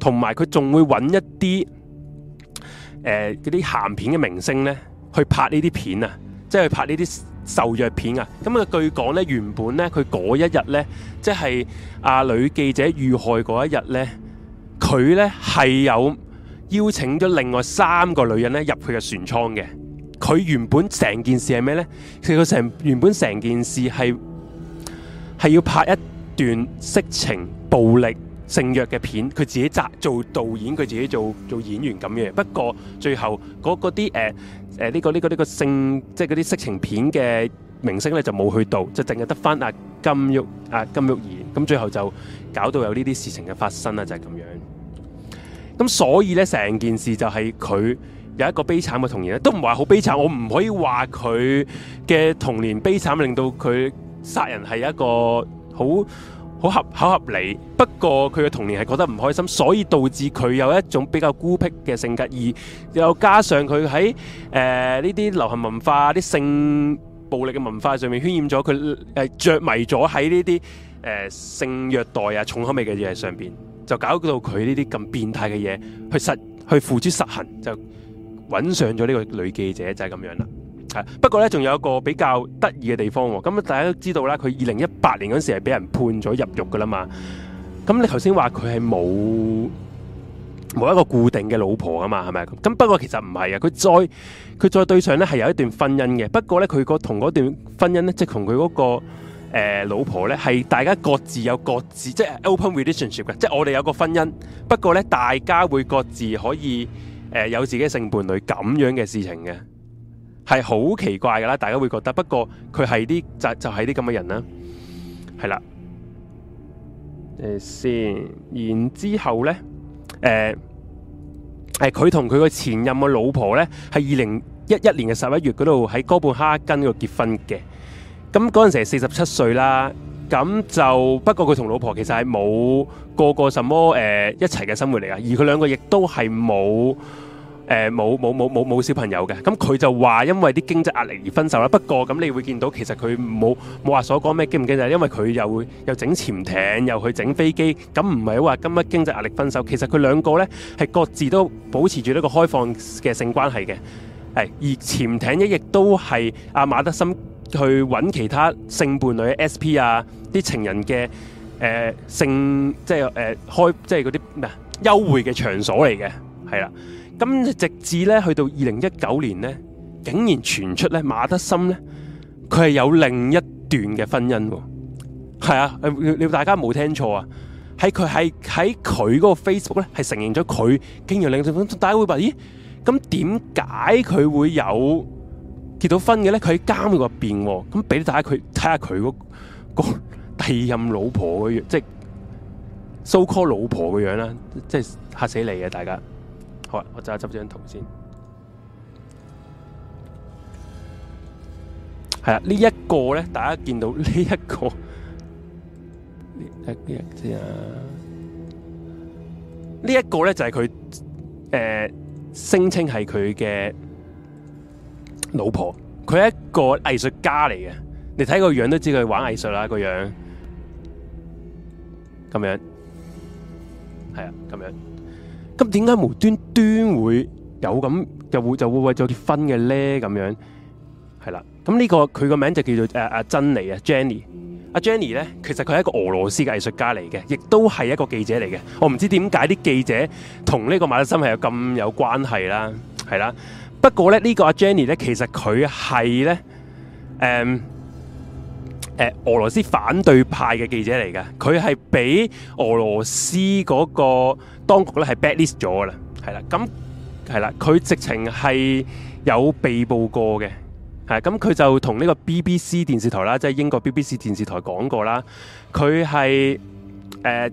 同埋佢仲會揾一啲誒嗰啲鹹片嘅明星咧，去拍呢啲片啊。即係拍呢啲受虐片啊！咁啊，據講咧，原本呢，佢嗰一日呢，即係阿女記者遇害嗰一日呢，佢呢係有邀請咗另外三個女人呢入佢嘅船艙嘅。佢原本成件事係咩咧？佢成原本成件事係係要拍一段色情暴力性虐嘅片。佢自己扎做導演，佢自己做做演員咁嘅。不過最後嗰啲誒。誒、呃、呢、呢個呢、呢個呢、呢個性，即係啲色情片嘅明星咧就冇去到，就淨係得翻阿金玉阿、啊、金玉兒，咁最後就搞到有呢啲事情嘅發生啦，就係、是、咁樣。咁所以咧，成件事就係佢有一個悲慘嘅童年咧，都唔話好悲慘，我唔可以話佢嘅童年悲慘令到佢殺人係一個好。好合好合理，不過佢嘅童年係覺得唔開心，所以導致佢有一種比較孤僻嘅性格，而又加上佢喺誒呢啲流行文化、啲性暴力嘅文化上面渲染咗，佢、呃、誒著迷咗喺呢啲誒性虐待啊重口味嘅嘢上面，就搞到佢呢啲咁變態嘅嘢去實去付諸實行，就搵上咗呢個女記者就係、是、咁樣啦。不過咧，仲有一個比較得意嘅地方，咁大家都知道啦。佢二零一八年嗰時係俾人判咗入獄噶啦嘛。咁你頭先話佢係冇冇一個固定嘅老婆噶嘛？係咪咁？咁不過其實唔係啊。佢再佢再對上咧係有一段婚姻嘅。不過咧佢個同嗰段婚姻咧，即係同佢嗰個誒老婆咧，係大家各自有各自，即係 open relationship 嘅。即係我哋有個婚姻，不過咧大家會各自可以誒有自己嘅性伴侶咁樣嘅事情嘅。係好奇怪噶啦，大家會覺得，不過佢係啲就係、就係啲咁嘅人啦，係啦，誒先，然之後呢，誒、呃，佢同佢個前任嘅老婆呢，係二零一一年嘅十一月嗰度喺哥本哈根度結婚嘅，咁嗰陣時係四十七歲啦，咁就不過佢同老婆其實係冇過過什麼誒、呃、一齊嘅生活嚟噶，而佢兩個亦都係冇。誒冇冇冇冇冇小朋友嘅，咁，佢就話因為啲經濟壓力而分手啦。不過咁，你會見到其實佢冇冇話所講咩經唔經濟，因為佢又又整潛艇，又去整飛機，咁唔係話今日經濟壓力分手。其實佢兩個呢係各自都保持住一個開放嘅性關係嘅係，而潛艇一亦都係阿、啊、馬德森去揾其他性伴侶 S.P. 啊啲情人嘅誒、呃、性即係誒、呃、開即係嗰啲咩優惠嘅場所嚟嘅係啦。咁直至咧，去到二零一九年咧，竟然傳出咧馬德森咧，佢係有另一段嘅婚姻，哦，係啊，你大家冇聽錯啊，係佢係喺佢嗰個 Facebook 咧，係承認咗佢竟然另一段，大家會話咦，咁點解佢會有結到婚嘅咧？佢喺監獄入邊，咁俾大家佢睇下佢嗰、那個第二任老婆嘅樣，即係 so called 老婆嘅樣啦，即係吓死你啊，大家！好、啊，我就係執張圖先。係啊，呢一個咧，大家見到呢一個，呢 一個呢一個咧就係、是、佢，誒、呃，聲稱係佢嘅老婆。佢係一個藝術家嚟嘅，你睇個樣都知佢玩藝術啦，個樣、樣。咁樣，係啊，咁樣。咁點解無端端會有咁，就會就會為咗結婚嘅咧？咁樣係啦，咁呢、這個佢個名就叫做誒阿、啊、珍妮 Jenny，阿、啊、Jenny 咧，其實佢係一個俄羅斯嘅藝術家嚟嘅，亦都係一個記者嚟嘅。我唔知點解啲記者同呢個馬德森係有咁有關係啦，係啦。不過咧呢、這個阿、啊、Jenny 咧，其實佢係咧誒。嗯俄羅斯反對派嘅記者嚟嘅，佢係俾俄羅斯嗰個當局咧係 blacklist 咗嘅啦，係啦，咁係啦，佢直情係有被捕過嘅，係咁佢就同呢個 BBC 電視台啦，即係英國 BBC 電視台講過啦，佢係誒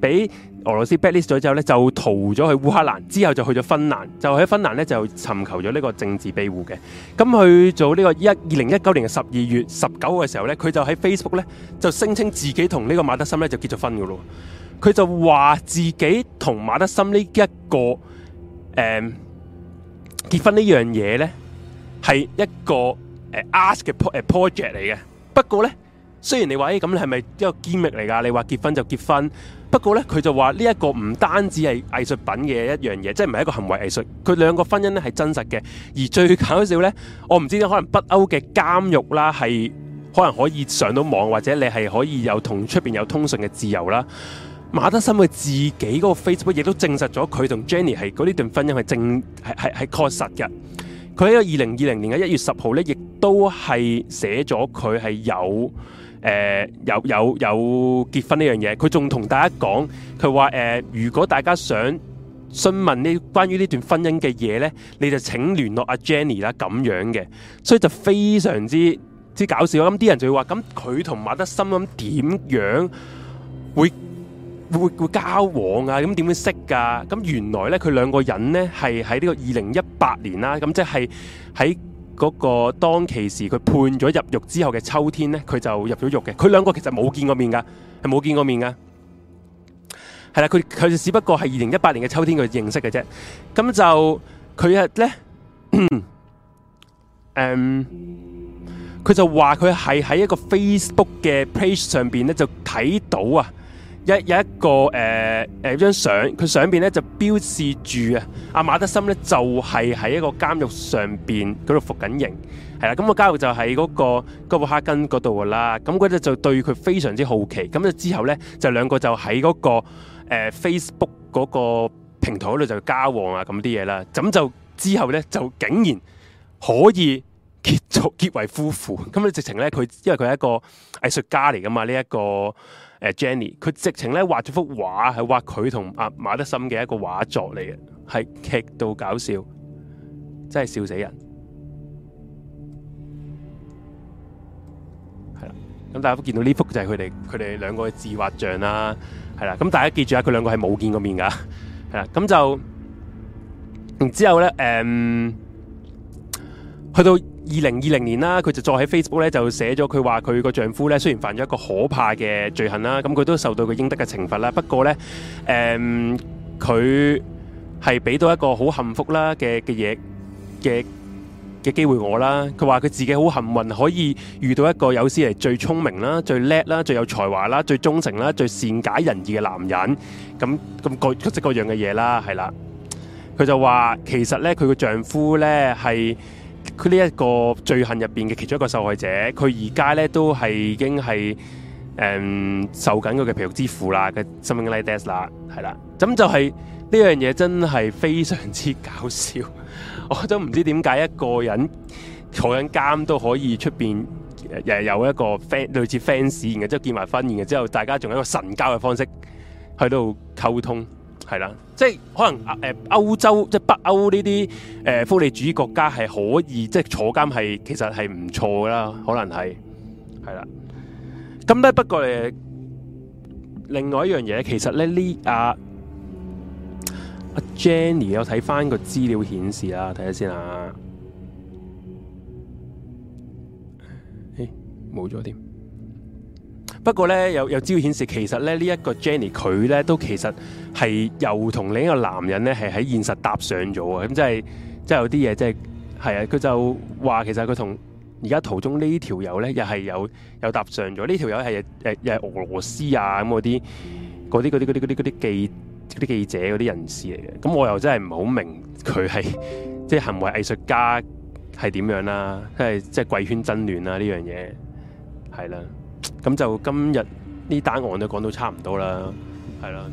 俾。呃俄羅斯 blacklist 咗之後咧，就逃咗去烏克蘭，之後就去咗芬蘭，就喺芬蘭咧就尋求咗呢個政治庇護嘅。咁去做呢個一二零一九年嘅十二月十九號嘅時候咧，佢就喺 Facebook 咧就聲稱自己同呢個馬德森咧就結咗婚噶咯。佢就話自己同馬德森呢一個誒、嗯、結婚件事呢樣嘢咧係一個誒、uh, ask 嘅 project 嚟嘅。不過咧，雖然你話咦咁你係咪一個 gimmick 嚟噶？你話結婚就結婚。不過咧，佢就話呢一個唔單止係藝術品嘅一樣嘢，即係唔係一個行為藝術。佢兩個婚姻咧係真實嘅，而最搞笑呢，我唔知可能北歐嘅監獄啦，係可能可以上到網，或者你係可以有同出邊有通訊嘅自由啦。馬德森佢自己嗰個 Facebook 亦都證實咗佢同 Jenny 係嗰呢段婚姻係正係係係確實嘅。佢喺個二零二零年嘅一月十號呢，亦都係寫咗佢係有。誒，有有有結婚呢樣嘢，佢仲同大家講，佢話誒，如果大家想詢問呢，關於呢段婚姻嘅嘢呢，你就請聯絡阿 Jenny 啦，咁樣嘅，所以就非常之之搞笑。我諗啲人就會話，咁佢同馬德森咁點樣會會會交往啊？咁點樣識㗎？咁原來呢，佢兩個人呢係喺呢個二零一八年啦，咁即係喺。嗰、那個當其時佢判咗入獄之後嘅秋天呢，佢就入咗獄嘅。佢兩個其實冇見過面噶，係冇見過面噶。係啦，佢佢只不過係二零一八年嘅秋天佢認識嘅啫。咁就佢係呢？佢、嗯、就話佢係喺一個 Facebook 嘅 page 上邊呢，就睇到啊。有有一個誒誒張相，佢、呃、上邊咧就標示住啊，阿馬德森咧就係喺一個監獄上邊嗰度服緊刑，係啦。咁、那個監獄就喺嗰個哥布哈根嗰度啦。咁佢哋就對佢非常之好奇。咁就之後咧，就兩個就喺嗰、那個、呃、Facebook 嗰個平台度就交往啊，咁啲嘢啦。咁就之後咧，就竟然可以結結為夫婦。咁咧直情咧，佢因為佢係一個藝術家嚟㗎嘛，呢一個。誒，Jenny，佢直情咧畫咗幅畫，係畫佢同阿馬德森嘅一個畫作嚟嘅，係劇到搞笑，真係笑死人。係啦，咁大家見到呢幅就係佢哋，佢哋兩個嘅自畫像啦。係啦，咁大家記住啊，佢兩個係冇見過面噶。係啦，咁就，然之後咧，誒、嗯，去到。二零二零年啦，佢就再喺 Facebook 咧就寫咗佢話，佢個丈夫咧雖然犯咗一個可怕嘅罪行啦，咁佢都受到佢應得嘅懲罰啦。不過咧，誒佢係俾到一個好幸福啦嘅嘅嘢嘅嘅機會我啦。佢話佢自己好幸運可以遇到一個有史嚟最聰明啦、最叻啦、最有才華啦、最忠誠啦、最善解人意嘅男人。咁咁各式各樣嘅嘢啦，係啦。佢就話其實咧佢個丈夫咧係是佢呢一個罪行入邊嘅其中一個受害者，佢而家咧都係已經係誒、嗯、受緊佢嘅皮肉之苦啦，嘅生命危殆啦，係啦。咁就係呢樣嘢真係非常之搞笑。我都唔知點解一個人坐緊監都可以出邊又有一個 fan 類似 fans，然後之後見埋婚宴嘅之後，大家仲有一個神交嘅方式喺度溝通。係啦，即係可能誒，歐洲即係北歐呢啲誒福利主義國家係可以即係坐監係，其實係唔錯噶啦，可能係係啦。咁咧不過誒，另外一樣嘢其實咧呢阿阿 Jenny，有睇翻個資料顯示啦，睇下先啊。誒、啊，冇咗添。看看不過咧，又又資料顯示，其實咧呢一個 Jenny 佢咧都其實係又同另一個男人咧係喺現實搭上咗、就是就是就是這個、啊！咁即係即係有啲嘢，即係係啊！佢就話其實佢同而家途中呢條友咧，又係有有搭上咗。呢條友係誒誒俄羅斯啊咁嗰啲嗰啲嗰啲嗰啲嗰啲嗰啲記嗰啲記者嗰啲人士嚟嘅。咁我又真係唔好明佢係即係行為藝術家係點樣啦、啊，即係即係貴圈爭亂啊，呢樣嘢係啦。咁就今日呢單案都講到差唔多啦，係啦，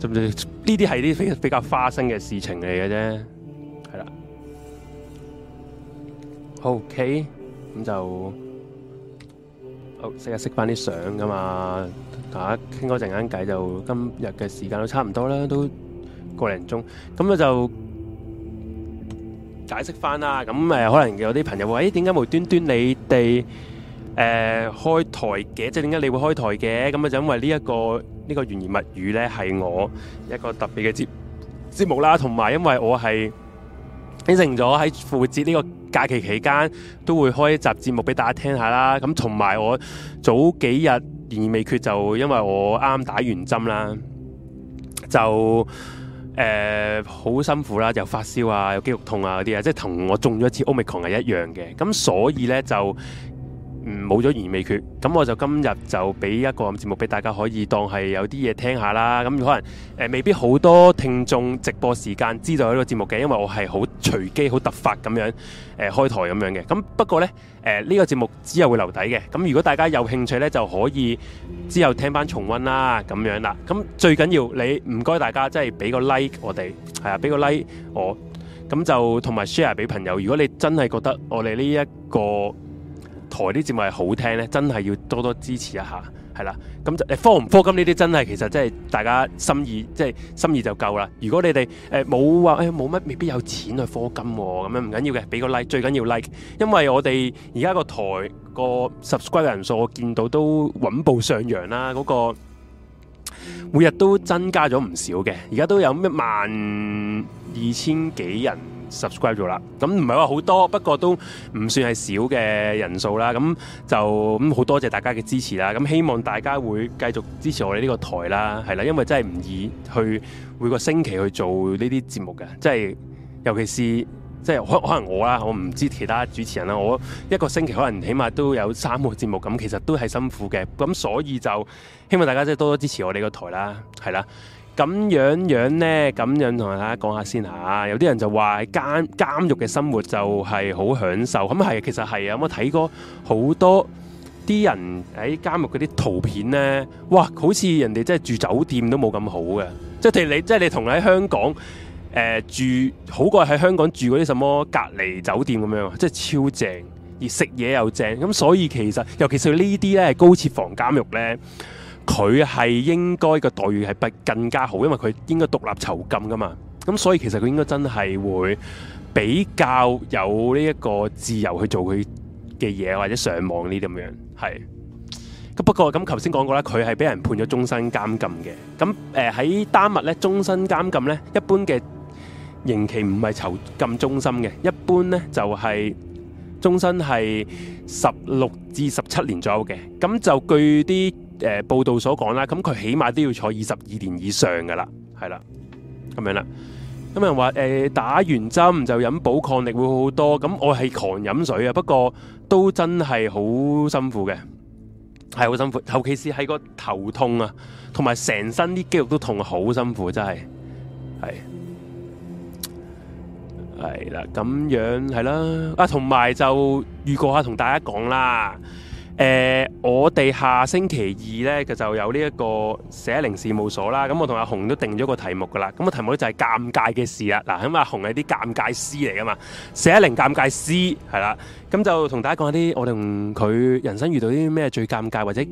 咁呢啲係啲比較花生嘅事情嚟嘅啫，係啦。OK，咁就，好，識下識翻啲相噶嘛，大家傾多陣間偈，就今日嘅時間都差唔多啦，都個零鐘，咁咧就解釋翻啦。咁誒，可能有啲朋友話：咦，點解無端端你哋？誒、呃，開台嘅，即係點解你會開台嘅？咁啊，就因為呢、這、一個呢、這個懸疑物語呢，係我一個特別嘅節節目啦。同埋，因為我係應承咗喺復活節呢個假期期間都會開一集節目俾大家聽下啦。咁同埋，我早幾日懸而未決，就因為我啱打完針啦，就誒好、呃、辛苦啦，就發燒啊，有肌肉痛啊嗰啲啊，即係同我中咗一次 omicron 係一樣嘅。咁所以呢，就。嗯，冇咗而未決，咁我就今日就俾一個節目俾大家可以當係有啲嘢聽下啦。咁可能誒、呃，未必好多聽眾直播時間知道呢個節目嘅，因為我係好隨機、好突發咁樣誒、呃、開台咁樣嘅。咁不過呢，誒、呃、呢、呢個節目之後會留底嘅。咁如果大家有興趣呢，就可以之後聽翻重温啦，咁樣啦。咁最緊要你唔該，大家即係俾個 like 我哋。係啊，俾個 like 我，咁就同埋 share 俾朋友。如果你真係覺得我哋呢一個，台啲節目係好聽咧，真係要多多支持一下，係啦。咁就誒，科唔科金呢啲真係其實真係大家心意，即係心意就夠啦。如果你哋誒冇話誒冇乜未必有錢去科金咁樣，唔緊要嘅，俾個 like 最緊要 like。因為我哋而家個台個 subscribe 嘅人數，我見到都穩步上揚啦，嗰個每日都增加咗唔少嘅。而家都有咩萬二千幾人 subscribe 咗啦，咁唔係話好多，不過都唔算係少嘅人數啦。咁就咁好多謝大家嘅支持啦。咁希望大家會繼續支持我哋呢個台啦，係啦。因為真係唔易去每個星期去做呢啲節目嘅，即係尤其是即係可能我啦，我唔知其他主持人啦。我一個星期可能起碼都有三個節目咁，其實都係辛苦嘅。咁所以就希望大家即係多多支持我哋個台啦，係啦。咁樣樣呢，咁樣同大家講下先嚇。有啲人就話監監獄嘅生活就係好享受。咁、嗯、係，其實係啊。有冇睇過好多啲人喺監獄嗰啲圖片呢？哇！好似人哋即係住酒店都冇咁好嘅。即係你即係你同你喺香港、呃、住，好過喺香港住嗰啲什麼隔離酒店咁樣，即係超正，而食嘢又正。咁、嗯、所以其實尤其是呢啲呢，高設防監獄呢。佢係應該個待遇係不更加好，因為佢應該獨立囚禁㗎嘛。咁所以其實佢應該真係會比較有呢一個自由去做佢嘅嘢，或者上網呢啲咁樣。係。不過咁頭先講過啦，佢係畀人判咗終身監禁嘅。咁誒喺丹麥咧，終身監禁咧一般嘅刑期唔係囚禁終身嘅，一般咧就係、是、終身係十六至十七年左右嘅。咁就據啲。誒、呃、報道所講啦，咁佢起碼都要坐二十二年以上嘅啦，係啦，咁樣啦。咁人話誒、呃、打完針就飲補抗力會好多，咁我係狂飲水啊，不過都真係好辛苦嘅，係好辛苦，尤其是喺個頭痛啊，同埋成身啲肌肉都痛，好辛苦真係，係係啦，咁樣係啦，啊，同埋就預告下同大家講啦。誒，我哋下星期二咧，佢就有呢一個寫零事務所啦。咁我同阿紅，都定咗個題目噶啦。咁個題目咧就係尷尬嘅事啦。嗱，咁阿紅係啲尷尬師嚟噶嘛，寫零尷尬師係啦。咁就同大家講下啲我同佢人生遇到啲咩最尷尬，或者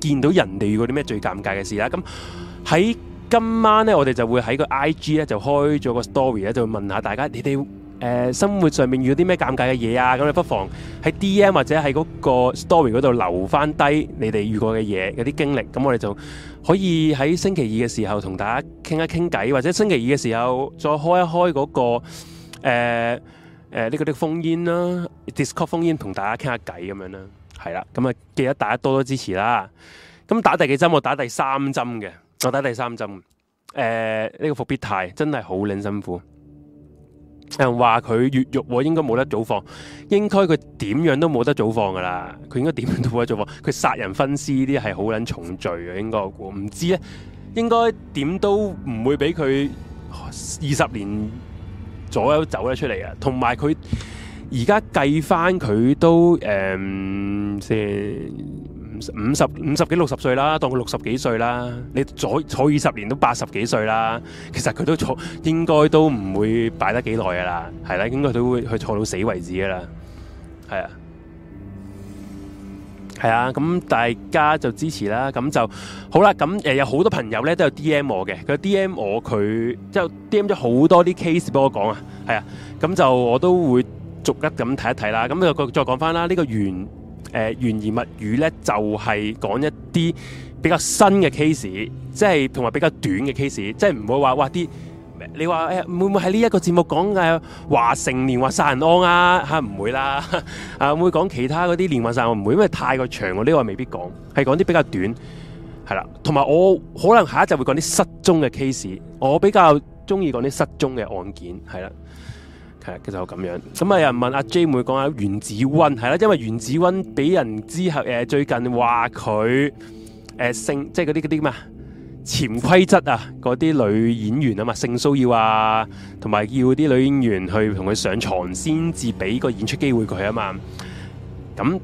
見到人哋遇到啲咩最尷尬嘅事啦。咁喺今晚咧，我哋就會喺個 IG 咧就開咗個 story 咧，就問下大家你哋。誒、呃，生活上面遇到啲咩尷尬嘅嘢啊，咁你不妨喺 DM 或者喺嗰個 story 嗰度留翻低你哋遇過嘅嘢、有啲經歷，咁我哋就可以喺星期二嘅時候同大家傾一傾偈，或者星期二嘅時候再開一開嗰、嗰個誒誒呢嗰啲烽煙啦，Discord 烽煙，同大家傾下偈咁樣啦。係啦，咁啊，記得大家多多支持啦。咁打第幾針？我打第三針嘅，我打第三針。誒、呃、呢、這個復必泰真係好捻辛苦。話佢越獄應該冇得早放，應該佢點樣都冇得早放噶啦，佢應該點樣都冇得早放，佢殺人分屍呢啲係好捻重罪呀，應該我估唔知咧，應該點都唔會俾佢二十年左右走得出嚟啊！同埋佢而家計翻佢都誒、嗯、先。五十五十、五十幾六十歲啦，當佢六十幾歲啦，你再坐二十年都八十幾歲啦，其實佢都坐，應該都唔會擺得幾耐噶啦，係啦，應該都會去坐到死為止噶啦，係啊，係啊，咁大家就支持啦，咁就好啦，咁誒有好多朋友咧都有 D M 我嘅，佢 D M 我佢，即係 D M 咗好多啲 case 幫我講啊，係啊，咁就我都會逐一咁睇一睇啦，咁就再講翻啦，呢個完。誒懸疑物語咧，就係、是、講一啲比較新嘅 case，即係同埋比較短嘅 case，即係唔會話哇啲你話誒、欸、會唔會喺呢一個節目講嘅華城連環殺人案啊嚇？唔、啊、會啦，啊會講其他嗰啲連環殺案唔會，因為太過長、這個、我呢個未必講，係講啲比較短，係啦。同埋我可能下一集會講啲失蹤嘅 case，我比較鍾意講啲失蹤嘅案件，係啦。係，其實我咁樣咁啊！有人問阿 J 會唔會講下袁子溫？係啦，因為袁子溫俾人之後吓，誒，最近話佢誒性，即係啲啲咩潛規則啊，嗰啲女演員啊嘛，性騷擾啊，同埋要啲女演員去同佢上床先至俾個演出機會佢啊嘛。咁誒、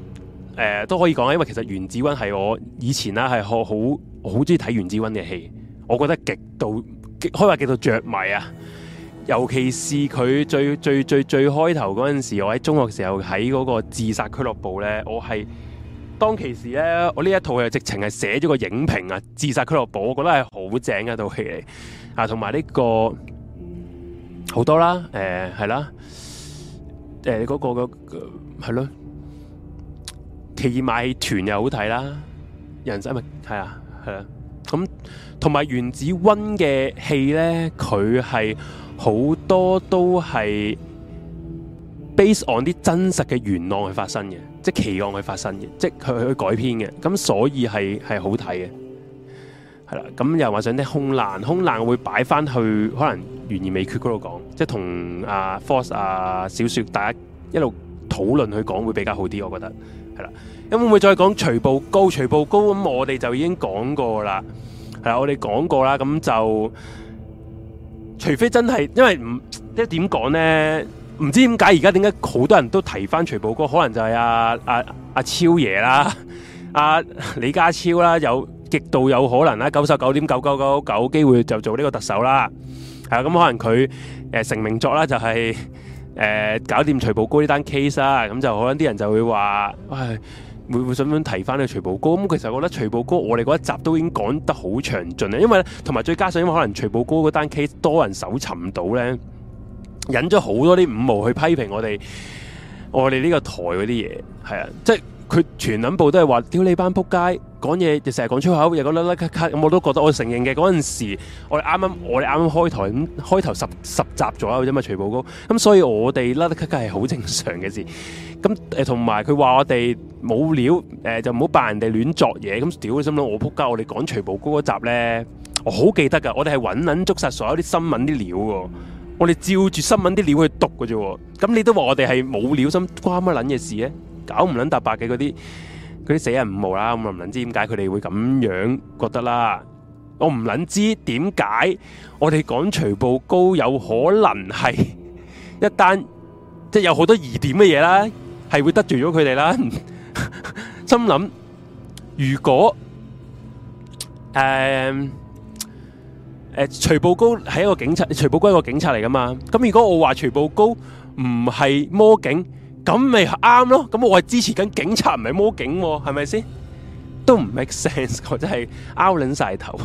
呃、都可以講，因為其實袁子溫係我以前啦，係學好好中意睇袁子溫嘅戲，我覺得極度可以話，極度着迷啊！尤其是佢最最，最最最最開頭嗰陣時，候我在的時候在，我喺中學時候喺嗰個自殺俱樂部咧，我係當其時咧，我呢一套又直情係寫咗個影評啊。自殺俱樂部，我覺得係好正嘅一套戲嚟啊，同埋呢個好多啦，誒、欸、係啦，誒、欸、嗰、那個、那個係咯，奇異馬戲團又好睇啦，人生咪係啊係啊，咁同埋園子温嘅戲咧，佢係。好多都係 base on 啲真實嘅懸案去發生嘅，即係奇案去發生嘅，即係佢去改編嘅。咁所以係係好睇嘅，係啦。咁又話想啲空難，空難會擺翻去可能懸而未決嗰度講，即係同阿 Force 阿小説大家一路討論去講會比較好啲，我覺得係啦。咁會唔會再講徐步高？徐步高咁我哋就已經講過啦，係啦，我哋講過啦，咁就。除非真係，因為唔即係點講呢？唔知點解而家點解好多人都提翻徐寶哥？可能就係阿阿阿超爺啦，阿、啊、李家超啦，有極度有可能啦，九十九點九九九九機會就做呢個特首啦。係、啊、咁、嗯、可能佢誒、呃、成名作啦，就係、是、誒、呃、搞掂徐寶哥呢單 case 啦。咁、嗯、就可能啲人就會話，喂、哎。會唔會想唔想提翻呢個徐寶哥？咁其實我覺得徐寶哥我哋嗰一集都已經講得好詳盡啦。因為咧，同埋再加上因為可能徐寶哥嗰單 case 多人搜尋到咧，引咗好多啲五毛去批評我哋，我哋呢個台嗰啲嘢係啊，即係佢全諗部都係話屌你班撲街。講嘢，就成日講粗口，又講甩甩咳咳，咁我都覺得我承認嘅。嗰陣時我哋啱啱，我哋啱啱開台咁開頭十十集左右啫嘛，《徐步高》咁所以我哋甩甩咳咳係好正常嘅事咁。誒，同埋佢話我哋冇料，誒、呃、就唔好扮人哋亂作嘢。咁屌你心諗我仆街，我哋講《徐步高》嗰集咧，我好記得噶，我哋係搵捻捉實所有啲新聞啲料嘅，我哋照住新聞啲料去讀嘅啫。咁你都話我哋係冇料，心關乜撚嘢事咧，搞唔撚搭白嘅嗰啲。佢啲死人五毛啦，咁我唔捻知點解佢哋會咁樣覺得啦？我唔捻知點解我哋講徐步高有可能係一單即係有好多疑點嘅嘢啦，係會得罪咗佢哋啦？心諗如果誒誒、呃、徐步高係一個警察，徐步高係一個警察嚟噶嘛？咁如果我話徐步高唔係魔警？咁咪啱咯，咁我係支持緊警察，唔係魔警喎，係咪先？都唔 make sense，或者係 out 捻晒頭，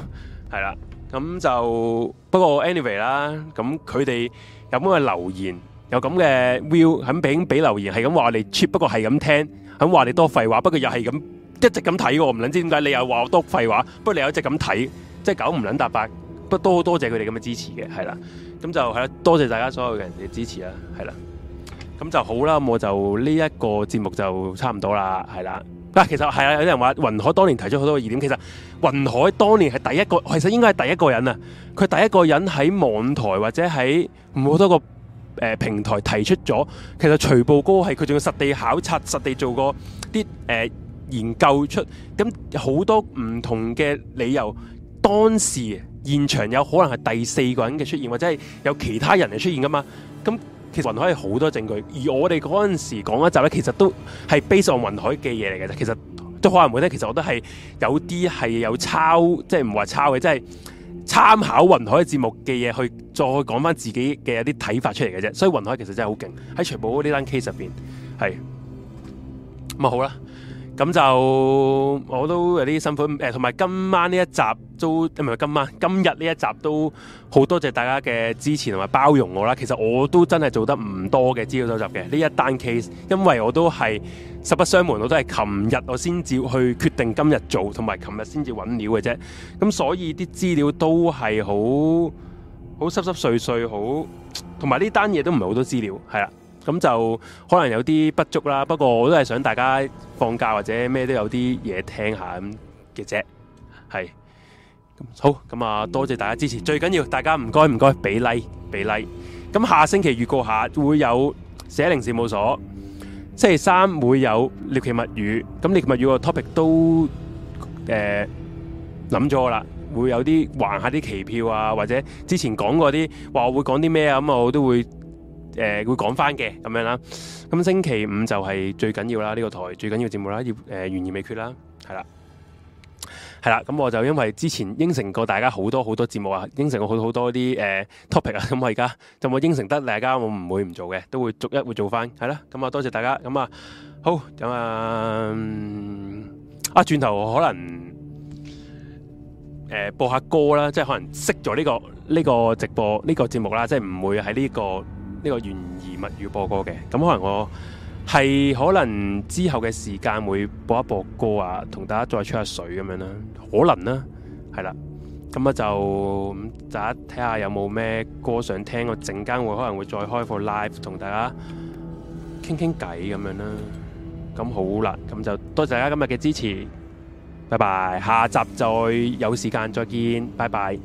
係啦。咁就不過 anyway 啦，咁佢哋有咁嘅留言，有咁嘅 view，肯俾俾留言，係咁話你 cheap，不過係咁聽，肯話你多廢話，不過又係咁一直咁睇，我唔捻知點解你又話我多廢話，不過你又一直咁睇，即係九唔捻搭八。不過多多謝佢哋咁嘅支持嘅，係啦。咁就係啦，多謝大家所有嘅人嘅支持啦，係啦。咁就好啦，我就呢一個節目就差唔多啦，係啦。啊，其實係啊，有啲人話雲海當年提出好多個疑點，其實雲海當年係第一個，其實應該係第一個人啊。佢第一個人喺網台或者喺唔好多個誒平台提出咗，其實徐步高係佢仲要實地考察、實地做過啲誒、呃、研究出，咁好多唔同嘅理由。當時現場有可能係第四個人嘅出現，或者係有其他人嚟出現㗎嘛？咁其實雲海係好多證據，而我哋嗰陣時講一集咧，其實都係 base 喺雲海嘅嘢嚟嘅啫。其實都可能唔會聽，其實我覺得係有啲係有抄，即係唔話抄嘅，即係參考雲海嘅節目嘅嘢去再講翻自己嘅一啲睇法出嚟嘅啫。所以雲海其實真係好勁，喺全部嗰啲單 case 入邊係咁啊，好啦。咁就我都有啲辛苦，誒、呃，同埋今晚呢一集都唔係今晚，今日呢一集都好多謝大家嘅支持同埋包容我啦。其實我都真係做得唔多嘅資料收集嘅呢一單 case，因為我都係實不相瞞，我都係琴日我先至去決定今日做，同埋琴日先至揾料嘅啫。咁所以啲資料都係好好濕濕碎碎，好，同埋呢單嘢都唔係好多資料，係啦。咁就可能有啲不足啦，不過我都係想大家放假或者咩都有啲嘢聽下咁嘅啫，係好咁啊！多謝大家支持，最緊要大家唔該唔該俾 like 俾 like，咁下星期預告下會有寫靈事務所，星期三會有獵奇物語，咁獵奇物語個 topic 都誒諗咗啦，會有啲玩下啲期票啊，或者之前講過啲話會講啲咩啊，咁我都會。誒、呃，會講翻嘅咁樣啦。咁星期五就係最緊要啦，呢、這個台最緊要節目啦，要誒懸而未決啦，係啦，係啦。咁我就因為之前應承過大家好多好多節目啊，應承過好好多啲誒、呃、topic 啊，咁我而家就冇應承得，大家我唔會唔做嘅，都會逐一會做翻，係啦。咁、嗯、啊，多謝大家。咁、嗯、啊，好咁啊、嗯，啊，轉頭可能誒、呃、播下歌啦，即係可能熄咗呢個呢、這個直播呢、這個節目啦，即係唔會喺呢、這個。呢、這個懸疑物語播歌嘅，咁可能我係可能之後嘅時間會播一播歌啊，同大家再吹下水咁樣啦，可能啦，係啦，咁啊就咁就大家睇下有冇咩歌想聽，我陣間會，會可能會再開個 live 同大家傾傾偈咁樣啦，咁好啦，咁就多謝大家今日嘅支持，拜拜，下集再有時間再見，拜拜。